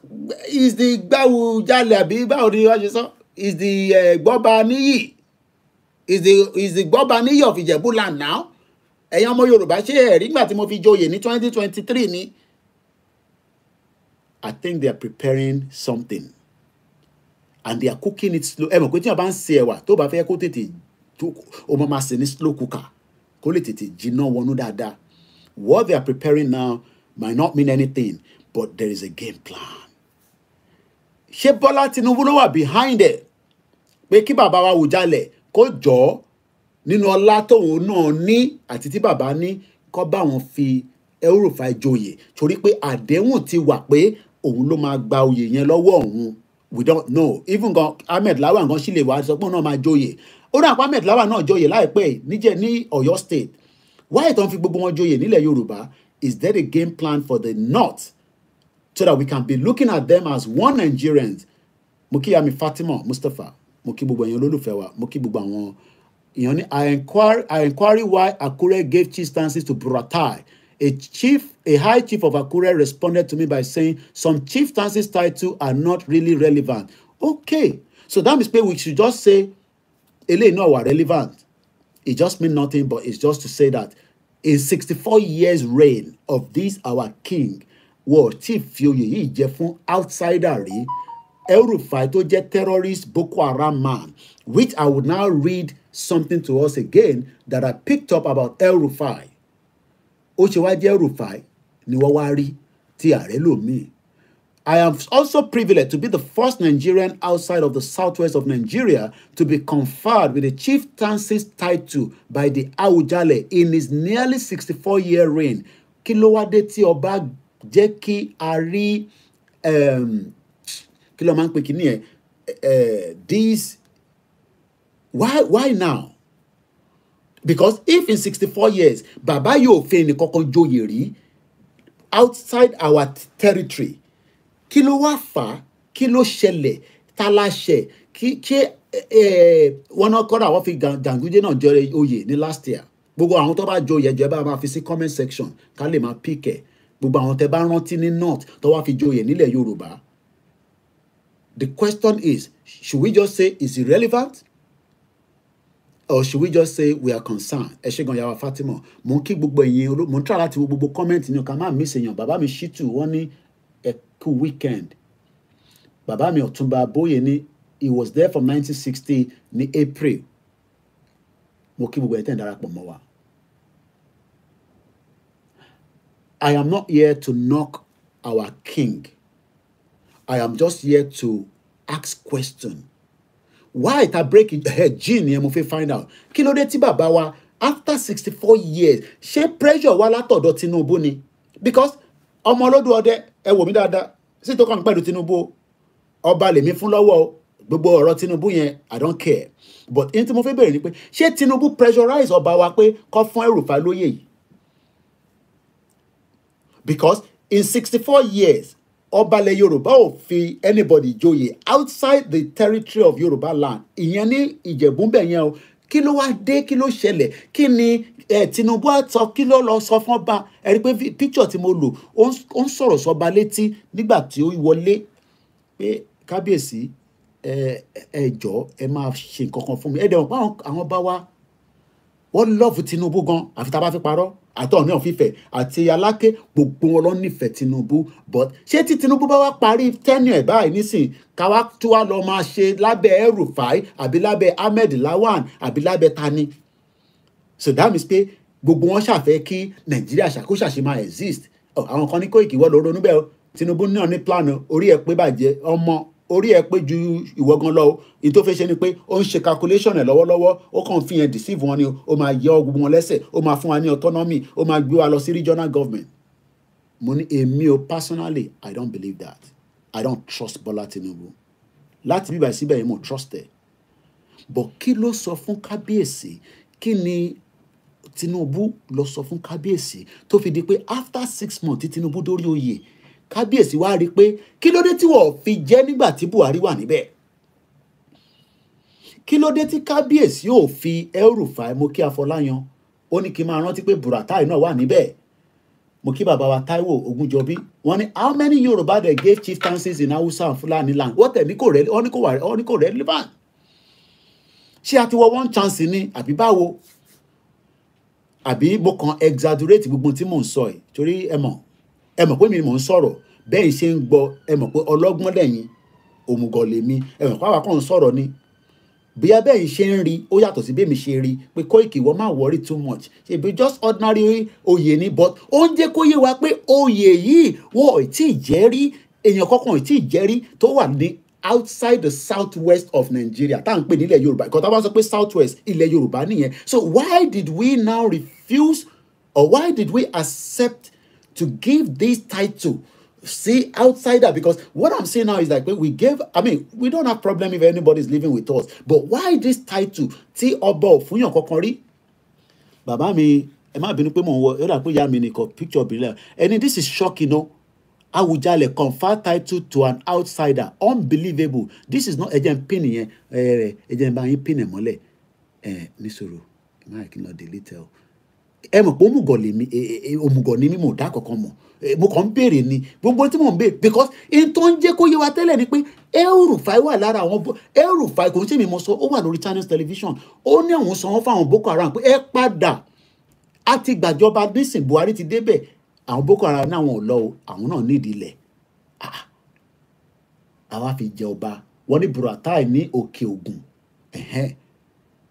is the gbáwo jalè àbí báwo ni wọ́n ṣe sọ is the eh, gbọ́ba níyì is the is the gbọ́ba níyì of Ìjẹ̀bú land now ẹ̀yin ọmọ Yorùbá ṣé ẹ̀rí gbà tí mo fi joyè ní twenty twenty three ni I think they are preparing something and they are cooking it slow ẹ mọ̀ pé tí wọ́n bá ń sè ẹ̀wà tó bá fẹ́ kó tètè tó o mọ̀ máa sè ní slow cooker kó lè tètè jiná wọnú dáadáa what they are preparing now might not mean anything but there is a game plan. ṣé Bọ́lá Tinubu ló wà behind ẹ̀ pé kí bàbá wa Awùjalẹ̀ kó jọ nínú ọlá tóun náà ní àti tí bàbá ní kó bá wọn fi El-Rufai joyè torí pé àdéhùn ti wà pé òun ló máa gba oyè yẹn lọ́wọ́ òun we don't know even gan Ahmed Lawan gan sì lè wá sọ pé òun náà máa joyè ó ní àpá mẹ́tìláwà náà jọyè láìpẹ́ níjẹ́ ní Ọ̀yọ́ state why ìtàn fi gbogbo wọn jọyè nílẹ̀ Yorùbá is there a game plan for the north so that we can be looking at them as one Nigerians mo kí yami Fatima Mustapha mo kí gbogbo ẹ̀yin olólùfẹ́ wa mo kí gbogbo àwọn èèyàn ní I inquire I inquire why Akure gave chieftaincy to Buratai a chief a high chief of Akure responded to me by saying some chieftaincy title are not really relevant okay so that means pé we should just say eléyìí náà wà relevant it just mean nothing but it's just to say that in sixty-four years reign of this our king wọ́n tí fi oyè yìí jẹ fún outsider rí El-Rufai tó jẹ́ terrorist Boko Haram man which I would now read something to us again that I picked up about El-Rufai ó ṣe wá jẹ́ El-Rufai ni wọ́n wá rí tí ààrẹ lòmíì I am also privileged to be the first Nigerian outside of the southwest of Nigeria to be conferred with the chieftaincy title by the Awujale in his nearly 64-year reign. Kilowade ti wá dé tí ọba jẹ́ a rí um, kí ló máa ń pè eh, eh, this why why now? Because if in 64 years bàbá yóò fi ẹnì kankan joyè rí outside our territory kí ló wá fà á kí ló ṣẹlẹ̀ ta la ṣẹ̀ kí ṣé wọn náà kọ́ra wọ́n fi Ganduje náà jẹ oyè ní last year gbogbo àwọn tó bá joyè jẹ bá máa fi sí comment section ká lè máa pick ẹ̀ gbogbo àwọn tẹ bá rántí ní north tó wá fi joyè nílẹ̀ Yorùbá the question is should we just say is it relevant or should we just say we are concerned ẹ ṣe gan yàrá Fatima mo ń kí gbogbo ẹ̀yin mo ń try láti wo gbogbo comment ni o ká má miss èèyàn bàbá mi ṣìtù wọ́n ní school weekend Baba mi ọ̀túnba bóyè ni he was there from 1960 ni April mo kí gbogbo ẹ̀ tẹ̀ darapọ̀ mọ́ wa. I am not here to knock our king. I am just here to ask question. Why ta break her gene yẹn mo fẹ́ find out. Kí ló dé tí bàbá wa after sixty four years ṣé pressure wá látọ̀dọ̀ Tinubu ni? Because ọmọ olódùọdẹ ẹ wò mí dáadáa sí tó kàn pẹ̀lú Tinubu ọba lèmi fún lọ́wọ́ gbogbo ọ̀rọ̀ Tinubu yẹn I don't care but ní tí mo fẹ́ bẹ̀rẹ̀ ni pé ṣé Tinubu pressurize ọba wa pé kó fún El-Rufai yìí because in sixty four years ọbalẹ̀ yorùbá ò fi anybody joyè outside the territory of yorùbá land ìyẹn ní ìjẹ̀bú bẹ̀ yẹn o kí ló wá dé kí ló ṣẹlẹ̀ kí ni ẹ eh, Tinubu sọ kí ló lọ sọ fún ọba ẹ rí i pé píkṣọ tí mo lò ó ń sọ̀rọ̀ sọba létí nígbà tí ó wọlé pé kábíyèsí ẹ ẹ jọ ẹ máa ṣe nǹkan kan fún mi ẹ dẹ̀wọ̀n pé àwọn bá wa wọ́n lọ́ọ̀fù Tinubu gan àfi tá a bá fi parọ́ àtọ̀ọ̀nì ọ̀fífẹ́ àti aláké gbogbo wọn ló nífẹ̀ẹ́ Tinubu but ṣé tí Tinubu bá wá parí tẹ́nu ẹ̀ báyìí nísìn káwá tó wá lọ máa ṣe lábẹ́ El-Rufai àbí lábẹ́ Ahmed Lawan àbí lábẹ́ tani so that means pé gbogbo wọn ṣàfẹ́ kí nàìjíríà ṣàkóṣàṣe máa exist àwọn kan ní kó ìkíwọ́ lọ ronú bẹ́ẹ̀ tinubu náà ní plan orí ẹ̀ pé bàjẹ́ ọmọ orí ẹ̀ pé ju ìwọ gan lọ ní tó fẹ́ ṣe ni pé ó ń ṣe calculation ẹ̀ lọ́wọ́lọ́wọ́ ó kàn fi hàn deceive wọn ni ó máa yẹ ọ gbogbo wọn lẹ́sẹ̀ ó máa fún wa ní autonomy ó máa gbé wa lọ sí regional government mo ní èmi o personally i don't believe that i don't trust Bọ́lá Tinubu láti bíbà síbẹ̀ yìí mo trust ẹ̀ but kí ló sọ fún kábíyèsí kí ni Tinubu lọ sọ fún kábíyèsí tó fi di pé after six months tí Tinubu dórí oyè kábíyèsí wá rí i pé kí ló dé tí wọ́n fi jẹ́ nígbà tí Buhari wà níbẹ̀ kí ló dé tí kábíyèsí ò fi El-Rufai mo kí Afọláyan ó ní kí n máa rántí pé Buratai náà wà níbẹ̀ mo kí bàbá wa Táíwò Ògúnjọbí wọ́n ní how many Yorùbá they gave chief chieftaincies in Hausa and Fulani land wọ́n tẹ̀ ní kò rẹ́ ọ́ ní kò rẹ́ relevant ṣé a ti wọ one chance ni àbí báwo àbí mo kàn exaggerate gbogbo tí mò ń sọ yìí torí ẹ mọ̀ ẹ mọ̀ pé mi mò ń sọ̀rọ̀ bẹ́ẹ̀ ṣe ń gbọ́ ẹ mọ̀ pé ọlọ́gbọ́n lẹ́yìn òmùgọ̀ lèmi ẹ mọ̀ pé àwa kàn ń sọ̀rọ̀ ni bóyá bẹ́ẹ̀ ṣe ń rí ó yàtọ̀ sí bẹ́ẹ̀ mi ṣe rí pé Koiki wọ́n máa worry too much ṣèbí just ordinary oyè ni but ó ń jẹ́ kó yé wa pé oyè yìí wọ́n ò tí ì jẹ́ rí èèyàn kọ́kàn ò tí ì jẹ́ rí tó wà ní outside the southwest of Nigeria tá à ń pè nílẹ̀ Yorùbá ìkọ́ tá a bá sọ pé southwest ilẹ̀ Yorùbá nìyẹn so why did we now refuse or why did we accept to give this title see outsider because what i'm saying now is like we gave i mean we don't have problem if anybody is living with us but why this title tí ọba òfúnyàn kankan rí bàbá mi ẹ má bínú pé mò ń wọ ẹ dà pé ìyá mi nìkan picture bìrì lẹ ẹni this is shocking o Awujale confer title to an outsider unbelievable this is not ẹ jẹ́ ń pin nìyẹn ẹ eh, jẹ́ ń bá yín pin ẹ̀ mọ́lẹ̀ ẹ níṣòro delete ẹ e o ẹ mọ̀ pé òmùgọ̀ lèmi òmùgọ̀ ni mí mò dá kankan mọ̀ mo kàn ń béèrè ni gbogbo tí mò ń béèrè because n tó ń jẹ́ kó yé wa tẹ́lẹ̀ ni pé El-Rufai wà lára àwọn El-Rufai kò ń sèmi mo sọ ó wà lórí Channels Television ó ní àwọn sanwó fáwọn Boko Haram pé ẹ padà àti gbàjọba nísìn Buhari ti débẹ̀ àwọn boko haram náà wọn ò lọ o àwọn náà nídìí ilẹ̀ àwa ah, fi jẹ ọba wọn ní buratai ní òkè ògùn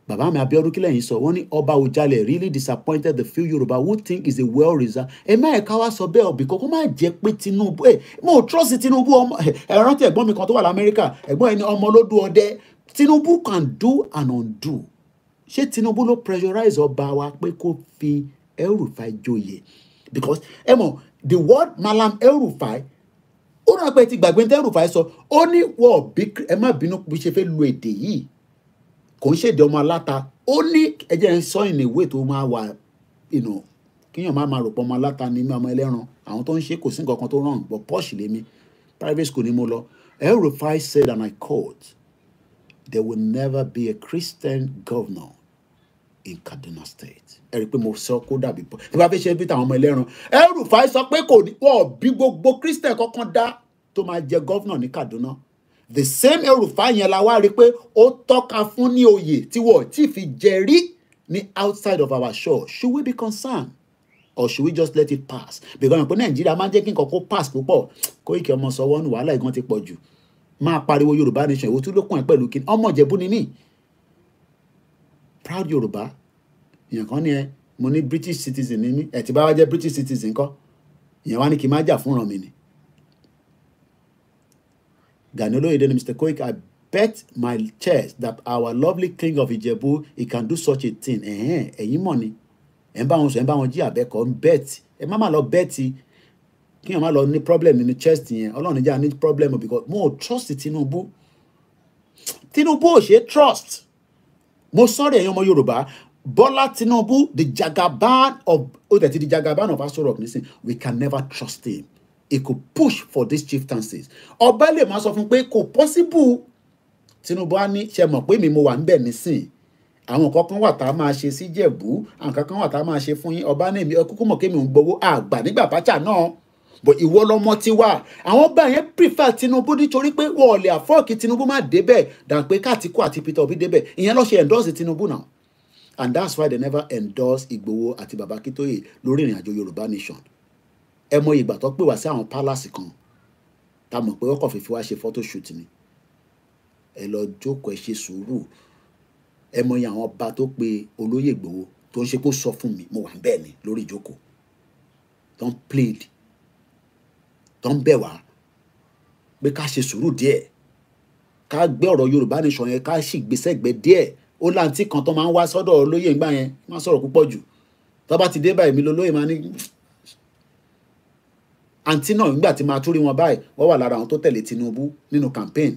bàbá mi abiodun kílẹ̀ yìí sọ wọ́n ní ọba òjàlẹ̀ really disappointed the few yorùbá who think is a well reserved ẹ má ẹ̀ka wá sọ bẹ́ẹ̀ ọ̀bìkan kó má jẹ́ pé tinubu ẹ mo trust tinubu ọmọ ẹ rántí ẹ̀gbọ́n mi kan tó wà lamẹ́ríkà ẹ̀gbọ́n ẹni ọmọ ló dún ọdẹ tinubu can do and undo ṣé tinubu ló pressurize ọba wa pé kó fi El Rufai joyè because ẹ mọ̀ the word Malam El-Rufai ó ràn pé ti gbàgbé tẹ́ El-Rufai sọ ó ní wọ́ọ̀ bí ẹ má bínú bí ṣe fẹ́ lo èdè yìí kò ń ṣèdè ọmọ aláta ó ní ẹjẹ ń sọ ìní ìwé tó máa wà ìnà kíyàn má máa rò pọ̀ ọmọ aláta ní ọmọ ẹlẹ́ran àwọn tó ń ṣe kò sí nǹkan kan tó ràn but posh lèmi private school ni mo lọ El-Rufai said and I quote there will never be a Christian governor in Kaduna State ẹ rí i pé mo sọ kó dàbí bọ́ tí wọ́n fẹ́ ṣe bí tàwọn ọmọ ẹlẹ́ran El-Rufai sọ pé kò ní wọ́n bí gbogbo Christian kankan dá tó máa jẹ gọ́vnà ní Kaduna the same El-Rufai yẹn la wá rí i pé ó tọ́ka fún ní oyè tí wọ́n ti fi jẹ rí ní outside of our shore should we be concerned or should we just let it pass because ọ̀nà nàìjíríà máa ń jẹ́ kí nǹkan kó pass púpọ̀ kó ìkẹ́ ọmọ sọwọ́ nù wàhálà ìgan ti pọ̀ jù máa pariwo yorùbá nation ìwòtú ló kún pẹ̀lú kí ọmọ ìjẹ̀bú ni mí proud yorùbá èèyàn kan ní ẹ mo ní british citizen ní mí ẹ ti bá wá jẹ́ british citizen kọ́ èèyàn wá ní kí n má jà fúnra mi ni. Gani Oloyede ni Mr. Koiki I bet my chest that our lovely king of Ijebu he can do such a thing ẹ̀yin mọ̀ ni ẹ̀ ń bá wọn sọ ẹ̀ ń bá wọn jí àbẹ́kọ̀ ń bet ẹ̀ má má lọ bẹ́ẹ̀tì kí wọn má lọ ní problem nínú chest yẹn ọlọ́run níjà ní problem because mo trust Tinubu Tinubu ò ṣe trust mo sọ̀rọ̀ ẹ̀yin ọmọ Yorùbá Bola Tinubu, the Jagaban of oh, the, the Jagaban of Aso Rock nisin, we can never trust him. He could push for these chieftaincies. Ọba lè máa sọ fún possible. Tinubu á ní ṣe mi mo wà níbẹ̀ nísìn. Àwọn nǹkan kan wà tá a máa ṣe sí Jẹ̀bú, àwọn nǹkan kan wà tá a máa ṣe fún yín. Ọba ní èmi kúkú mọ̀ kémi ò ń gbowó àgbà nígbà pátá náà. But ìwọ lọmọ ti wà. Àwọn ọba yẹn prefer Tinubu nítorí pé wọ́ọ̀lì àfọ́ọ̀kì Tinubu má débẹ̀ dàn pé Kàtíkù àti Peter Obi débẹ̀. Ìyẹn ló ṣe endorse Tinubu náà and that's why they never endorse Igboho àti Baba Akintoye lórí ìrìn àjò Yorùbá nation ẹ mọ ìgbà tó pè wá sí àwọn palace kan tá a mọ̀ pé wọ́n kàn wá ṣe photo shoot ni ẹ lọ jókòó ẹ ṣe sùúrù ẹ mọ iye àwọn ọba tó pe olóyè Ìgbòho tó ń ṣe kó sọ fún mi mo wà bẹ́ẹ̀ ni lórí ìjókòó tó ń plead tó ń bẹ̀ wá pé ká ṣe sùúrù díẹ̀ ká gbé ọ̀rọ̀ Yorùbá nation yẹn ká sì gbé sẹ́gbẹ̀ẹ́ díẹ̀ ó láǹtí kan tó máa ń wá sọ́dọ̀ olóyè ńgbà yẹn má sọ̀rọ̀ púpọ̀ jù tó bá ti dé báyìí mi lolóyè máa ní àǹtí náà nígbà tí máa túrí wọn báyìí wọ́n wà lára àwọn tó tẹ̀lé Tinubu nínú campaign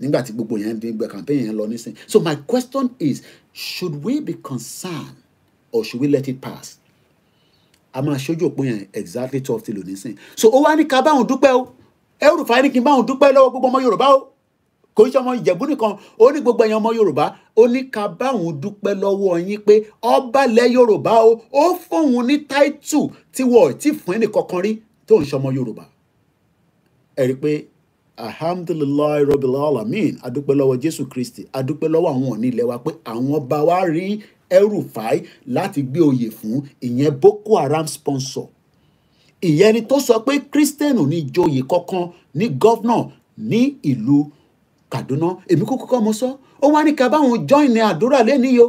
nígbà tí gbogbo yẹn gbẹ campaign yẹn lọ nísìn so my question is should we be concerned or should we let it pass a máa ṣojú òpin yẹn exactly twelve till onísìn so ó wá ní ká báwọn dúpẹ́ o ẹrù fàáyín kí n báwọn dúpẹ́ lọ́wọ́ gbogbo ọmọ Yorùbá o kò ṣe ọmọ ìjẹ̀bú nìkan ó ní gbogbo ẹ̀yàn ọmọ yorùbá ó ní ká báwọn dúpẹ́ lọ́wọ́ yín pé ọbalẹ̀ yorùbá o ó fóun ní táìtù tí wọ́n ti fún ẹnì kankan rí tó ń ṣọmọ yorùbá. ẹ rí i pé alhamdulilayi rabbil alamin adúpẹ́ lọ́wọ́ jésù kristi adúpẹ́ lọ́wọ́ àwọn òní ilẹ̀ wa pé àwọn bá wa rí El-Rufai láti gbé oyè fún ìyẹn boko haram sponsor ìyẹn ni tó sọ pé kristẹnu ní joyè kankan ní gọ́fnà ní Kaduna èmi kúkú kọ́ mo sọ ó wá ní ká báwọn join àdúrà lẹ́nìí o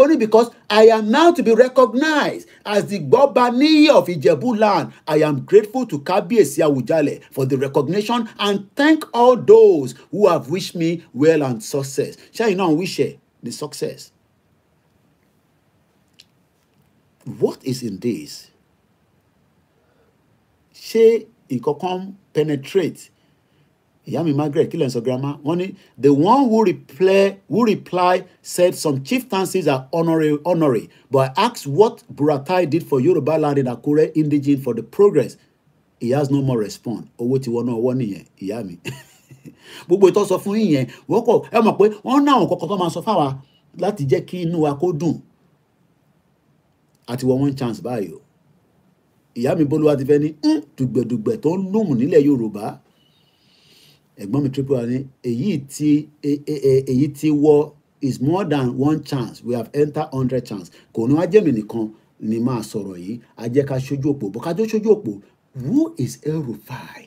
only because I am now to be recognized as the Gbobaniyi of Ijebu land. I am grateful to Kabiyesi Awujale for the recognition and thank all those who have wished me well and success. Ṣé iná wish ẹ the success? What is in this? Ṣé nǹkan kan penetrate ìyá mi margaret kílẹ̀ ń sọ grandma wọ́n ní the one who reply, who reply said some chief chieftaincies are honorary, honorary but I asked what Buratai did for Yoruba land in Akure indigene for the progress he has no more response owó tiwọn náà wọ́n nìyẹn ìyá mi gbogbo ìtọ́ sọ fún yìnyẹn wọ́n kọ̀ ẹ mọ̀ pé wọ́n ná àwọn kọ̀ọ̀kan tó máa sọ fáwa láti jẹ́ kí inú wa kó dùn àti wọ́n one chance báyìí o ìyá mi bólúwa ti fẹ́ ní dùgbẹ̀dùgbẹ̀ tó ń lùmù nílẹ̀ Yorùbá ẹ̀gbọ́n mi triple r ní èyí tí e, e, e, èyí tí wọ is more than one chance we have entered hundred chance kò ní wá jẹ́mi nìkan ni máa sọ̀rọ̀ yìí a jẹ́ ká ṣojú òpó bó ká tó ṣojú òpó who is El-Rufai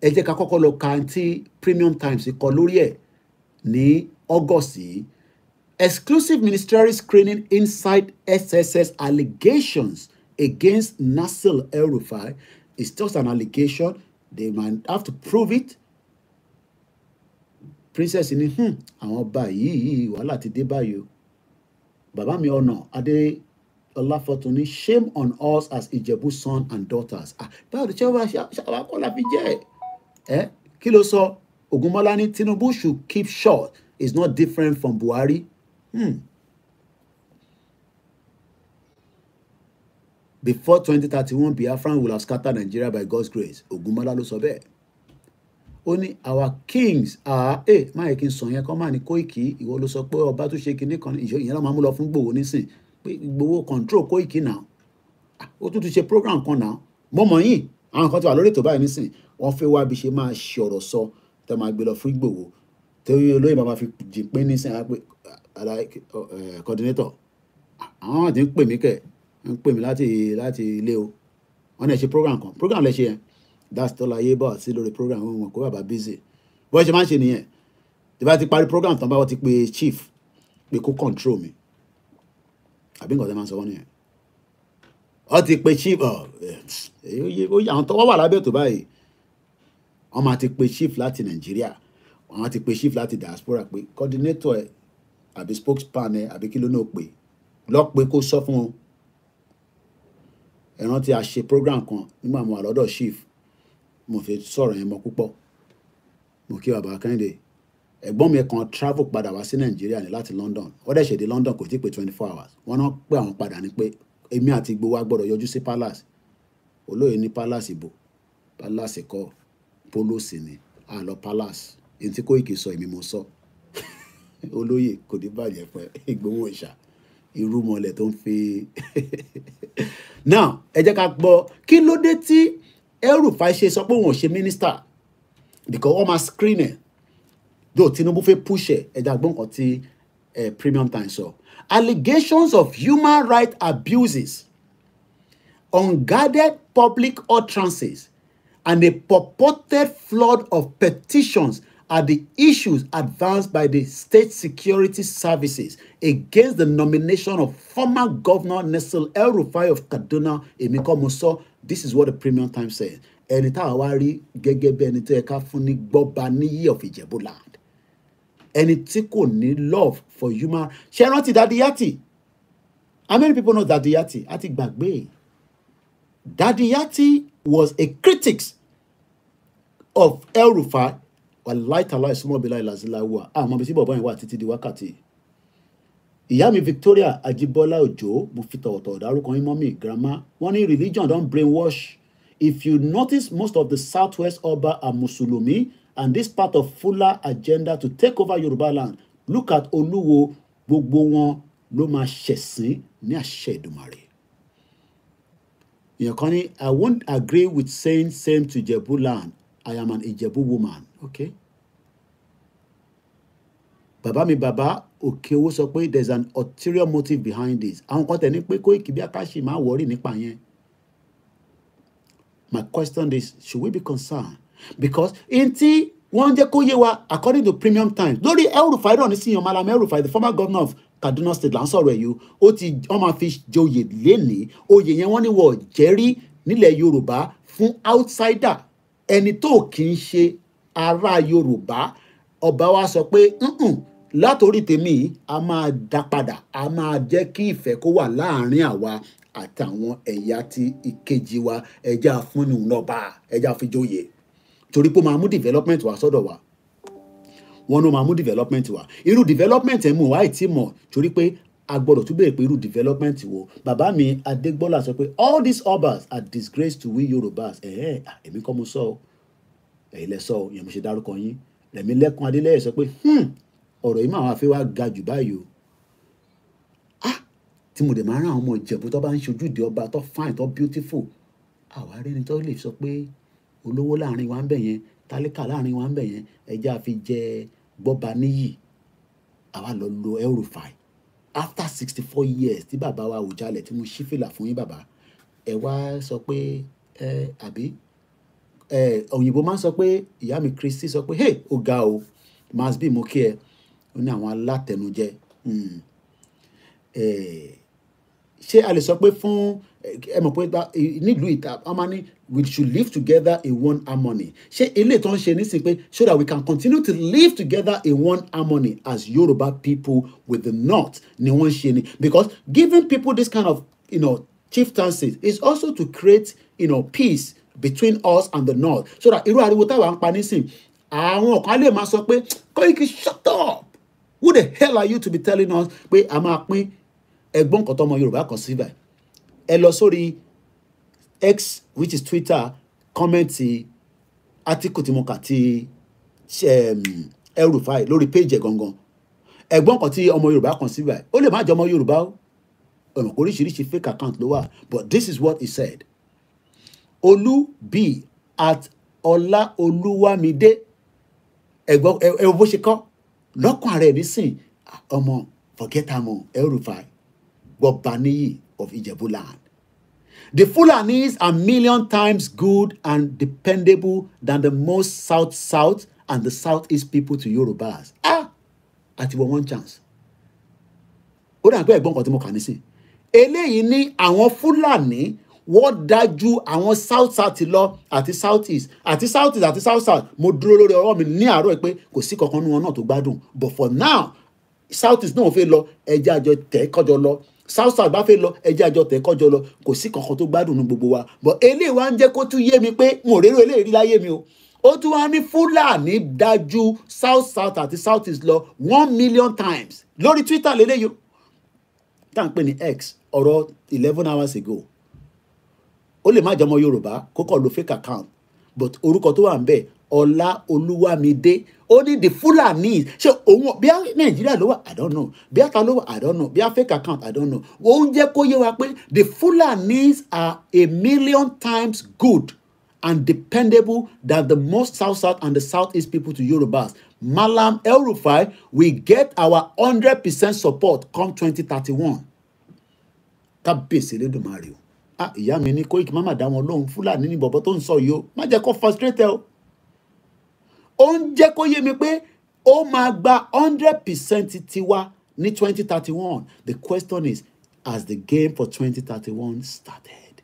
ẹ jẹ́ ká kọ́kọ́ lọ ka ti Premium Times kọ lórí ẹ̀ ní August yìí exclusive ministerial screening inside SSS allegations against Nasir el It's just an allegation. They might have to prove it. Princess ni hmm, àwọn ọba yìí wàhálà ti dé báyìí o. Bàbá mi ọ̀nà Adé Ọláfọ̀túnni shame on us as Ìjẹ̀bú son and daughters. Ah, báwo ni ṣé wàá ṣàwákọ́lá fi jẹ́ ẹ̀? Kí ló sọ? Ògúnmọ́lá ní Tinubu should keep short. It's not different from Buhari. Hmm. before twenty thirty one Biafran will have scattered Nigeria by God's grace Ogunmola ló sọ bẹ́ẹ̀ ó ní our kings are ẹ eh, má yẹ kí n sọ yẹn kọ́ máa ní Koiki ìwọ ló sọ pé ọba tó ṣe kinní kan ìyẹn ló máa mú lọ fún Gbòho nísìn pé Gbòho control Koiki náà ah, ó tún ti ṣe program kan náà mọ́mọ́ yìí àwọn kan ti wà lórí ètò báyìí nísìn wọ́n fẹ́ wá bí ṣe máa ṣe ọ̀rọ̀ sọ tẹ́ máa gbé lọ fún Gbòho torí olóyè bàbá fi jìn pé nísìn eh, coordinator ah, àwọn àti ń pè mí kẹ́ẹ̀ ń pè mí láti láti ilé o wọ́n lè ṣe program kan program lè ṣe yẹn that's tọ́lá ayé bá sí lórí program wọn wọn kó bàbá busy bó ṣe máa ń ṣe nìyẹn tí bá ti parí program tán bá ti pe chief pé kó control mi àbí nǹkan tẹ́ máa ń sọ wọ́n nìyẹn wọ́n ti pe chief oh, eh, àwọn tọ́wọ́ wà lábẹ́ tó báyìí wọ́n máa ti pe chief láti nàìjíríà wọ́n ti pe chief láti diaspora pé coordinator ẹ̀ àbí spokesman ẹ̀ àbí kí ló náà pè lọ́ọ́ pé kó sọ fún wọn ẹ rántí a ṣe program kan nígbà mo wà lọ́dọ̀ chief mo fi sọ̀rọ̀ yẹn mọ́ púpọ̀ mo kí bàbá kẹ́hìndé ẹ̀gbọ́n mi kan travel padà wá sí nàìjíríà ní láti london ó dẹ̀ ṣèdè london kò tí ì pé twenty four hours wọ́n náà pé àwọn padà ní pé èmi àti gbogbo wa gbọ́dọ̀ yọjú sí palace olóyè ní palace ìbò palace kọ́ polosi ni àlọ palace èyí tí Kóìkì sọ èmi mo sọ olóyè kò ní bàjẹ́ pẹ́ Ìgbòho Òòṣà irú tó ń fi now ẹ jẹ́ ká gbọ́ kí ló dé tí el ṣe sọ pé òun ò ṣe mínísítà because wọ́n máa screen ẹ̀ though Tinubu fẹ́ push ẹ̀ ẹ̀dá gbọ́n kan tí Premium time. sọ allegations of human rights abuses unguarded public utterances and a purported flood of petitions are the issues advanced by the state security services against the nomination of former governor Nestle El Rufai of Kaduna, Emiko Muso. This is what the Premium Times says. Ẹni tá a wá rí gẹ́gẹ́ bí ẹni tó yẹ ká fún ní gbọ́ba níyì of Ijebuland. Ẹni tí kò ní love for human. Ṣé rántí Dadi Yati? How many people know Dadi Yati? A ti gbàgbé. Dadi Yati was a critic of El Rufai wàláì tàláì súnmọ́ àmọ́ bíi tí bọ̀bọ́ yẹn wà títí di wákàtí ìyá mi Victoria Ajibola Ojo mo fi tọ̀wọ̀tọ̀wọ̀ dárúkọ yín mọ́mì grandma wọ́n ní religion don brainwash if you notice most of the southwest Oba are Mùsùlùmí and this part of Fuller agenda to take over Yorùbá land look at Olúwo gbogbo wọn ló máa ṣẹ̀sìn ní àṣẹ Èdùmàrè èèyàn kan ní I won't agree with saying same to Ijebu land I am an Ijebu woman ok Baba mi Baba. òkè owó sọ pé there is an ulterior motive behind this àwọn kan tẹ̀ ní pé Koiki bí akáṣì máa wọ̀rí nípa yẹn my question is should we be concerned because in ti wọ́n jẹ́ kó yé wa according to premium times lórí El-Rufai náà nísìnyí Mallam El-Rufai the former governor of Kaduna state là ń sọ̀rọ̀ ẹ̀ yìí ó ti wọ́n máa fi joyè lénìí oyè yẹn wọ́n ní wọ́n jẹ́rí nílẹ̀ Yorùbá fún outsider ẹni tó kì í ṣe Ara yorùbá ọba wa sọ pé látòrí tèmi a máa dá padà a máa jẹ́ kí ìfẹ́ kó wà láàrin àwa àtàwọn ẹ̀yà ti ìkejì wa ẹja fúnnu lọ́ba ẹja fi jóye torí pé ó máa mú development wá sọ́dọ̀ wa wọn ló máa mú development wa irú development ẹ̀ mú wa ì tí mọ̀ torí pé a gbọ́dọ̀ tún bẹ̀rẹ̀ pé irú development wo bàbá mi Adégbọ́lá sọ pé all these obas are disgrace to we Yorùbás ẹ̀ẹ́ èmi kọ́ mo sọ ọ́ ẹ̀yin lẹ sọ ọ ìyẹn mo ṣe dárúkọ yín Rẹ̀mílẹ́kùn Adélẹ́yẹ sọ pé hmm, ọ̀rọ̀ yìí máa wá fẹ́ wá ga jù báyìí o ah, tí mo dẹ̀ máa rán àwọn ọmọ ìjẹ̀bú tó bá ń ṣojú ọba tó fine tó beautiful àwa rẹni tó lè sọ pé olówó láàrin wa ń bẹ̀ yẹn tálíkà láàrin wa ń bẹ̀ yẹn ẹja fi jẹ gbọ́ba níyì àwa lọ lo elrufai after sixty four years tí bàbá wa ò jalè tí mo ṣí fìlà fún yín bàbá ẹ wá sọ pé ẹ àbí òyìnbó máa ń sọ pé ìyá mi Kristi sọ pé hey ó o must be mo kí ẹ ó ní àwọn alátẹnujẹ hmm. ṣé a lè sọ pé fún ẹ mọ̀ pé nílùú ìta wọ́n ní we should live together in one harmony ṣé eléyìí tó ń ṣe nísìnyí pé so that we can continue to live together in one harmony as Yoruba people with the north ni wọ́n ṣe ni because giving people this kind of you know, chieftaincy is also to create you know, peace between us and the north so that irú ariwo táwa ń pa nísìn àwọn kan á lè máa sọ pé Koiki shut up who the hell are you to be telling us pé a máa pín ẹgbọ́n kan tọmọ Yorùbá kan síbẹ̀ ẹ lọ sórí X which is Twitter kọ́mẹ́ǹtì article, tí mo kà ti El-Rufai ehm, lórí péjì ẹ̀ gangan ẹ̀gbọ́n kan tí ọmọ Yorùbá kan síbẹ̀ ó lè má jẹ́ ọmọ Yorùbá o ọ̀nà oríṣiríṣi fake account ló wà but this is what he said olúbí at ọlá olúwamídé ẹ̀gbọ́n ẹ̀ bó ṣe kọ́ lọ́kàn rẹ̀ nísìn ọmọ forgetamu El-Rufai Gbobaniyi of Ijebuland. The Fulanis are million times good and dependable than the most South-South and the Southeast people to Yorubas. Ah! Àti wọ one chance. Ó dàgbé ẹ̀gbọ́n kan tí mo kà ní sí. Eléyìí ní àwọn Fúlàní wọ́n dájú àwọn south south lọ àti south east àti south east àti south south mo dúró lórí ọwọ́ mi ní àárọ̀ pé kò sí kankan nínú wọn náà tó gbádùn but for now south east náà fẹ́ lọ ẹjẹ́ àjọ tẹ̀ kọjọ lọ south south bá fẹ́ lọ ẹjẹ́ àjọ tẹ̀ kọjọ lọ kò sí kankan tó gbádùn ní gbogbo wa but eléyìí wá ń jẹ́ kó tún yé mi pé n ò rérò eléyìí rí láyé mi o ó tún wá ní fúlàní dájú south south àti south east lọ one million times lórí twitter lélẹ́yìí tá à ń pè ní x ọ̀rọ̀ eleven hours ago ó lè má jẹ́ ọmọ yorùbá kó kàn lo fake account but orúkọ tó wà ń bẹ̀ ọlá olúwamídé ó ní the fulani ṣe òun bí a nàìjíríà ló wà i don't know bí a ta ló wà i don't know bí a fake account i don't know ó ń jẹ́ kó yé wa pé the fulanis are a million times good and dependable than the most south south and the south east people to yorubas malam elrufai we get our hundred percent support come twenty thirty one kábíyèsí lẹ́dùnmáà o ah ìyá mi ní Koiki má má dá wọn lóhùn fúlàní ní bọ̀bọ̀ tó ń sọ yìí o má jẹ́ kó frustrate o ó ń jẹ́ kó yé mi pé ó máa gba hundred percent tiwa ní twenty thirty one the question is has the game for twenty thirty one started.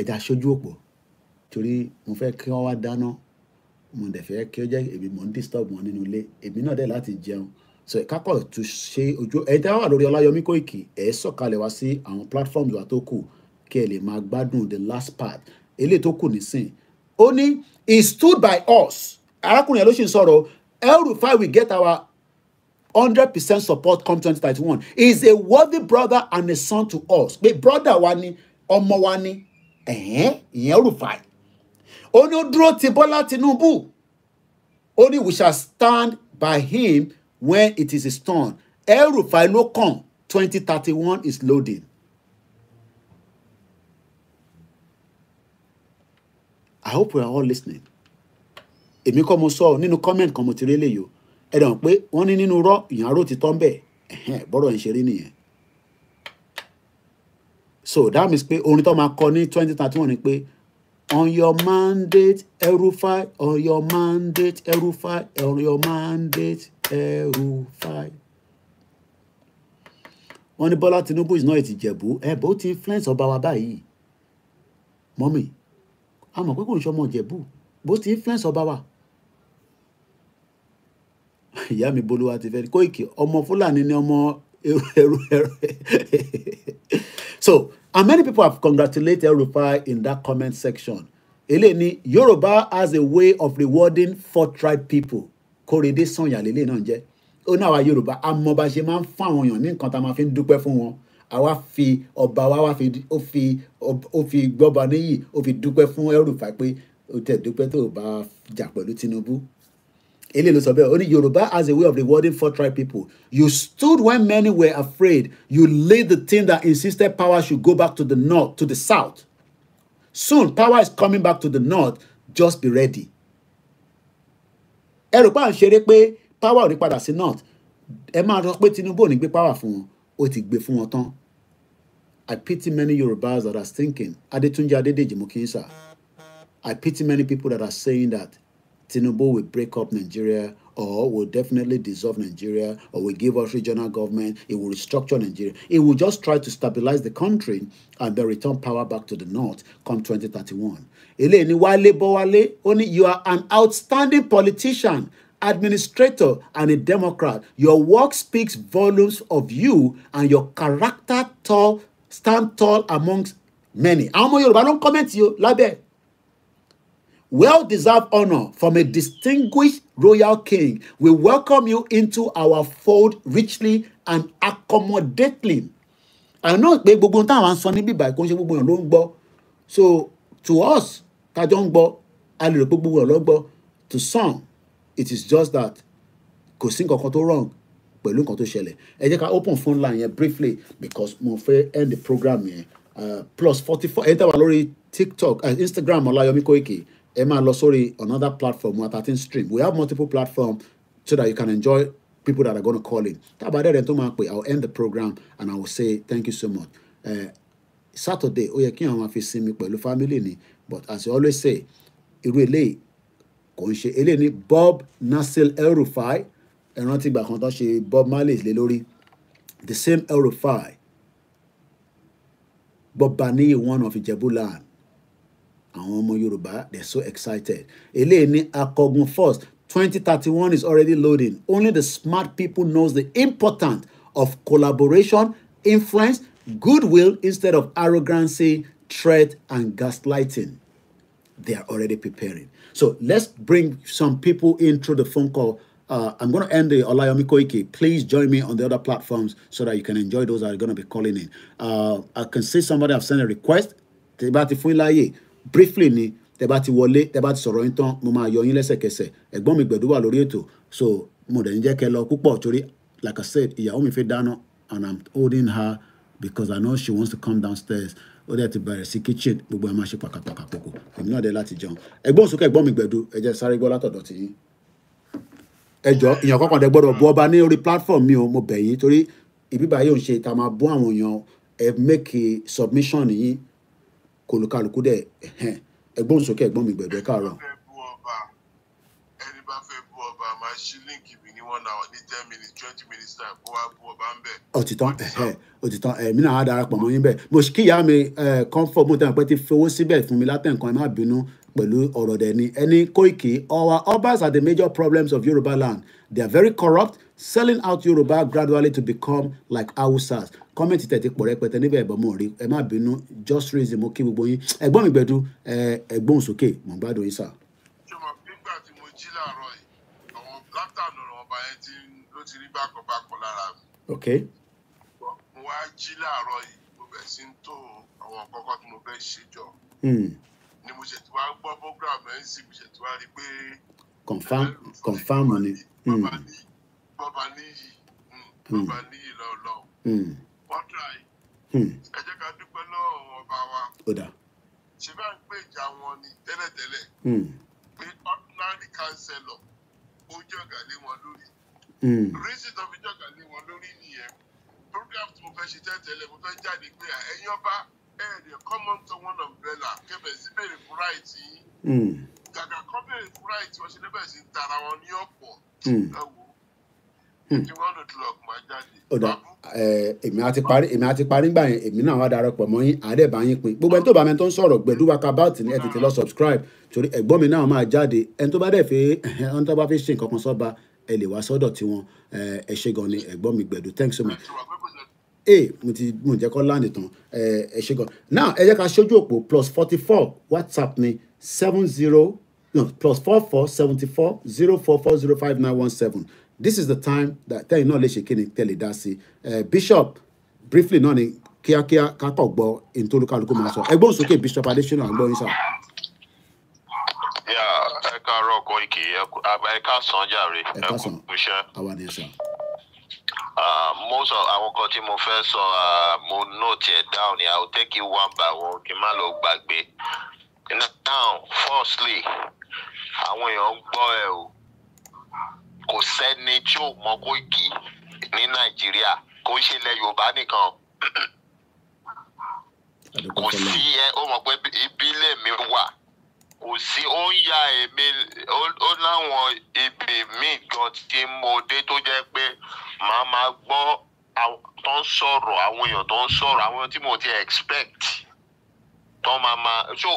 ẹja aṣojú òpó torí mo fẹ́ kí wọ́n wá dáná mo dẹ̀ fẹ́ kí ó jẹ́ èmi mò ń disturb wọn nínú ilé èmi náà dẹ̀ láti jẹun so ẹ̀ka kọ̀ tó ṣe ojú ẹ̀ tẹ́ wà lórí ọláyọmí kóìkì ẹ̀ sọ̀kalẹ̀ wá sí àwọn platforms wa tó kù kí ẹ lè máa gbádùn the last part eléyìí tó kù nísìn ó ní he stood by us arákùnrin yẹn ló sì ń sọ̀rọ̀ el we get our hundred percent support come twenty thirty one he is a worthy brother and a son to us pé brother wa ni ọmọ wa ni ẹ̀hẹ́n ìyẹn el ó ní ó dúró ti Bọ́lá Tinubu ó ní we shall stand by him when it is his turn. El Rufai no come. 2031 is loading. I hope we are all listening. Èmi kọ́ mo sọ nínú comment kan mo ti rí eléyìí o. Ẹ dàn pé wọ́n ní nínú rọ́ ìyàn aró ti tán bẹ́ẹ̀. Bọ́rọ̀ ń ṣe rí nìyẹn. So that means pé orin tó máa kọ ní 2031 ni pé on your mandate El on your mandate El on your mandate terrified. wọ́n ní Bọ́lá Tinubu is not ìtìjẹ̀bú ẹ̀bùn ó ti influence ọba wa báyìí mọ́mì a mọ̀ pé kò ń ṣọmọ ìjẹ̀bú bó ti influence ọba wa. ìyá mi bolúwa ti fẹ́ kó ìkè ọmọ Fúlàní ni ọmọ ẹrú ẹrú so and many people have congratulated El-Rufai in that comment section eléyìí ni Yorùbá has a way of rewarding forthright people kórèdé sànyà lélẹ̀ náà jẹ́ ó ní àwa yorùbá a mọ bá ṣe máa ń fún àwọn èèyàn ní nǹkan tá a máa fi ń dúpẹ́ fún wọn àwa fi ọba wa wá fi ó fi ó fi gbọ́ba níyì ó fi dúpẹ́ fún El-Rufai pé ó tẹ̀ dúpẹ́ tó bá jà pẹ̀lú Tinubu ele ló sọ bẹ́ẹ̀ ó ní Yorùbá has a way of rewarding four tribe people you stood when many were afraid you laid the team that insisted power should go back to the north to the south soon power is coming back to the north just be ready ẹ rò à ń ṣeré pé power ò ní padà sí north ẹ máa sọ pé Tinubu ò ní gbé power fún wọn ó ti gbé fún wọn tán I pity many Yorubas that are thinking Adetunji Adedeji Mokinsa I pity many people that are saying that Tinubu will break up Nigeria or will definitely dissolve Nigeria or will give us regional government. It will restructure Nigeria. It will just try to stabilize the country and then return power back to the north come 2031. Eleni Wale Bowale, you are an outstanding politician administrator and a Democrat. Your work speaks volumes of you and your character tall, stand tall amongst many. Àwọn ọmọ Yorùbá ló ń kọ́mẹ̀ntì well deserved honor from a distinguished royal king. We welcome you into our fold richly and accommodately. I know pé gbogbo ohun táwọn sọ níbí ìbàkú ń ṣe gbogbo èèyàn ló ń gbọ́. So to us tájọ́ ń gbọ́ a lè rò pé gbogbo èèyàn ló ń gbọ́. To some it is just that kò sí nǹkan kan tó wrong pẹ̀lú nǹkan tó ṣẹlẹ̀. Ẹ jẹ́ ká open phone line yẹn briefly because mo fẹ́ end the program yẹn. Uh, plus forty four ẹ tẹ́ wà lórí TikTok uh, Instagram Ọláyọmí Kóìkì ẹ máa lọ sórí another platform wa thirteen stream we have multiple platforms so that you can enjoy people that are gonna call in tábà dẹ́rẹ̀ tó máa pè i will end the program and i will say thank you so much uh, saturday ó yẹ kí àwọn máa fi sinmi pẹ̀lú family ni but as I always say irú eléyìí kò ń ṣe eléyìí ní bob nasir el-rufai ẹran tí ìgbà kan tó ṣe bob marley lé lórí the same el bob baniyi one of ijebu land àwọn ọmọ yorùbá they are so excited eléyìí ní akọgun first twenty thirty one is already loading only the smart people knows the importance of collaboration influence goodwill instead of arrogancy threat and gaslighting they are already preparing so let's bring some people in through the phone call uh, I'm going to end the Olayomi Koike. Please join me on the other platforms so that you can enjoy those that are going to be calling in. Uh, I can see somebody have sent a request. Tibati Fuilaye, briefly ni tẹ bá ti wọlé tẹ bá ti sọ̀rọ̀ yín tán mo máa yọ yín lẹ́sẹ̀kẹsẹ̀ ẹ̀gbọ́n mi gbẹ̀dú wà lórí ètò so mo dẹ̀ ń jẹ́ kẹ lọ púpọ̀ torí like I said ìyàwó mi fẹ́ dáná and I'm holding her because I know she wants to come downstairs ó dẹ̀ ti bẹ̀rẹ̀ sí kitchen gbogbo ẹ̀ máa ṣe pàkàpàkà pòkò èmi náà dẹ̀ láti jẹun ẹ̀gbọ́n òsókè ẹ̀gbọ́n mi gbẹ̀dú ẹ jẹ́ sáré gbọ́ látọ̀dọ̀ tì yín ẹjọ́ èèyàn kọ̀ọ̀kan dẹ̀ gbọ́dọ̀ bu ọba ní orí platform mi o mo bẹ̀ yín torí ìbíbáyé òun ṣe ta máa bú àwọn èèyàn ẹ make submission yín kólúkálukú dẹ̀ ẹ̀gbọ́n sókè ẹ̀gbọ́n mi gbẹ̀gbẹ́ káàárọ̀. ẹni bá fẹ́ bú ọba máa ṣí líǹkì mi ní one hour ní ten minutes twenty minutes time kó wá bú ọba ń bẹ̀. òtítọ́ òtítọ́ èmi náà á darapọ̀ mọ́ yín bẹ́ẹ̀ mo kí ìyá mi comfort mo tẹ́wọ̀n pé ti fowó síbẹ̀ fún mi látẹ̀ǹkan ẹ má bínú pẹ̀lú ọ̀rọ̀ dẹ̀ ni ẹni Koiki our obas are the major problems of Yoruba land they are very corrupt selling out Yoruba gradually to become like Hausas kọ́mẹ̀ntì tẹ̀ ti pọ̀ rẹpẹtẹ níbẹ̀ ẹ̀bọ̀n mo rí ẹ má bínú just reason mo kí gbogbo yín ẹ̀gbọ́n mi gbẹ̀du ẹ̀gbọ́n sókè mo ń gbádùn yín sà. ṣùgbọ́n nígbà tí mo jí láàárọ̀ yìí àwọn látàánú ọba yẹn ti ló ti rí bákọ̀bákọ̀ lára mi. ok. mo wá jí láàárọ̀ yìí mo bẹ̀ sí ń tó àwọn kọ́kọ́ tí mo fẹ́ ṣe jọ. Hmm. ni mo ṣètò wá gbọ́ program ẹ̀ ń sì mo ṣètò wá rí pé. confam confam ni. bàbá níyì hmm wọ́n tà yìí ẹ jẹ́ ká dúpẹ́ lọ́wọ́ ọba wa ṣé bá ń pè ìjà wọn ni tẹ́lẹ̀tẹ́lẹ̀ hmm. pé ordinary councillor ó jọ̀gà lé wọn lórí hmm. reason tó fi jọ̀gà lé wọn lórí nìyẹn program tí mo fẹ́ ṣe tẹ́lẹ̀tẹ́lẹ̀ mo fẹ́ jáde pé ẹ̀yin ọba ẹ̀ẹ́dẹ̀ common to one umbrella kẹfẹ́ sí bèrè fún ráìtì yìí hmm. gàgà kọ́ bèrè fún ráìtì wọn ṣe lẹ́bẹ̀ẹ́ sí tara wọn ní ọ̀pọ̀ ẹ̀wọ̀ tí one o'clock máa èmi àti parí èmi àti parí gbà yẹn èmi náà wá darapọ̀ mọ́ yín àádẹ́ bá yín pin gbogbo ẹni tó bá mi tó ń sọ̀rọ̀ gbẹ̀dú wa kábàtì ní ẹ lọ subscribe torí ẹ̀gbọ́n mi náà máa jáde ẹni tó bá dẹ̀ fẹ́ ẹni tó bá fẹ́ ṣe nǹkan kan sọ́ba ẹ lè wá sọ́dọ̀ tiwọn ẹ ṣe gan ni ẹ̀gbọ́n mi gbẹ̀dú thanks so much ee mo ti mo jẹ́ kọ́ láǹdì tán ẹ ṣe gan now ẹ jẹ́ ká ṣojú òpó plus forty four whatsapp ni seven zero no plus four four seventy four zero four four zero five nine one seven this is the time that tell you not ṣe shake any tẹ́lẹ̀ dá eh, bishop briefly náà ni kíákíá kákọ̀ gbọ́ ìtòlúkálukú máa sọ ẹgbọ́n sókè bishop Yeah, adesina gbọ́ yín sà. ẹ káàárọ̀ Koiki ẹ káàsán jàre ẹ kú iṣẹ́ most of àwọn kan tí mo fẹ́ sọ mo note it down I will take you one by one kí n má lọ gbàgbé now firstly àwọn èèyàn ń gbọ́ ẹ o kò sẹ́ni tí ò mọ Koiki ní nàìjíríà kò ń ṣe ilẹ̀ yorùbá nìkan kò sí ẹ ó mọ̀ pé ibi mi wà kò sí ó ń ya èmi ó láwọn ibi míì gan tí mo dé tó jẹ́ pé màá máa gbọ́ tó ń sọ̀rọ̀ àwọn èèyàn tó ń sọ̀rọ̀ àwọn tí mo ti expect tó máa máa so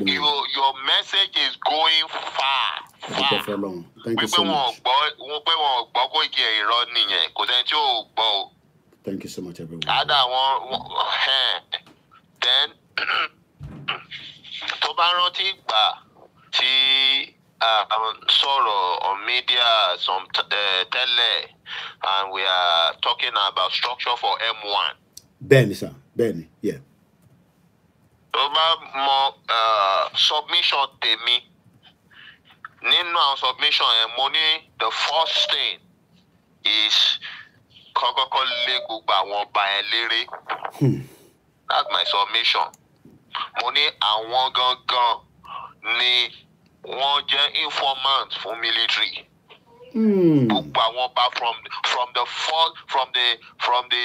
your, your message is going far dúpẹ́ fọlọ́run thank you so much. wọ́n pé wọn gbọ́ kó ìkí ẹ̀ irọ́ nìyẹn kò sẹ́ni tí ò gbọ́ o. thank you so much everyone. ada wọn then tó bá rántí gbà tí sọ̀rọ̀ on media some uh, tẹ́lẹ̀ and we are talking about structure for M1. bẹ́ẹ̀ni sir bẹ́ẹ̀ni yeah. tó bá mọ eh, submission tèmi nínú àwọn submission yẹn mo ní the first thing is kọ́kọ́kọ́ lé gbogbo àwọn ọba yẹn léré hmm. that's my submission mo ní àwọn gangan ni wọ́n jẹ́ informant fún military gbogbo hmm. àwọn ọba from from the first from the from the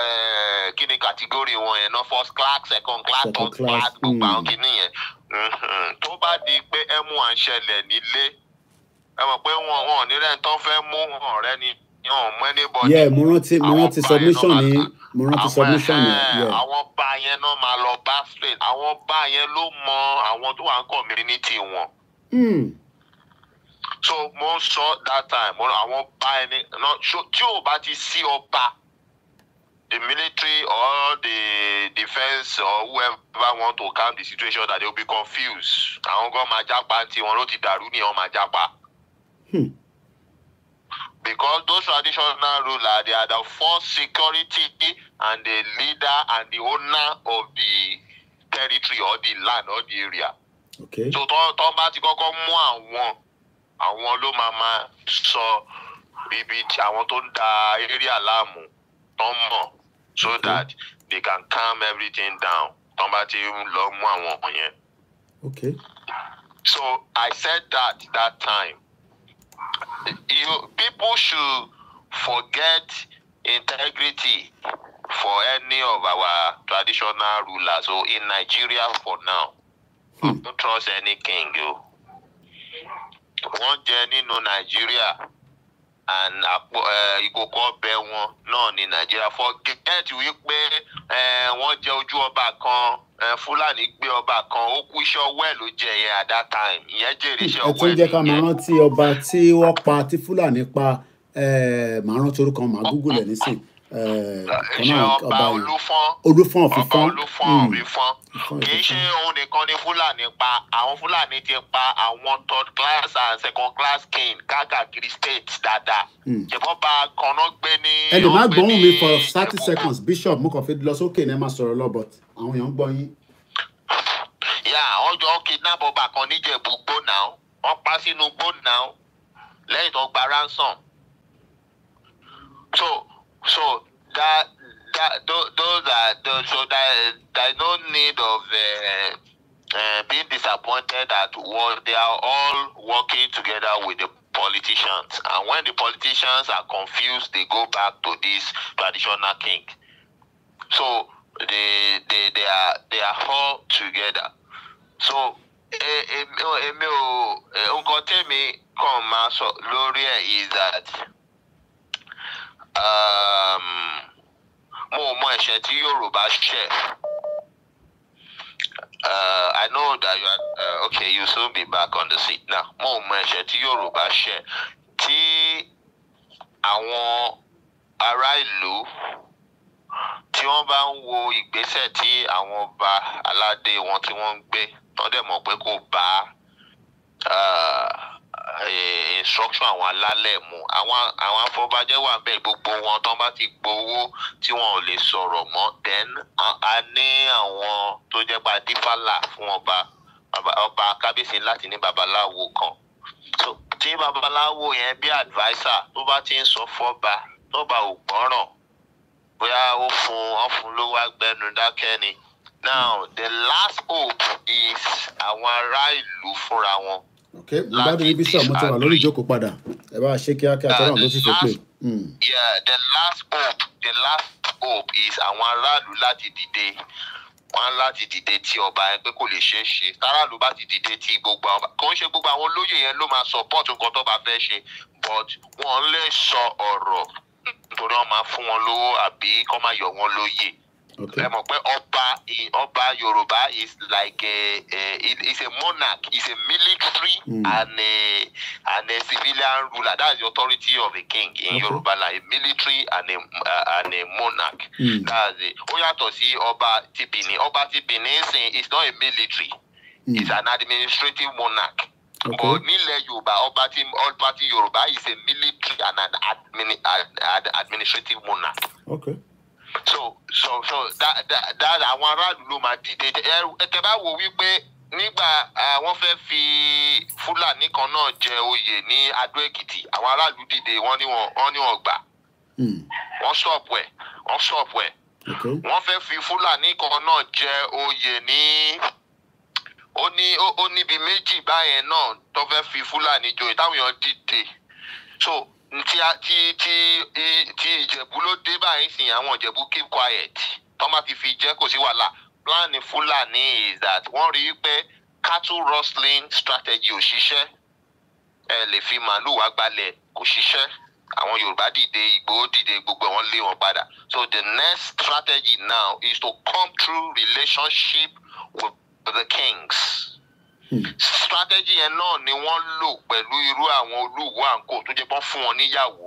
uh, category wọn yẹn náà first class second class third class gbogbo àwọn hmm. kìíní yẹn hmm. tó bá di pé ẹmu à ń ṣẹlẹ̀ nílé ẹ mọ̀ pé wọn wọn ní rẹ̀ ń tán fẹ́ mú ọ̀rẹ́ ni yàn mọ́ ní bọ́ọ̀dì. yẹ mo rántí mo rántí submission ni mo rántí submission ni. àwọn ọba yẹn náà máa lọ bá straight àwọn ọba yẹn ló mọ àwọn tó wà ń community wọn. Mm so mo ń sọ that time mo àwọn bá ẹni tí ò bá ti sí ọba the military or the defence or whoever want to calm the situation that they will be confused àwọn gan máa jápa tí wọn ló ti dàrú ni wọn máa jápa. Hmm. Because those traditional rulers, they are the first security and the leader and the owner of the territory or the land or the area. Okay. So tó tó bá ti kọ́kọ́ mú àwọn àwọn ló máa máa sọ ibi tí àwọn tó ń da area láàmú tán mọ̀ so that they can calm everything down tán bá ti ń lọ mú àwọn ọmọ yẹn. Okay. So I said that that time. You people should forget integrity for any of our traditional rulers. So in Nigeria for now, mm. don't trust any king. Yo wọ́n jẹ nínú nàìjíríà and àpò ìkòkò ọbẹ̀ wọn náà ní nàìjíríà forget wípé wọ́n jẹ ojú ọba kan fúlàní gbé ọba kan ó kú iṣẹ́ ọwọ́ ló jẹ yẹn at ìyẹn jèrè iṣẹ́ ọwọ́ ẹ tún jẹ́ ká máa rántí ọba tí wọ́n pa tí fúlàní pa màá rántí orúkọ màá gúgùlẹ̀ nísìnyí. Eh, ọba olúfọ́n olúfọ́n ọba olúfọ́n ọ̀fífọ́n hmm. kì í ṣe òun nìkan ni fúlàní pa àwọn fúlàní ti pa àwọn third class and second class king káàkiri state dáadáa ìjọba hmm. kan náà gbé ní. ẹ lè má gbóhùn mi for thirty seconds bishop mo kàn fi lọ sókè ní ẹ máa sọ̀rọ̀ lọ but àwọn èèyàn ń gbọ́ yín. yà ọjọ́ kidnap ọba kan níjẹ̀bú gbóná wọ́n pa sínú gbóná lẹ́yìn tó gba ransom. so So that that those are those, so that there is no need of uh, uh, being disappointed at what they are all working together with the politicians. And when the politicians are confused, they go back to this traditional king. So they they they are they are all together. So e, e, e, èmi ò nǹkan tèmi kàn máa sọ lórí ẹ̀ is that. Um, mo ò mọ ẹ̀ṣẹ̀ tí Yorùbá ṣẹ̀. Uh, I know that you are uh, okay. You soon be back on the seat now. Mo ò mọ ẹ̀ṣẹ̀ tí Yorùbá ṣẹ̀ tí àwọn ará ìlú tí wọ́n bá ń wo ìgbésẹ̀ tí àwọn ọba aládé wọn tí wọ́n ń gbé tọ́dẹ̀ mọ̀ pé kò bá. Uh, instruction àwọn alálẹ̀ mu àwọn àwọn afọbajẹ wà bẹ́ẹ̀ gbogbo wọn tán bá ti gbowó tí wọn ò lè sọ̀rọ̀ mọ́ then a ní àwọn tó jẹ́ pa dífàlà fún ọba ọba kábíyèsí láti ní babaláwo kan so tí babaláwo yẹn bí adviser tó bá ti ń sọ fọ́ba tọ́ba ò gbọ́ràn bóyá ó fún ọ ló wá gbẹnu dákẹ́ ni now the last hope is àwọn ará ìlú fúnra wọn ok gbádùn ibi sọ mo ti lórí ìjókòó padà ẹ bá ṣe kíákíá tó náà uh, ló ti fẹ́ hmm. yeah the last hope the last hope is àwọn aráàlú láti dìde wọn láti dìde tí ọba yẹn pé kò lè ṣeé ṣe táràlú bá ti dìde tí gbogbo ọba kò ń ṣe gbogbo àwọn olóyè yẹn ló máa support nǹkan tó bá fẹ́ ṣe but wọn lè sọ ọ̀rọ̀ nítorí wọn máa fún wọn lówó àbí kọ́ máa yọ wọn lóyè ẹ mọ̀ pé ọba ọba Yorùbá is like a, a is a monarch is a military mm. and a and a civilian ruler that's the authority of a king in okay. Yorùbá like a military and a uh, and a monarch mm. that's it ó yàtọ̀ sí ọba ti ọba ti sin is not a military mm. is an administrative monarch. Okay. But nílẹ̀ Yorùbá ọba tí ọba tí Yorùbá is a military and an administrative monarch. Okay so so so that that that àwọn aráàlú ló máa dìde ẹ tẹ bá wo wípé nígbà wọ́n fẹ́ fi fúlàní kan náà jẹ oyè ní adó èkìtì àwọn aráàlú dìde wọ́n ní wọn wọ́n ní wọn gbà hmm. wọ́n sọ̀pù ẹ̀ wọ́n sọ̀pù ẹ̀ wọ́n fẹ́ fi fúlàní kan náà jẹ oyè ní ó ní ó níbi méjì báyẹn náà tó fẹ́ fi fúlàní joyè táwọn èèyàn dìde so tí tí tí tí ìjẹ̀bú ló dé báyìí sìn àwọn ìjẹ̀bú keep quiet tó ti fi jẹ́ kò sí wàhálà plan Fúlàní is that wọ́n rí pé cattle rustling strategy ò ṣiṣẹ́ ẹ lè fi màálù wá gbalẹ̀ kò ṣiṣẹ́ àwọn Yorùbá dìde Ìgbòho dìde gbogbo wọn lé wọn padà so the next strategy now is to come through relationship with the kings strategy yẹn náà ni wọ́n lò pẹ̀lú irú àwọn olúwo àǹkó tó jẹ́ bọ́ fún wọn níyàwó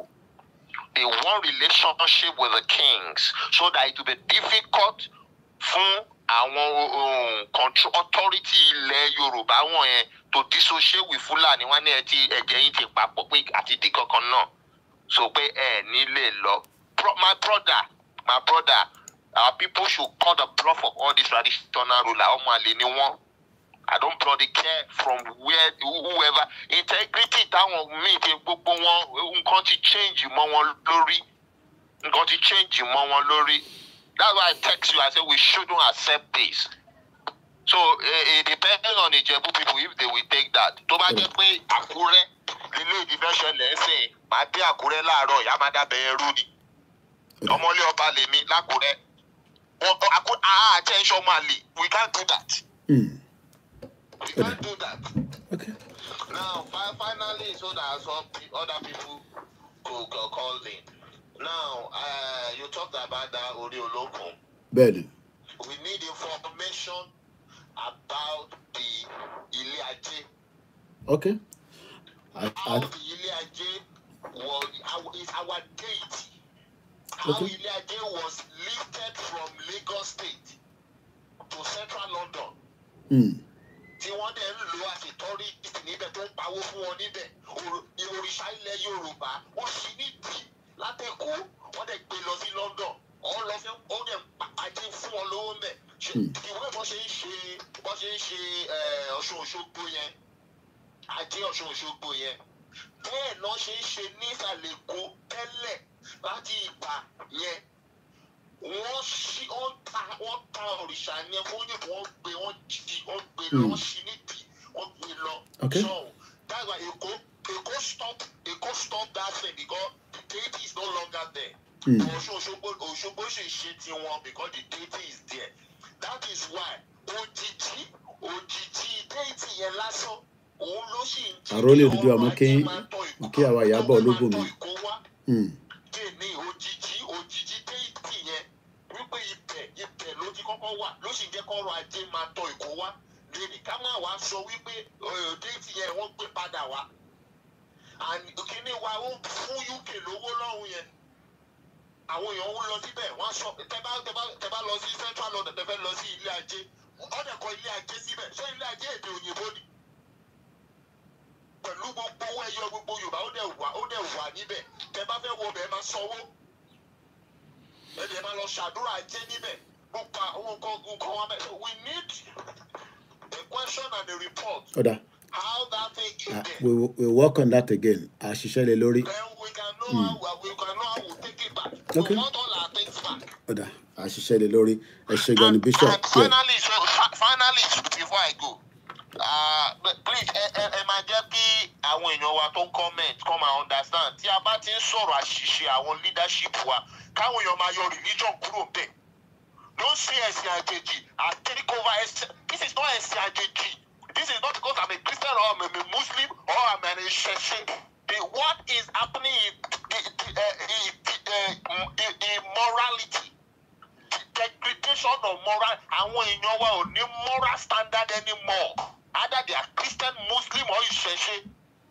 they want relationship with the kings so that it will be difficult fún àwọn um, control authority ilẹ̀ yorùbá wọn yẹn to dissociate with fulani wọn ní ẹ ti ẹ̀jẹ̀ yìí ti papọ̀ pé àti di kankan náà so pé ẹ ní lè lọ my brother my brother our people should call the bluff of all these traditional rulers ọmọ àlè ni wọn. I don't bloody care from where whoever integrity táwọn míì ti gbogbo wọn nǹkan ti change mọ́ wọn lórí nǹkan ti change mọ́ wọn lórí that's why I text you I say we shouldn't accept this so eh, it depends on the Jebu people if they will take that tó bá jẹ́ pé Àkúrẹ́ ilé ìdìbẹ́ ṣẹlẹ̀ ẹ̀sìn máa dé Àkúrẹ́ láàárọ̀ ìyá máa dábẹ́ ẹrú ni ọmọlé ọba lèmi lákùrẹ́ àti ẹ̀ṣọ́ máa lè we can't do that. Mm. You okay. can't do that. Okay. Now, finally, so that some other people could call in. Now, uh, you talked about that audio local. Bẹ́ẹ̀ni. We need information about the Iliaje. Okay. I, how I... the Iliaje was, how is our deity. How okay. Ile was lifted from Lagos State to central London. Hmm tí wọ́n dẹ̀ ń lo àṣetọ́rìtì níbẹ̀ tó ń pawó fún wọn níbẹ̀ òrìṣà ilẹ̀ Yorùbá ó sì nídìí látẹ̀kọ́ wọ́n dẹ̀ gbé lọ sí London wọ́n lọ fẹ́ ó dẹ̀ ajé fún wọn lówó ńbẹ̀ ìwé hmm. bọ́ ṣe ń ṣe bọ́ ṣe ń ṣe eh, Ọ̀ṣun Òṣogbo yẹn ajé Ọ̀ṣun Òṣogbo yẹn bẹ́ẹ̀ náà ṣe ń ṣe ní ìsàlẹ̀ Èkó tẹ́lẹ̀ láti ìgbà yẹn wọ́n sí wọ́n ta wọ́n ta òrìṣà fún yìí wọ́n gbé wọ́n jìjì wọ́n gbé lọ hmm. wọ́n sí níbi wọ́n gbé lọ. so that's why Èkó Èkó stop Èkó stop that thing because the deity is no longer there. Ọ̀ṣun Òṣogbo Òṣogbo ṣe ṣe tiwọn because the deity is there. that is why òjijì òjijì déètì yẹn lásán òun ló sì ń jẹ́ kí ọmọ ajé máa tọ́ ìkó máa tọ́ ìkó wá. Hmm dè ní òjijì òjijì déètì yẹn wípé ibẹ̀ ibẹ̀ ló ti kọ́kọ́ wà ló sì jẹ́ kọ́rọ̀ ajé máa tọ Èkó wá lèmi ká má wàá sọ wípé déètì yẹn wọ́n gbé padà wá kíní wa ó fún UK lówó lọ́hùn yẹn àwọn èèyàn ń lọ síbẹ̀ wọ́n sọ tẹ́bá tẹ́bá tẹ́bá lọ sí central london tẹ́fẹ́ lọ sí ilé ajé ọ̀dẹ̀kọ̀ ilé ajé síbẹ̀ ṣé ilé ajé èdè òyìnbó ni pẹ̀lú gbogbo owó ẹyọ gbogbo yorùbá ó dẹ̀ wà ó dẹ̀ wà níbẹ̀ tẹ bá fẹ́ wọ ọbẹ̀ máa sanwó ẹ máa lọ ṣàdúrà ajé níbẹ̀ gbogbo àwọn nǹkan nǹkan wa bẹ́ẹ̀ we need a question and a report. Oda. How that thing is uh, We work on that again. Àṣìṣe lè lórí. Then we can know mm. how we can know how we take it back. Okay. We want all our things back. Oda. Àṣìṣe lè lórí. Bishop. and finally, so, finally, before I go. Ah, please ẹ máa jẹ́ kí àwọn èèyàn wa tó ń comment come máa understand tí a bá ti ń sọ̀rọ̀ àṣìṣe àwọn leadership wa káwọn èèyàn máa yọ religion kúrò bẹ́ẹ̀ don't say ẹ̀sìn àjèjì as take over ẹ̀sìn this is not ẹ̀sìn àjèjì this is not because i'm a christian or i'm a muslim or i'm an ìṣẹ̀ṣe the what is happening in the the uh, the the eh, morality the degradation of moral àwọn èèyàn wa ò ní moral standard anymore either they are Christian, Muslim, or Isheshe.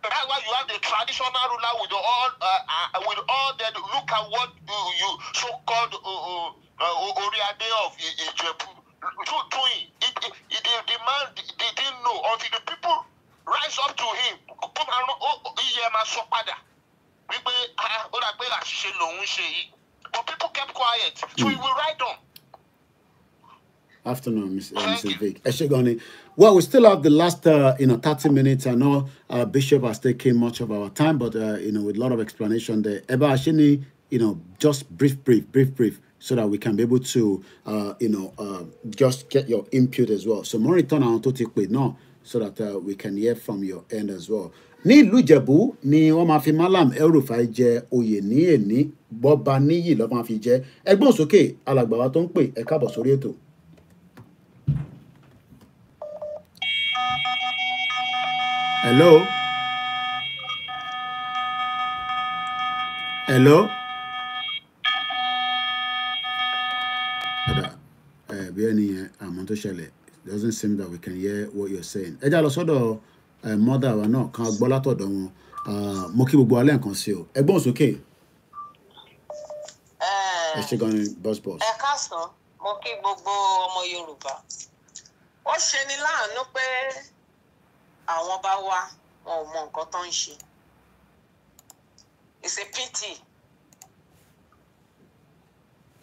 That's why you have the traditional ruler with all uh, uh, with all that. Look at what you, you so-called uh, uh, uh Oriade of Ijebu so doing. It, it, it, the man they didn't know until the people rise up to him. Kún àrùn oh, oh, iye máa sọ padà wípé ó dà pé àṣìṣe lòun ṣe yìí. But people kept quiet so he hmm. will write on. Afternoon, Mr. Mr. Vic. Ẹ ṣe Well, we still have the last, uh, you know, 30 minutes. I know uh, Bishop has taken much of our time, but, uh, you know, with a lot of explanation there. Eba Ashini, you know, just brief, brief, brief, brief, so that we can be able to, uh, you know, uh, just get your input as well. So, mo rí ìtàn àwọn tó ti pè so that uh, we can hear from your end as well. Ni ìlú ni wọ́n máa fi malam El-Rufai jẹ oyè ní èní bọ́ba níyì ló máa fi jẹ ẹgbọ́n sókè alàgbà wa Hello? Hello? bí ẹni yẹn àmọ́ tó ṣẹlẹ̀ it doesn't seem that we can hear what you're saying. ẹ já lọ sọ́dọ̀ mọ́dà wa náà kan gbọ́ látọ̀dọ̀ wọn mo kí gbogbo alẹ́ nǹkan sí o ẹ gbóhùn sókè. ẹ ṣe gan ni boss boss. ẹ káàsán mo kí gbogbo ọmọ Yorùbá ó ṣe ni láàánú pé àwọn bá wá wọn ò mọ nǹkan tó ń ṣe it's a pity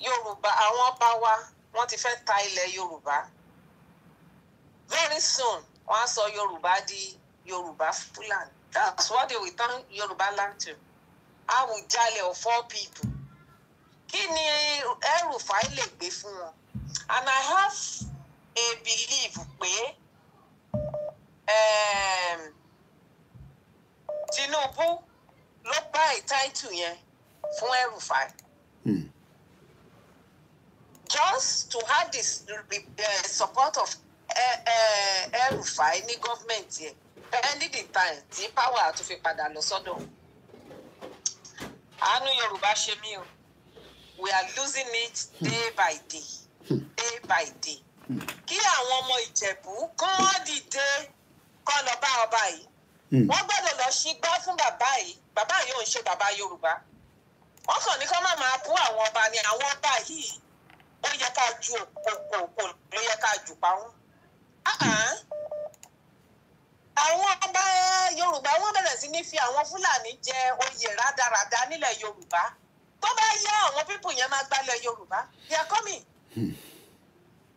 yorùbá àwọn ọba wa wọ́n ti fẹ́ ta ilẹ̀ yorùbá very soon wọ́n á sọ yorùbá di yorùbá fúlàní that's what they will turn yorùbá land to àwùjalè of four people kí ni ẹrù fàáyé lè gbé fún wọn and i have a belief pé. Eh, Tinubu ló bá ìtáìtù yẹn fún El-Rufai. Hmm. Just to have the uh, support of El-Rufai eh, eh, ní gọ́fìmẹ̀ntì yẹn pending eh, the time tí power àtún fi padà lọ sọ́dọ̀. àánú Yorùbá ṣe mí o we are losing it day hmm. by day hmm. day by day. kí àwọn ọmọ Ìjẹ̀bú kọ́ dìde kọ́ lọ bá ọba yìí hmm. wọ́n gbọ́dọ̀ lọ sí gbọ́ fún bàbá yìí bàbá yìí ò ń ṣe bàbá Yorùbá wọ́n kàn ní kó má máa bú àwọn ọba ni àwọn ọba yìí ó yẹ ká ju òkòkò ló yẹ ká jù pa wọ́n àwọn ọba yorùbá wọn bẹ̀rẹ̀ sí ní fi àwọn fúlàní jẹ oyè rádaràda nílẹ̀ yorùbá tó bá yá àwọn pípù yẹn máa gbálẹ̀ yorùbá they are hmm.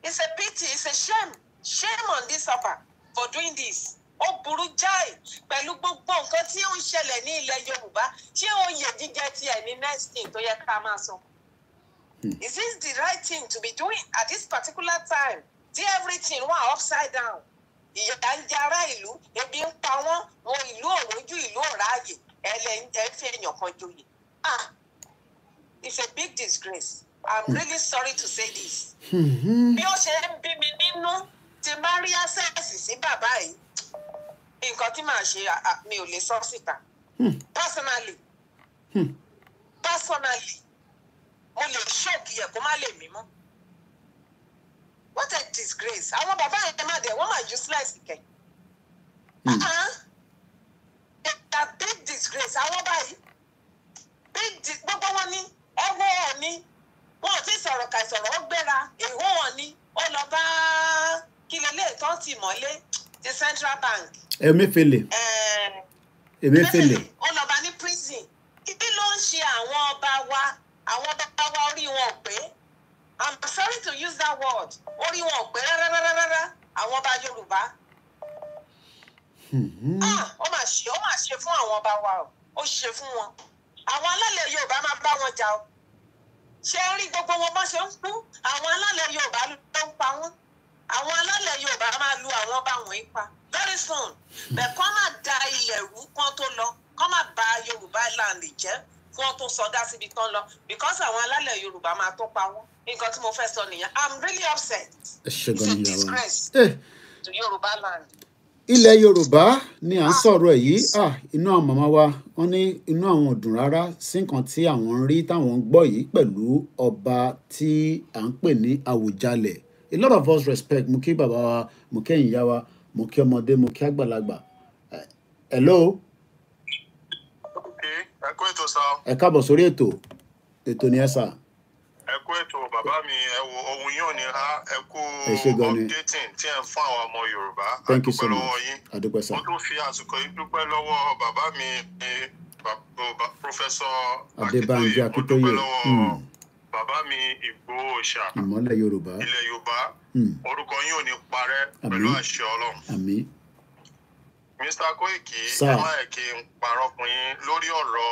it's a pity it's a shame shame on this upper for doing this ó burú jáì pẹ̀lú gbogbo nǹkan tí ó ń ṣẹlẹ̀ ní ilẹ̀ Yorùbá ṣé oyè jíjẹ tiẹ̀ ní next tó yẹ ká máa sọ. Hmm. Is this the right thing to be doing at this particular time? tí everything wà upside down ìyá ń jara ìlú ebi ń pa wọn wọn ìlú òrojú ìlú ọ̀ráàyè ẹlẹ ń fi èèyàn kan joyè ah it's a big disgrace i'm hmm. really sorry to say this. Hmm, bí ó ṣe ń bí mi nínú ti máa rí access sí bàbá yìí nǹkan tí màá ṣe mi ò lè sọ síta hmm. personally hmm. personally mo lè ṣọ́ọ̀kì yẹ kó má lè mí mọ́ what a disgrace àwọn bàbá yẹn má dẹ̀ wọ́n máa useless kẹ̀ hmm. uh-huh. a big disgrace àwọn báyìí big dis gbogbo wọn ni ẹwọ́ wọn ni wọn ò tí sọ̀rọ̀ kà sọ̀rọ̀ ó gbéra èèwọ̀ wọn ni ó lọ bá kí lélẹ́ẹ̀tọ́ ti mọ́lé The central bank. Eh, Emefiele. Emefiele. ó lọ bá ní prison kí ló ń ṣe àwọn ọba wa àwọn ọba wa orí wọn pé i'm sorry to use that word orí wọn pé rárárárá àwọn ọba yorùbá. Hmm. Ah, ó mà ṣe ó mà ṣe fún àwọn ọba wa o ó ṣe fún wọn àwọn alálẹ̀ yorùbá máa bá wọn jà o ṣé rí gbogbo wọn bá ṣe ń kú àwọn alálẹ̀ yorùbá ló ń pa wọn àwọn alálẹ̀ Yorùbá máa lu àwọn ọba wọ̀nyí pa very soon bẹ́ẹ̀ kọ́ máa da ilẹ̀ rú kán tó lọ kọ́ máa ba Yorùbá land jẹ́ kí wọ́n tó sọdá síbi tán lọ because àwọn alálẹ̀ Yorùbá máa tó pa wọ́n nǹkan tí mo fẹ́ sọ nìyẹn I'm really upset it's a disgrace eh. to Yorùbá land ilẹ̀ yorùbá ni à ń ah. sọ̀rọ̀ yìí ah inú àwọn màmá wa wọ́n ní inú àwọn ò dùn rárá sí nǹkan tí àwọn ń rí táwọn ń gbọ́ yìí pẹ̀lú ọba tí à ń pè ní àwùjalẹ̀ a lot of us respect mo kí bàbá wa mo kí ẹ̀yìn ìyá wa eh, hello. ẹ ètò sá. ẹ káàbọ̀ sórí ètò ètò ni ẹ sà. ẹ ètò bàbá mi ẹ wo ohun yóò ní ha ẹ updating tí ẹ ń fún àwọn ọmọ yorùbá adúpẹ́ lọ́wọ́ mo tún fi àsìkò yìí dúpẹ́ lọ́wọ́ bàbá mi professor Adébánjí mo dúpẹ́ lọ́wọ́. Hmm bàbá mi Ìgbòho Òòṣà ìmọ́lẹ̀ Yorùbá ilẹ̀ Yorùbá hmm. orúkọ yín ò ní parẹ́ pẹ̀lú àṣẹ Ọlọ́run. Mr. Koiki ẹ má yẹ kí n parọ́ fún yín lórí ọ̀rọ̀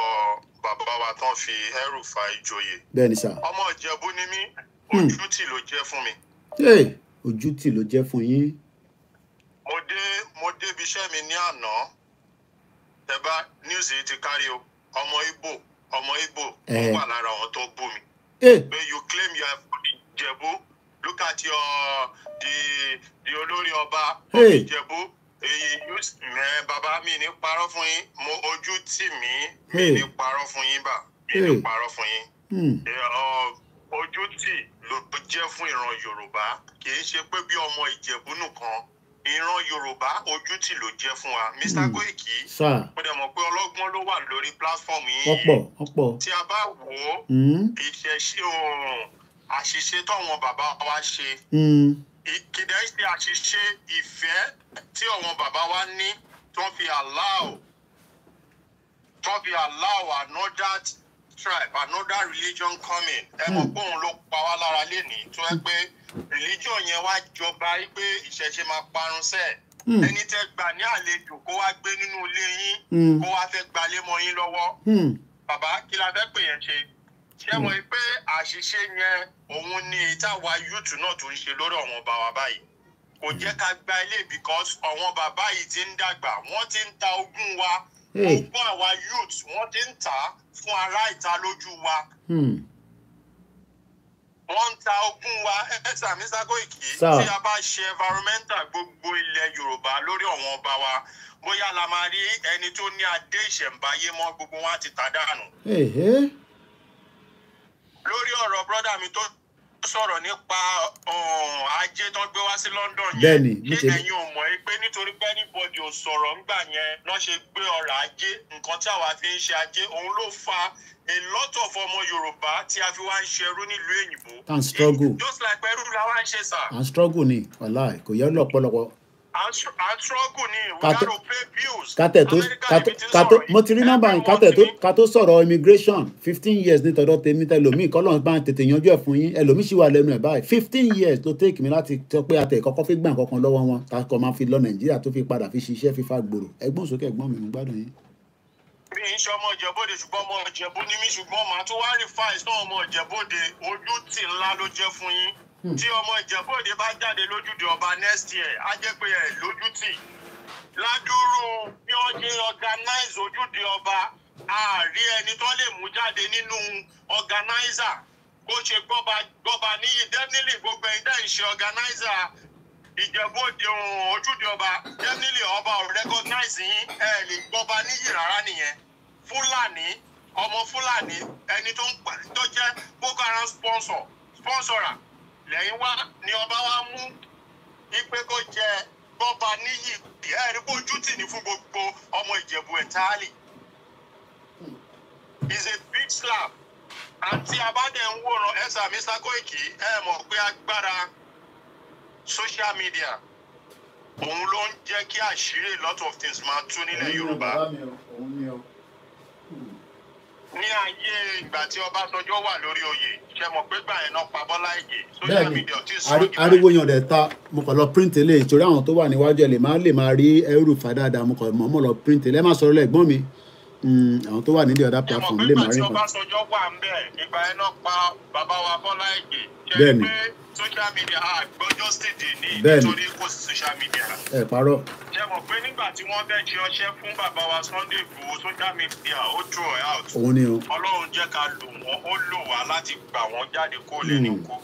bàbá wa tán fi ẹrù fa ìjòyè. Bẹ́ẹ̀ni sá. Ọmọ Ìjẹ̀bú ni mí hmm. ojútì ló jẹ́ fún mi. ojútì ló jẹ́ fún yín. mo dé mo débi iṣẹ́ mi ní àná tẹ́bá news yìí ti kárí o ọmọ Ìgbò ọmọ Ìgbò ó eh. wà lára àwọn tó bú mi. Hey. Eh. But you claim you are from Look at your the the Olori Oba of hey. Ijebu. Bàbá mi ní parọ́ fún yín, mo ojú tì mi ní parọ́ fún yín bà, mi ní parọ́ fún yín. Hmm. Ojú tì ló jẹ́ fún ìran Yorùbá, kì í ṣe pé bí ọmọ Ìjẹ̀bú nìkan ìran yorùbá ojútì ló jẹ́ fún wa mr hmm. Koiki mo dẹ̀ mọ̀ pé ọlọ́gbọ́n ló wà lórí platform yìí tí a bá wò ó hmm. ìṣẹ̀ṣe oòrùn àṣìṣe tọ̀wọn bàbá wa ṣe ìkìdẹ̀ hmm. ṣe àṣìṣe ìfẹ́ tí àwọn bàbá wa ní tó fi allow tó fi allow another tribe another religion coming ẹ mọ̀ hmm. pé òun ló pa wá lára lénìí tó ẹ pé religion yẹn wá jọba yìí pé ìṣẹ̀ṣe máa parun sẹ́ẹ̀ hmm. ẹni tẹ́ gbà ní àlejò kó wá gbé nínú ilé yín hmm. kó wá fẹ́ gbalé mọ́ yín lọ́wọ́ bàbá kí la fẹ́ pè yẹn ṣe ṣé mo rí pé àṣìṣe yẹn òun ni ìtawà yúùtù náà tó ń ṣe lórí ọ̀wọ́n bá wa báyìí kò jẹ́ ká gba ilé because ọ̀wọ́n bàbá yìí ti ń dàgbà wọ́n ti ń ta ogún wa ọgbọ́n àwa youths wọ́n ti ń tà á fún ará ìta lójú wa. Hmm. wọ́n ń ta ogún wa ẹ̀sà mísà Kóìkì tí a bá ṣe environmental gbogbo ilẹ̀ Yorùbá lórí ọ̀wọ́n ọba wa bóyá la máa rí ẹni tó ní adé ìṣẹ̀ǹbáyé mọ́ gbogbo wọn ti tà dànù. lórí ọ̀rọ̀ brọ́dà mi tó sọ̀rọ̀ nípa ajé tó gbé wá sí London yẹn bẹ́ẹ̀ni nítorí ẹ̀yin ò pé nítorí pé anybody ò sọ̀rọ̀ ńgbà yẹn náà ṣe gbé ọ̀rọ̀ ajé nǹkan tí àwa fi ń ṣe ajé òun ló fa a lot of ọmọ Yorùbá tí a fi wá ń ṣerú nílùú òyìnbó and struggle just like ẹrú la ń ṣe sà. and struggle ni wàláì kò yẹ lọ́pọ̀lọpọ̀ kàtó mo ti rí nọ́mbà yìí kàtó sọ̀rọ̀ immigration fifteen years ní tọ̀dọ̀ tèmi tẹlòmíì kọ́lọ́n bá ń tètè yanjú ẹ̀ fún yín ẹlòmíì sì wà lẹ́nu ẹ̀ báyìí fifteen years ló take mi láti sọ pé àtẹ̀ kọ́kọ́ fi gbà kankan lọ́wọ́ wọn kọ́ máa fi lọ nàìjíríà tó fi padà fi ṣiṣẹ́ fífa gbòòrò ẹgbọ́n sókè ẹgbọ́n mi ń gbádùn yín. mi ń ṣe ọmọ ìjẹ́bóde ṣùgbọ́n ọmọ ìjẹ́bó Hmm. tí ọmọ ìjẹ́bọ̀dé bá jáde lójúde ọba next year á jẹ́ pé ẹ̀ lójútì ládùúrú bí wọ́n ṣe organize ojúde ọba àárí ẹni tó lè mú jáde nínú organizer bó ṣe gbọ́ba gbọ́ba níyì definitely gbogbo ẹ̀yin dẹ́n ṣe organizer ìjẹ́bọ̀dé ojúde ọba definitely ọba ò recognize yín ẹ̀ lè gbọ́ba níyì rárá nìyẹn fúlàní ọmọ fúlàní ẹni tó jẹ́ boko haram sponsor sponsorer lẹ́yìn wá ni ọba wa mú ipe kó jẹ bọ́ba níyì ẹ̀ rí bójú tì ní fún gbogbo ọmọ ìjẹ̀bù ẹ̀táàlì is a big slap àti abáde ń wòran ẹsà mr Koiki ẹ mọ̀ pé agbára social media òun ló ń jẹ́ kí àṣírí lot of things máa tú nílẹ̀ Yorùbá ní ayé ìgbà tí Ọbásanjọ́ wà lórí oyè ṣe mọ̀ pé gbà yẹn náà pa Bọ́lá Ìgè social media ọtí sọ ariwo yan dẹ̀ ta mo kàn lọ print eléyìí torí àwọn tó wà níwájú ẹ̀ lè má lè máa rí ẹrù fà dáadáa mo kàn mọ̀ mọ̀ lọ print eléyìí ẹ má sọ̀rọ̀ lẹ́gbọ́n mi hmm, àwọn tó wà nídìí ọ̀dà platform lè má rí nǹkan. ìgbà tí Ọbásanjọ́ wà ń bẹ̀ ìgbà yẹn náà pa bàbá wa Bọ́lá Ìgè ṣe pé social media àgbọ́jọ́ stéde ní nítorí kò sí social media. ẹ parọ́. ṣe mọ̀ pé nígbà tí wọ́n fẹ́ ṣe ọṣẹ́ fún bàbá wa Sunday Igboho social media ó draw out. òun ni o. Ọlọ́run jẹ́ ká lò wọ́n ó lò wá láti gbà wọ́n jáde kó lè ní hmm. kó.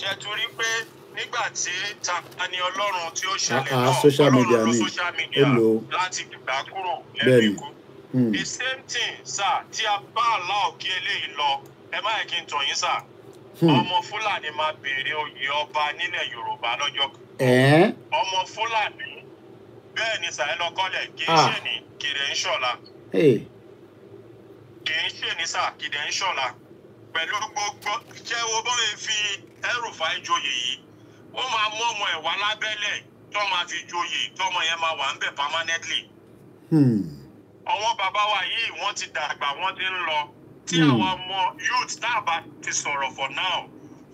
ṣe torí pé nígbà tí Tani Ọlọ́run tí ó ṣẹlẹ̀ ah, ah, náà Ọlọ́run ló social media láti gbà kúrò lẹ́nu ikú. Hmm. the same thing sir tí a bá àlá òkè eléyìí lọ ẹ má yẹ kí n tọ̀ yín sir. Hmm. ọmọ fúlàní máa béèrè oyè ọba nílẹ̀ yorùbá lọ́jọ́ kan ọmọ fúlàní bẹ́ẹ̀ ni sàyẹn lọ́kọ́lẹ̀ ah. kì í ṣe ní kìdẹ̀ ń ṣọ̀la kì í ṣe ní sà kìdẹ̀ ń ṣọ̀la pẹ̀lú gbogbo ṣé wo bóyá fi El-Rufai joyè yìí ó máa mú ọmọ ẹ̀ wá lábẹ́lẹ̀ tó máa fi joyè tọmọ yẹn máa wà ń bẹ̀ permanently. Hmm. àwọn bàbá wa yìí wọ́n ti dàgbà wọ́n ti ń lọ tí hmm. àwọn ọmọ youth tá a bá ti sọ̀rọ̀ for now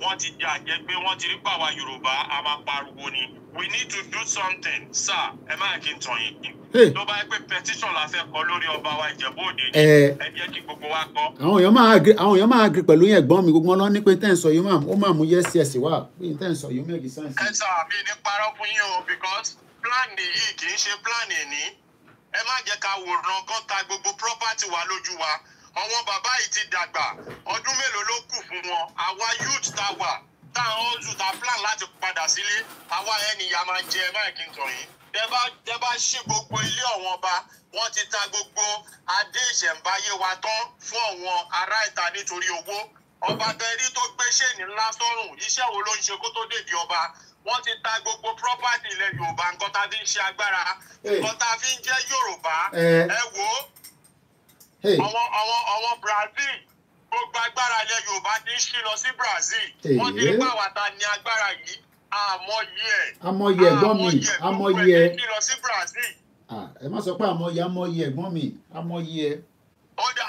wọ́n ti jà jẹ́ pé wọ́n ti rí pàwá yorùbá a máa pariwo ni we need to do something sir ẹ má kí n tàn yín tó bá yẹ pé petition la fẹ́ kọ lórí ọba wa ìjẹ̀bú òde ni ẹ jẹ́ kí gbogbo wa gbọ́. àwọn èèyàn máa agree àwọn èèyàn máa agree pẹ̀lú yẹn gbọ́n mi gbogbo wọn lọ ní pé tẹ́ ń sọ yìí ó máa mú yes yes wá pé tẹ́ ń sọ yìí ó mẹ́rin sáǹsì. ẹ sà mí ní parọ́ fún yín o because plan yìí kì í ṣe plan ẹ̀ ní ẹ má jẹ́ ká wòran kan ta gbogbo property wa lójú wa ọwọ́ bàbá yìí ti dàgbà ọdún mélòó ló kù fún wọn àwa youth tá wà tá a ń zù tá plan láti padà sílé àwa ẹnìyà máa jẹ máìkì ntọ̀yìn tẹ́bá tẹ́bá ṣí gbogbo ilé ọ̀wọ́n ọba wọ́n ti ta gbogbo adé ìṣẹ̀ǹbáyé wa tán fún àwọn ará ìta nítorí owó ọba tẹ́rí tó gbé ṣéènì ńlá sọ́rùn iṣẹ́ wo ló ń ṣe kó tó dèbí ọba wọ́n ti ta gbogbo property ilẹ̀ yorùbá nǹkan tá a fi ń ṣe agbára nǹkan tá a fi ń jẹ́ yorùbá eh. ẹ wò ó àwọn àwọn àwọn Brazil gbogbo agbára ilẹ̀ Yorùbá ti ń ṣí lọ sí Brazil wọ́n ti pa wàtá ní agbára yìí àmọye ẹ̀ àmọye ẹ̀gbọ́n mi àmọye ẹ̀ ẹ má sọ pé àmọye àmọye ẹ̀gbọ́n mi àmọye ẹ̀. ọjà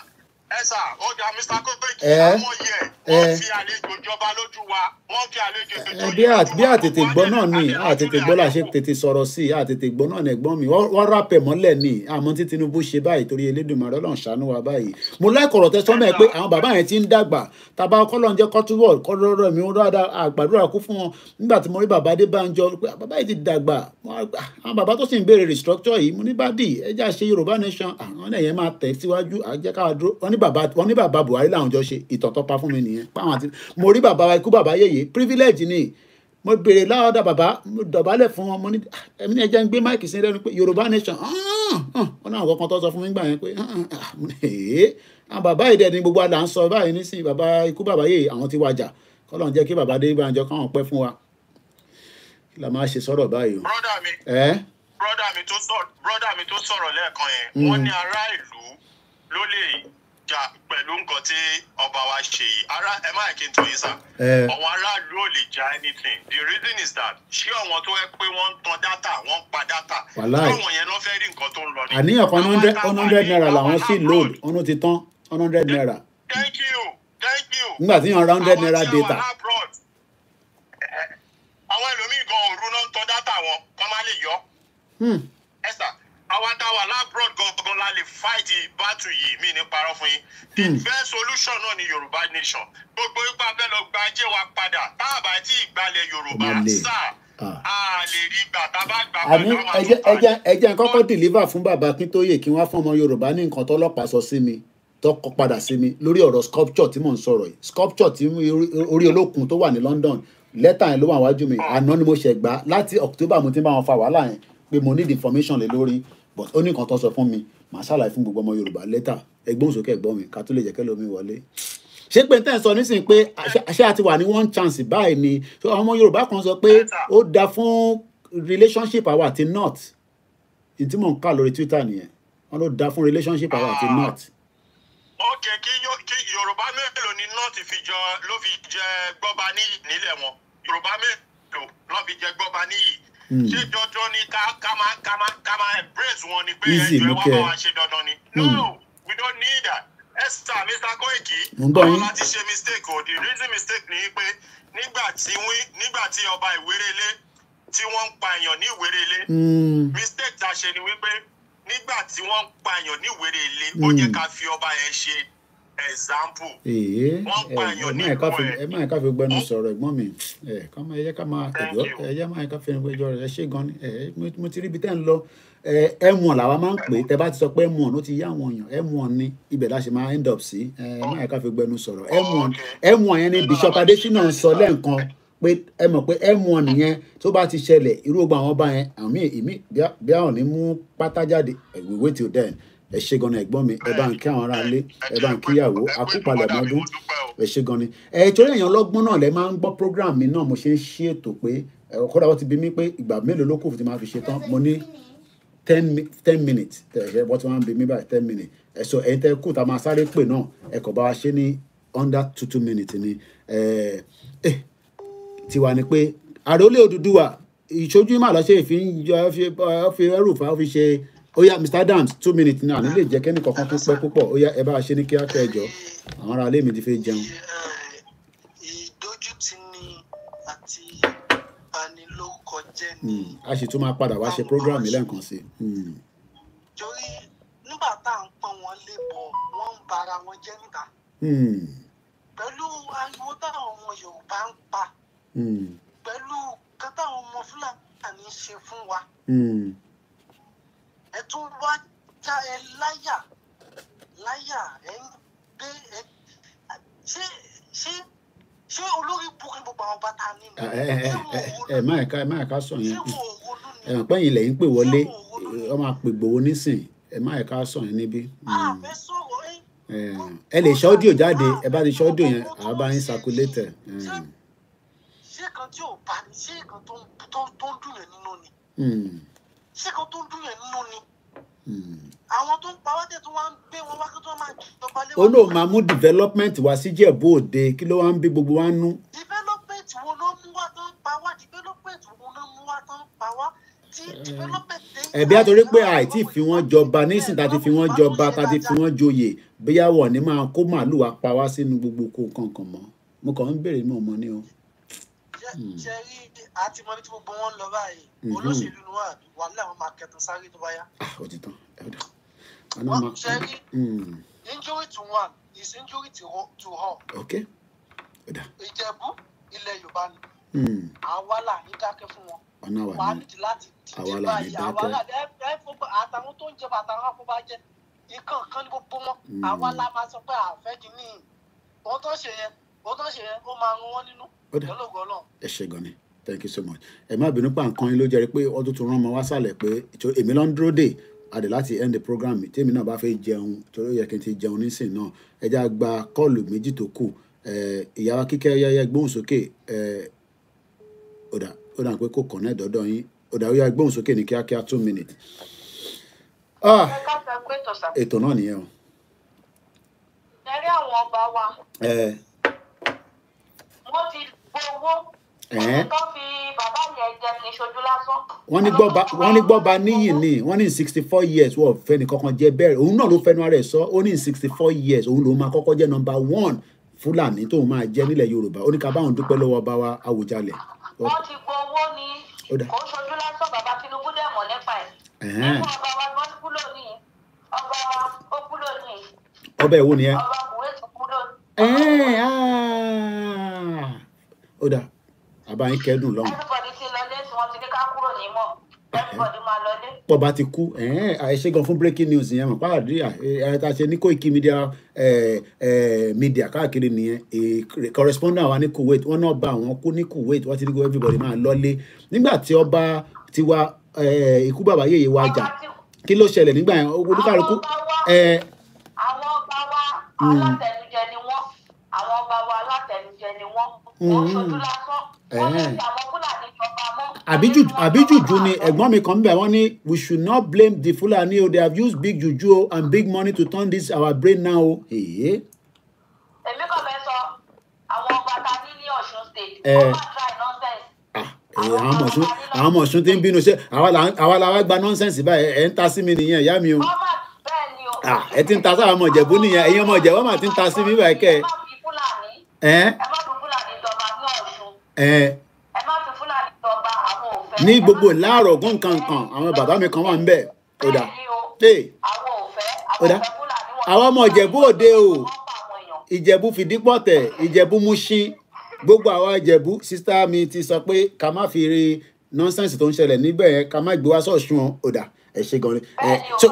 ẹ sà ọjà Mr. Kobeki àmọye wọ́n eh, fi àlejò ìjọba lójú wa wọ́n fi àlejò eh, ìjọba lójú wa. bí àtètè gbọ́ náà ni àtètè gbọ́ làṣẹ tètè sọ̀rọ̀ sí i àtètè gbọ́ náà nẹ̀gbọ́n mi wọ́n rápẹ̀ mọ́lẹ̀ ni àmọ́ tí Tinubu ṣe báyìí torí Elédùmarè Ọlọ́run ṣàánú wa báyìí mo láìkọ̀rọ̀ tẹ́ sọ́mọ́ ẹ pé àwọn bàbá yẹn ti ń dàgbà tàbá Ọlọ́run jẹ́ kọ́túwọ̀ kọ́lọ́rọ̀ mi àgbàdúrà kú fún wọn nígbà tí mo rí bàbá Adébánjọ pé ah, bàbá yìí ti ah, restructure yìí mo ní bá dì ẹ jẹ́ àṣe Yorùbá nation àwọn ah, ẹ̀yẹn máa tẹ̀ síwájú àjẹká wọn ní bàbá nìyẹn páwọn àti mo rí bàbá wa ikú bàbá yèyé privilege ni mo béèrè láọ̀dà bàbá mo dọ̀bálẹ̀ fún wọn mo ní ẹ̀mí ah, ni ẹja ń gbé máìkì sí lẹ́nu pé yorùbá nation wọn náà kọ́kọ́ tó sọ fún mi gbà yẹn pé ah, àwọn bàbá yìí dẹ̀ ni gbogbo àlà ń sọ báyìí nísìnyí bàbá ikú bàbá yèyé àwọn ti wájà kọ́lọ̀ ń jẹ́ kí bàbá dé bá àjọ káwọn pẹ́ fún wa kí la máa ṣe sọ̀rọ̀ báyìí o. brọ́dà mi brọ́dà mi tó sọ̀rọ̀ lẹ́ẹ̀kan yẹn hmm. wọ́n ní ará ìlú ló lè jà pẹ̀lú nǹkan tí ọba wa ṣe yìí ara ẹ má kí n tó yín sá ọ̀wọ́n aráàlú ò lè ja anything the reason is that ṣé àwọn tó yẹ pé wọ́n ń tan data wọ́n ń pa data lọ́wọ́ yẹn lọ́ọ́ fẹ́ rí nǹkan tó ń lọ ni. àníyàn kan one hundred naira làwọn sì load ọ̀nà ti tán one hundred naira. thank you thank you. nígbà tí yan one hundred naira data. àwọn eh, ẹlòmíì gan òru náà ń tan data wọn kọ́ má lè yọ. ẹ hmm. sà àwa tá a wà lábúrọ̀d gangan la lè fight battle yìí mí ní parọ́ fún yín the hmm. best solution náà ni yorùbá nation gbogbo ipa fẹ́ lọ gba ajé wa padà tá a bá tí ì gbalẹ̀ yorùbá sáà àmú ẹjẹ kọ́kọ́ dìlíbà fún bàbá Akíntóyè kí wọ́n fọmọ Yorùbá ní nǹkan tọ́lọ́pàá sọ sí mi tọkọ padà sí mi lórí ọ̀rọ̀ sculpture tí mò ń sọ̀rọ̀ yìí sculpture tí orí olókun tó wà ní London lẹ́tà yẹn ló wà wájú mi ah. àná ni mo ṣẹ̀ gbà láti October mo ti bá wọn fa wàhálà yẹn pé mo need information lé lórí but ó ní nǹkan tó sọ fún mi màá ṣàlàyé fún gbogbo ọmọ yorùbá lẹ́tà ẹgbọ́n òsókè ẹ̀gbọ́n mi ká tó lè jẹ́ kẹ́ lómi wọlé ṣé pé tẹ́ ẹ̀ sọ nísìnyí pé àṣẹ àti wà ní one chance báyìí ni ọmọ yorùbá kan sọ pé ó da fún relationship àwa àti north ìtí mò ń kà lórí twitter nìyẹn wọn ló da fún relationship àwa àti ah. north. ok kí yorùbá mélòó ni north fi jọ ló fi jẹ gbọ́ba níyì nílẹ̀ wọn yorùbá mélòó ló fi jẹ gbọ́ba níyì Hmm. ṣé dandan ni ká ká máa ká máa ká máa embrace wọn ni pé ẹjọ́ wa máa wá ṣe dandan ni. no hmm. we don't need that. esther mr koiki àwọn láti ṣe mistake o the reason mistake ni pé nígbà tí wín nígbà tí ọba ìwérelé tí wọ́n ń pa èèyàn ní ìwérelé hmm. mistake ta ṣe ni wípé nígbà tí wọ́n ń pa èèyàn ní ìwérelé ó jẹ́ ká fi ọba yẹn ṣe example. wọ́n pààyàn ní ìmọ̀ fi. ẹ má ẹ̀ka fi gbẹnu sọ̀rọ̀ ẹ̀gbọ́n mi ẹ̀ ká máa ẹ̀yẹ́ ká máa ẹ̀jọ́ ẹ̀yẹ́ máa ẹ̀ka fi ẹ̀jọ́ rẹ̀ ṣé gan ni ẹ̀ mo ti rí ibi tẹ́ ń lọ ẹ̀mọ̀n làwa máa ń pè é tẹ́ bá ti sọ pé ẹ̀mọ̀n ló ti yá àwọn èèyàn ẹ̀mọ̀n ni ibẹ̀ la ṣe máa end up sí ẹ̀ má ẹ̀ka fi gbẹnu sọ̀rọ̀ ẹ̀mọ̀n oh, ẹ̀mọ̀n yẹn ni Bishop Adesina ń sọ lẹ́ẹ̀kan pé ẹ mọ̀ pé ẹ̀mọ̀n nìyẹn tó bá ti ṣẹlẹ̀ irú ogun àwọn ọba yẹn àmì ìmí bí àwọn ní mú pátá jáde we wait till then ẹ ṣé gan ni ẹ̀gbọ́n mi ẹ bá ń kí àwọn ará ilé ẹ bá ń kíyàwó àkúpalẹ̀ mọ́dún ẹ ṣé gan ni. ẹ torí èèyàn ọlọ́gbọ́n náà lẹ máa ń gbọ́ program mi náà mo ṣe ń ṣètò pé kódà wọ́n ti bí mi pé ìgbà mélòó ló kù tí máa fi ṣe tán mo ní ten ten minutes tẹ̀sẹ̀ wọ́n ti máa ń bí mi báyìí ten minutes ẹ̀ so ẹ̀yin tẹ́ kù tá a máa sáré pè náà ẹ kò bá wa ṣe ní under two two minutes ni ẹ̀ eh, tiwa ni pé àròlé Odùduwà ìṣojú ìmọ̀ àlọ́ṣe ìfi ń jọ fi ẹrù fa fi ṣe Oya, Mr. Adams two minutes náà nílé jẹ́ kẹ́ni kankan tó pẹ́ púpọ̀ ó yá ẹ bá a ṣe ní kíákẹ́ ẹjọ́ àwọn ará ilé mi ti fẹ́ jẹun. Eh, ìdójútì ni àti ìbanilórúkọjẹ́ ni. a sì tún máa padà wá ṣe program lẹ́ẹ̀kan sí i. Hmm. torí nígbà tá à ń pọ́n wọn lébọ̀ wọ́n ń bara wọn jẹ́ níta. Hmm. pẹ̀lú ariwo táwọn ọmọ Yorùbá ń pa hmm. pẹ̀lú kátàwọn ọmọ Fúlàní ṣe fún wa ẹ tún wá já ẹ láyà láyà ẹ ń gbé ẹ ṣé ṣé ṣé olórí burúkú gbogbo àwọn bàtà ni. ẹ má ẹ̀ka ẹ má ẹ̀ka sọ yẹn ẹ mọ̀ pẹ́yìn lẹ́yìn pè wọlé ọmọ àpègbòho nísìn ẹ má ẹ̀ka sọ yẹn níbí. ẹ lè ṣọ́ ọ́díò jáde ẹ bá ti ṣọ́ ọ́díò yẹn àá bá yín circulator. ṣé kan tí ò bá ní ṣé kan tó ń dùn yẹn nínú ni ṣé kan tó ń dún yẹn nínú ni hmm. àwọn tó ń pa wádẹ tó wá ń gbé wọn wá kí tó máa jọba lé wọn. ó mú development wá sí Ìjẹ̀bú Òde kí ló wá ń bí gbogbo wa nú. development wo ló mú wá tó ń pa wá development wo ló mú wá tó ń pa tí hmm. development. ẹ̀bí àtòrí pé àìtí fi wọ́n jọba nísìn tá ti fi wọ́n jọba tá ti fi wọ́n joyè bóyá wọ̀ ní máa kó màálù wá pa wá sínú gbogbo kó kankan mọ́ mo kàn ń béèrè mọ́ ọmọ ní o ṣe hmm. rí àti mọ ibi tí gbogbo wọn lọ báyìí mhm. olóṣèlú ni wọn àbí wàhálà wọn máa kẹtàn sáré tó bá yá. Ah, ó ti tán ẹ ó dà. wọn ṣe rí hmm. injury to one is injury to all. okay ó dà. ìjẹ̀bú ilẹ̀ yorùbá ni hmm. àwa là ní dákẹ́ fún wọn wàá nìdí láti dìde báyìí àwa là ní dákẹ́ àtàwọn tó ń jẹ àtàwọn àfọwọ́bàjẹ́ nǹkan kan ní gbogbo wọn àwa la máa sọ pé àfẹ́ kìíní òun tó ṣe yẹn òun tó ṣe yẹn ó máa ń wọn nínú ológun Ọlọ́run. ẹ ṣe gan ni thank you so much ẹ má bínú pa nǹkan yín ló jẹ́rìí pé ọdún tó rán ọmọ wá sálẹ̀ pé èmi ló ń dúró dè adè láti end the program tèmi náà bá fẹ́ jẹun torí ó yẹ kí n ti jẹun nísìn náà ẹ já gba kọ́ọ̀lù méjì tó kù ìyá wa kíkẹ́ yẹ́yẹ́ gbóhùn sókè ọ̀dà ó dà pé kò kàn náà dọ́dọ̀ yín ọ̀dà ó yá gbóhùn sókè ní kíákíá two minutes. Ah! ètò náà nìyẹn o. ẹ rí àwọn ọba wa. wọ́n ti gbogbo owó tó fi bàbá yẹn jẹ kì í ṣojú lásán. wọ́n ní gbọ́ba wọ́n ní gbọ́ba níyì ni wọ́n ní sixty four years wọ́n fẹ́ni kọ́kọ́ jẹ́ bẹ́ẹ̀ òun náà ló fẹ́nu ara ẹ̀ sọ ó ní sixty four years òun lòun máa kọ́kọ́ jẹ́ number one fúlàní tóun máa jẹ́ nílẹ̀ yorùbá ó ní ká báwọn dúpẹ́ lọ́wọ́ bá wa àwùjalẹ̀. wọ́n ti gbowó ni kò ṣojú lásán bàbá tinubu dẹ̀ mọ̀ nípa ẹ̀. nínú ọba wa wọ́n kú lónìí ọba wa ó kú lónìí. ọba ẹ̀ wo ni ẹ. ọba kùwé ti kú lónìí ó dà àbá yín kẹ́dùn lọ́hùn. everybody ti lọlé tí wọ́n ti ní ká kúrò ní mọ̀ everybody máa lọlé. pọ̀ bá ti kú àìṣe gan fún breaking news yẹn mọ̀ páàdé àìta ṣe ní Koiki media media káàkiri nìyẹn correspondent wa ní Kuwait wọ́n náà bá àwọn kú ní Kuwait wọ́n ti ní kó everybody máa lọlé nígbà tí ọba tiwa ikú bàbá yèyé wa jà kí ló ṣẹlẹ̀ nígbà yẹn olúkàlùkù. àwọn ọba wa àwọn hmm. tẹ̀lé wọ́n ṣojú lásán wọ́n ní àwọn fúlàní àbí jùjú ni ẹ̀gbọ́n mi kan ń bẹ̀ wọ́n we should not blame the Fulani o oh, they have used big juju o oh, and big money to turn this our brain now o. Oh. èmi kò fẹ́ sọ àwọn ọba ta ní ní Ọ̀ṣun state ọba eh. try nonsense ah, eh, àwọn mọ̀sún àwọn mọ̀sún tí ń bínú ṣe àwa làwa gba nọ́nsẹ̀nsì báyìí ẹ̀ ń ta sí mi nìyẹn ìyá mi o ah, ẹ ti ń ta sáwọn ọmọ ìjẹ̀bú nìyẹn ẹ̀yin ọmọ ìjẹ̀bú ọmọ ti ń ta sí mi báyìí kẹ́ ẹ̀. ẹ má fi fúlàní eh? ẹ má fi ẹ má fi fúlàní jọba àwọn òfẹ́. ní gbogbo láàárọ̀ gọ́ǹkankan àwọn bàbá mi kan wà ń bẹ̀ ó dà. àwọn òfẹ́ àwọn òfẹ́ fúlàní wọn. àwọn ọmọ ìjẹ̀bú òde o ìjẹ̀bú fìdípọ̀tẹ̀ ìjẹ̀bú Mùṣín gbogbo àwọn ìjẹ̀bú sísá mi ti sọ pé ká má fi rí nọ́nsẹ̀nsì tó ń ṣẹlẹ̀ níbẹ̀ yẹn ká má gbé wá sọ̀ṣun ó dà ẹ ṣe gan ni ẹ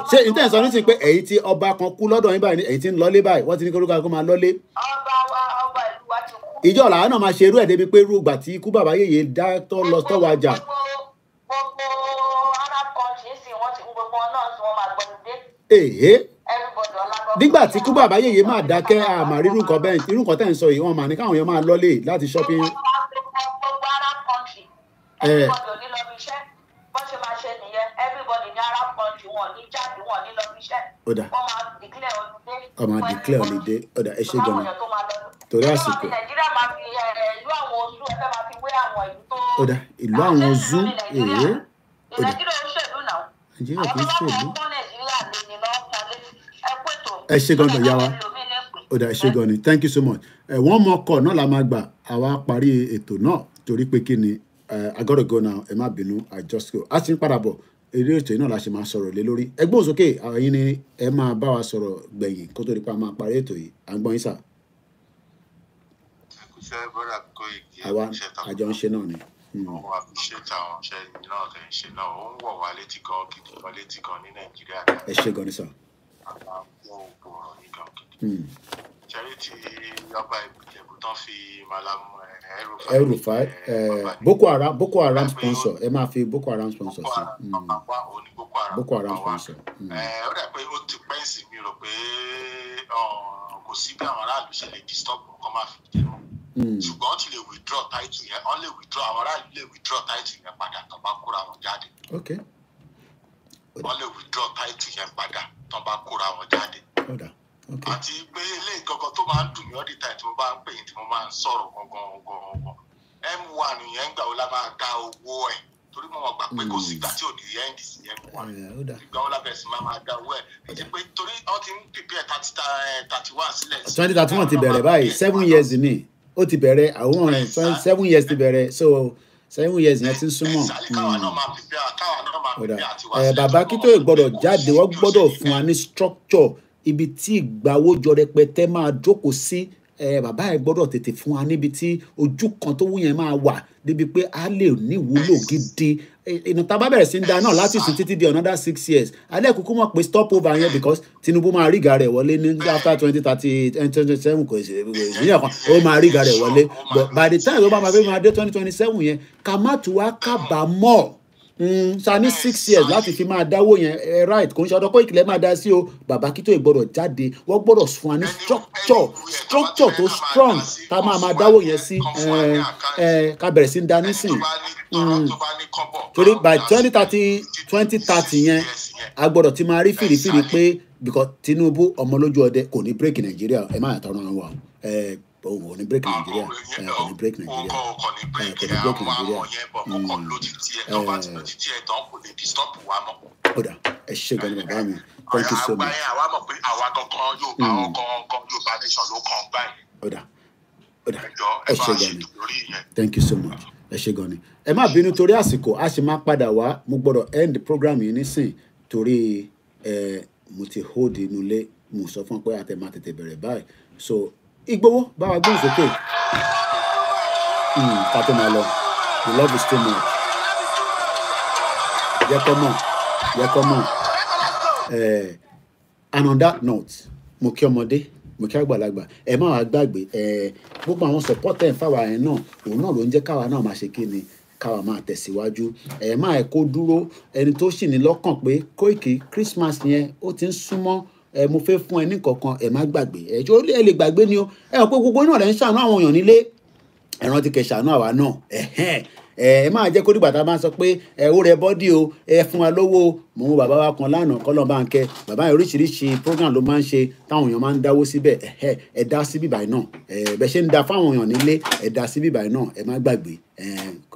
ṣe n tẹ̀sán ní ti pé èyí tí ọba kan kú lọ́dọ̀ yín báyìí èyí tí ń lọ́lé báyìí wọ́n ti ní kí olúkà kó máa lọ́lé. ọba wa ìjọ làwọn náà máa ṣe irú ẹ̀ débi pé irú ìgbà tí ikú bàbá yèyé dá tó lọ tọ́wọ́ ajá. gbogbo arab country sì ti gbogbo náà tí wọ́n máa gbọ́ dé. nígbà tí ikú bàbá yèyé máa dákẹ́ àmà rírú nǹkan bẹ́ẹ̀ irú nǹkan tẹ̀ ń sọ yìí wọ́n máa ní káwọn èèyàn máa lọ́lé láti shopping. gbogbo arab country everybody ní lọ fi iṣẹ́ bó ṣe máa ṣe nìyẹn everybody ní arab country wọn ní jáde wọn ní lọ fi iṣẹ́. ó dà wọ́n declare holiday. wọ́n máa declare torí àsìkò. nàìjíríà máa fi ìlú àwọn oṣù ẹgbẹ́ máa fi wé àwọn ìlú tó. ọ̀dà ìlú àwọn oṣù èyí. nàìjíríà ń eh, eh, ṣèlú náà. nàìjíríà kì í ṣèlú. ẹ ṣe gan gbọ̀yà wa ọ̀dà ẹ ṣe gan ni thank you so much wọ́n mọ ọkọ̀ náà la máa gbà àwa parí ètò náà torí pé kí ni I gotta go now ẹ má bínú I just go a ti ń padà bọ̀ eré ètò yìí náà la ṣe máa sọ̀rọ̀ lé lórí ẹgbẹ́ òsókè àwọn yìí ni ẹ máa bá wa sọ̀rọ̀ gbẹ̀yìn kó tó di pa máa parí ètò yìí à ń gbọ́ yín sáà iṣẹ́ bọ́dà kó ìgbé àwa àjọ ń ṣe náà ni. àwọn hmm. àfiṣẹ́tà àwọn iṣẹ́ náà lè ṣe náà ó ń wọ̀ wá létí gan gidi gan létí gan ní nàìjíríà. ẹ ṣe gan ni sà. àbá wọn ò bọ̀ ọ̀rọ̀ yìí gan gidi. Hmm. ṣẹ́rí ti ọba ìjẹ̀bú tán fi malamu ẹrù fa boko haram boko haram sponsor ẹ máa fi boko haram sponsor sí hmm. boko haram sponsor. Eh, ó dà pé ó ti pẹ́ǹsì mi rò pé eh, kò sí bí àwọn aráàlú ṣe lè disturb ọkọ máa fi jẹun. Mm. ṣùgbọ́n ti lè withdraw title yẹn wọ́n lè withdraw àwọn aráàlú lè withdraw title yẹn padà tó bá kóra wọn jáde wọ́n lè withdraw title yẹn padà tó bá kóra wọn jáde àti pé eléyìí gangan tó máa ń dùn mí ọ́ di tí mo bá ń pè yín tí mo máa ń sọ̀rọ̀ gangan gangan m1 yẹn gbà ó la máa ka owó ẹ̀ torí mo mọ̀ gbà pé kò sígbà mm. tí ò ní end sí m1 eh, ìgbà ó lábẹ́ sí máa máa da owó ẹ̀ eh, twenty one ti bẹ̀rẹ̀ seven years ni ó ti bẹ̀rẹ̀ àwòrán seven years ti bẹ̀rẹ̀ so seven years yẹn ti ń súnmọ́. bàbá kító gbọ́dọ̀ jáde wọ́n gbọ́dọ̀ fún wa ní structure ibi tí ìgbàwójọ rẹpẹtẹ máa jókòó sí bàbá yẹn gbọ́dọ̀ tètè fún wa níbi tí ojú kan tó wù máa wà débi pé a lè ní ìwúlò gidi ìnù tá a bá bẹ̀rẹ̀ sí ń da náà láti sùn títí di another six years alẹ́ kúkú mọ̀ pé stop over yẹn because Tinubu máa rí ìgà wọlé ní after twenty thirty eh, twenty seven kò ìṣèlérò kan ó máa rí ìgà wọlé but by the time ló bá máa fẹ́ máa dé twenty twenty seven yẹn ká má tù wá kábàámọ̀ sa mm, ní six years láti fi máa dáwó yẹn eh, right kò ń ṣe ọdọ kó ìkìlẹ̀ máa dá sí o bàbá kí tó ìgbọ́dọ̀ jáde wọ́n gbọ́dọ̀ fún wa ní structure structure tó strong ká máa máa dáwó yẹn sí eh, eh, ká bẹ̀rẹ̀ sí ń dá nísìn mm. torí by twenty thirty twenty thirty yẹn a gbọ́dọ̀ ti máa rí fìrífìrí pé because Tinubu ọmọ lójú ọdẹ kò ní break Nàìjíríà ẹ má yàtọ̀ àwọn ẹ bọ̀ òun ò ní break nàìjíríà ẹ̀ kò ní break ah, nàìjíríà eh, ẹ̀ eh, kò ní break nàìjíríà hmm. eh. kódà ẹ ṣe gan ni bàbá mi thank you so much. àwa mọ̀ pé àwa kankan yóò bá hmm. ọkọ̀ ọkọ̀ yóò bá nation ló kàn báyìí. kódà kódà ẹ ṣe gan ni thank you so much ẹ ṣe gan ni ẹ má bínú torí àsìkò a sì máa padà wá mo gbọ́dọ̀ end program yìí nísìn torí mo ti hold inú ilé mo sọ fún ọ pé àtẹ máa tètè bẹ̀rẹ̀ báyìí so Ìgbòho bá wa gbóhùn sókè hmm, ká tó máa lọ the love is too much yẹ kọ́ mọ̀ yẹ kọ́ mọ̀ eh, and on that note mo kí ọmọdé mo kí àgbàlagbà ẹ má wàá gbàgbé eh, gbogbo àwọn support ẹ̀ ń fáwa ẹ̀ náà òun náà ló ń jẹ́ káwa náà máa ṣe kí ni káwa máa tẹ̀síwájú ẹ̀ máa ẹ̀ kó dúró ẹni tó sì ní lọ́kàn pé Koiki Christmas yẹn ó ti ń súnmọ́ ẹ mo fẹ́ fún ẹ ní kankan ẹ má gbàgbé ẹ tí ó lè gbàgbé ni o ẹ hàn pé gbogbo náà rẹ̀ ń ṣàánú àwọn èèyàn nílé ẹ rántí kẹ́ ṣàánú àwa náà ẹ máa jẹ́ kó dìgbà tá a máa sọ pé ẹ ó rẹ o ẹ fún wa lówó mo mú bàbá wa kan lánàá kọ́lọ́ bá ń kẹ́ bàbá yẹn oríṣiríṣi program ló máa ń ṣe táwọn èèyàn máa ń dáwó síbẹ̀ ẹ̀ ẹ̀ dá sí bíbà yìí náà ẹ̀ bẹ́ẹ̀ ṣe ń da fáwọn èèyàn nílé ẹ̀ dá sí bíbà yìí náà ẹ̀ má gbàgbé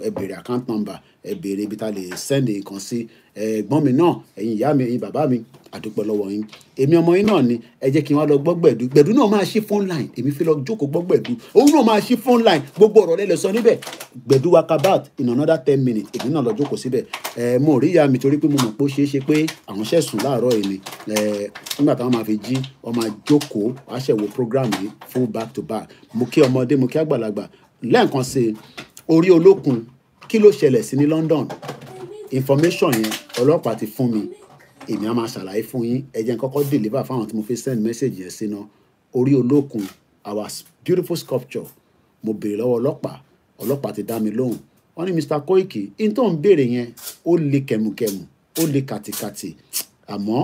ẹ béèrè account number ẹ béèrè ibi tá a lè send nǹkan sí ẹ̀gbọ́n mi náà ẹ̀yin ìyá mi ẹ̀yin bàbá mi àdúpẹ́ lọ́wọ́ yín èmi ọmọ yín náà ni ẹ jẹ́ kí n wá lọ gbọ́ gbẹ̀dú gbẹ̀dú náà máa ṣí phone line èmi fi lọ jókòó gbọ́ gbẹ̀dú òun náà máa ṣí phone line gbogbo ọ̀rọ̀ lẹ́lẹ̀ sọ níbẹ̀ gbẹ̀dú wakabat in another ten minutes èmi náà lọ jókòó síbẹ̀ ẹ̀ mo rí ìyá mi torí pé mo mọ̀ pé ó ṣeé ṣe pé àwọn ṣẹ̀ sùn láàárọ̀ yìí ni nígbà táwọn máa fi jí wọ́n máa jókòó wá ṣẹ̀ program yìí full back to back mo kí ọmọdé mo kí àgbàlagbà lẹ́ẹ̀kan sí orí olókun kí ló ṣẹlẹ̀ sí ní London information yẹn ọlọ́pàá ti fún mi èmi á máa ṣàlàyé fún yín ẹ jẹ́ n kọ́kọ́ deliver fáwọn tí mo fi send message yẹn sí náà orí olókun our beautiful sculpture mo béèrè lọ́wọ́ ọlọ́pàá ọlọ́pàá ti dá mi lóhùn wọ́n ní Mr. Koiki in tó ń béèrè yẹn ó le kẹ̀mùkẹ̀mù ó le kàtìkàtì àmọ́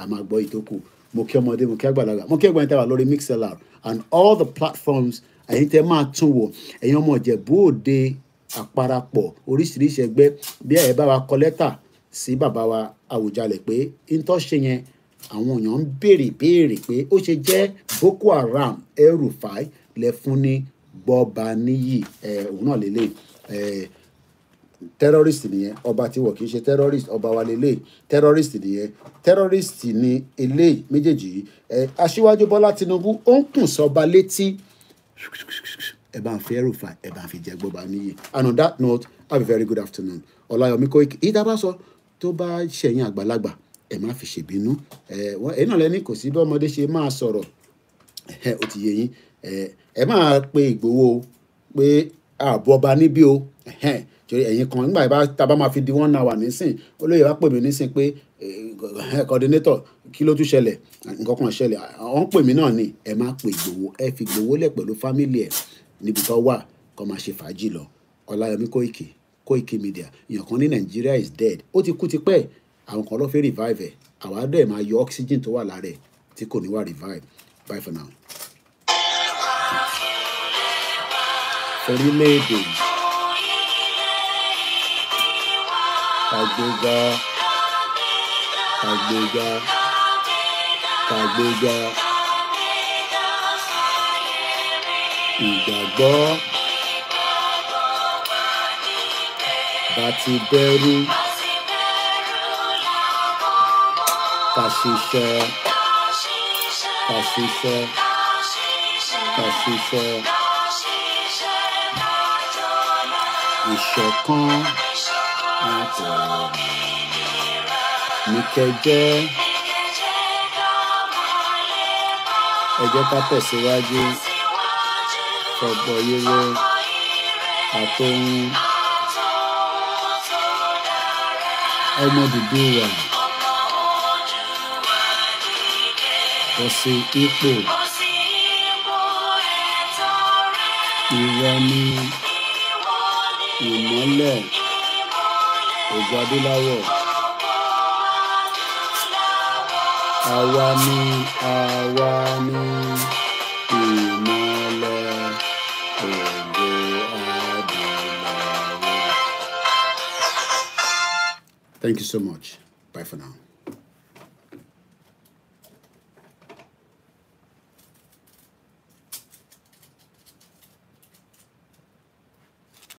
àmọ́ àgbọ̀ ìtókù mo kí ọmọdé mo kí àgbàlagbà mo kí ẹgbẹ̀rin lórí mixlr and all the platforms ẹ̀yin tẹ́ máa tún wò ẹ̀yin ọmọ ìjẹ̀bú òde àparapọ̀ oríṣiríṣi ẹgbẹ́ bí ẹ̀ bá wa kọ lẹ́tà sí bàbá wa àwùjalè pé ntọ́ṣe yẹn àwọn èèyàn ń béèrè béèrè pé ó ṣe jẹ́ Boko Haram El-Rufai lẹ fún ní Gbọ́baníyì òun náà lélẹ̀ terrorist nìyẹn ọba tiwọ̀ kì í ṣe terrorist ọba wa lélẹ̀ terrorist nìyẹn terrorist ni eléyìí méjèèjì yìí ẹ aṣíwájú bọ́lá tinubu ó ń kùn sọba létí ẹ bá ń fi ẹrù fa ẹ bá ń fi jẹ gbọba níyì and on that note have a very good afternoon ọláyọmí kóìkì ìdábà sọ tó bá ṣẹ̀yìn àgbàlagbà ẹ má fi ṣèbínú ẹ wọn ẹ náà lẹni kò sí bí ọmọdé ṣe máa sọ̀rọ̀ ẹ ò ti yé yín ẹ máa pe Ìgbòho pé ààbò ọba níbí o torí ẹ̀yin kan nígbà yìí tá a bá máa fi di one hour nísìn olóyè wa pè mí nísìn pé eh, coordinator kí ló tún ṣẹlẹ̀ nǹkan kan ṣẹlẹ̀ ọ̀ ń pè mí náà ni ẹ má pè gbowó ẹ fi gbowó lẹ̀ pẹ̀lú fámìlì ẹ̀ níbi tó wà kó máa ṣe fàájì lọ ọláyọmí kóìkì kóìkì media èèyàn kan ní nàìjíríà is dead ó ti kú tipẹ́ àwọn kan ló fẹ́ revive ẹ̀ àwa dẹ̀ máa yọ oxygen tó wà lára ẹ̀ tí kò ní wá revive bye for now. orílẹ̀-èdè àgbéga àgbéga àgbéga ìgbàgbọ́ bàtì bẹ̀rù kàṣìṣe kàṣìṣe kàṣìṣe ìṣọ̀kan àtọ̀ ní kẹjẹ́ ẹ jẹ́ ká tẹ̀síwájú fọ̀gbọ̀ yẹlẹ àtọ̀hún ọmọ dúdú wà bọ́ ipò ìwọ ni ìmọ́lẹ̀. Ògo Adúláwọ̀. Àwa ni àwa ni ìmọ́lẹ̀ Ògo Adúláwọ̀. Thank you so much. Bye for now.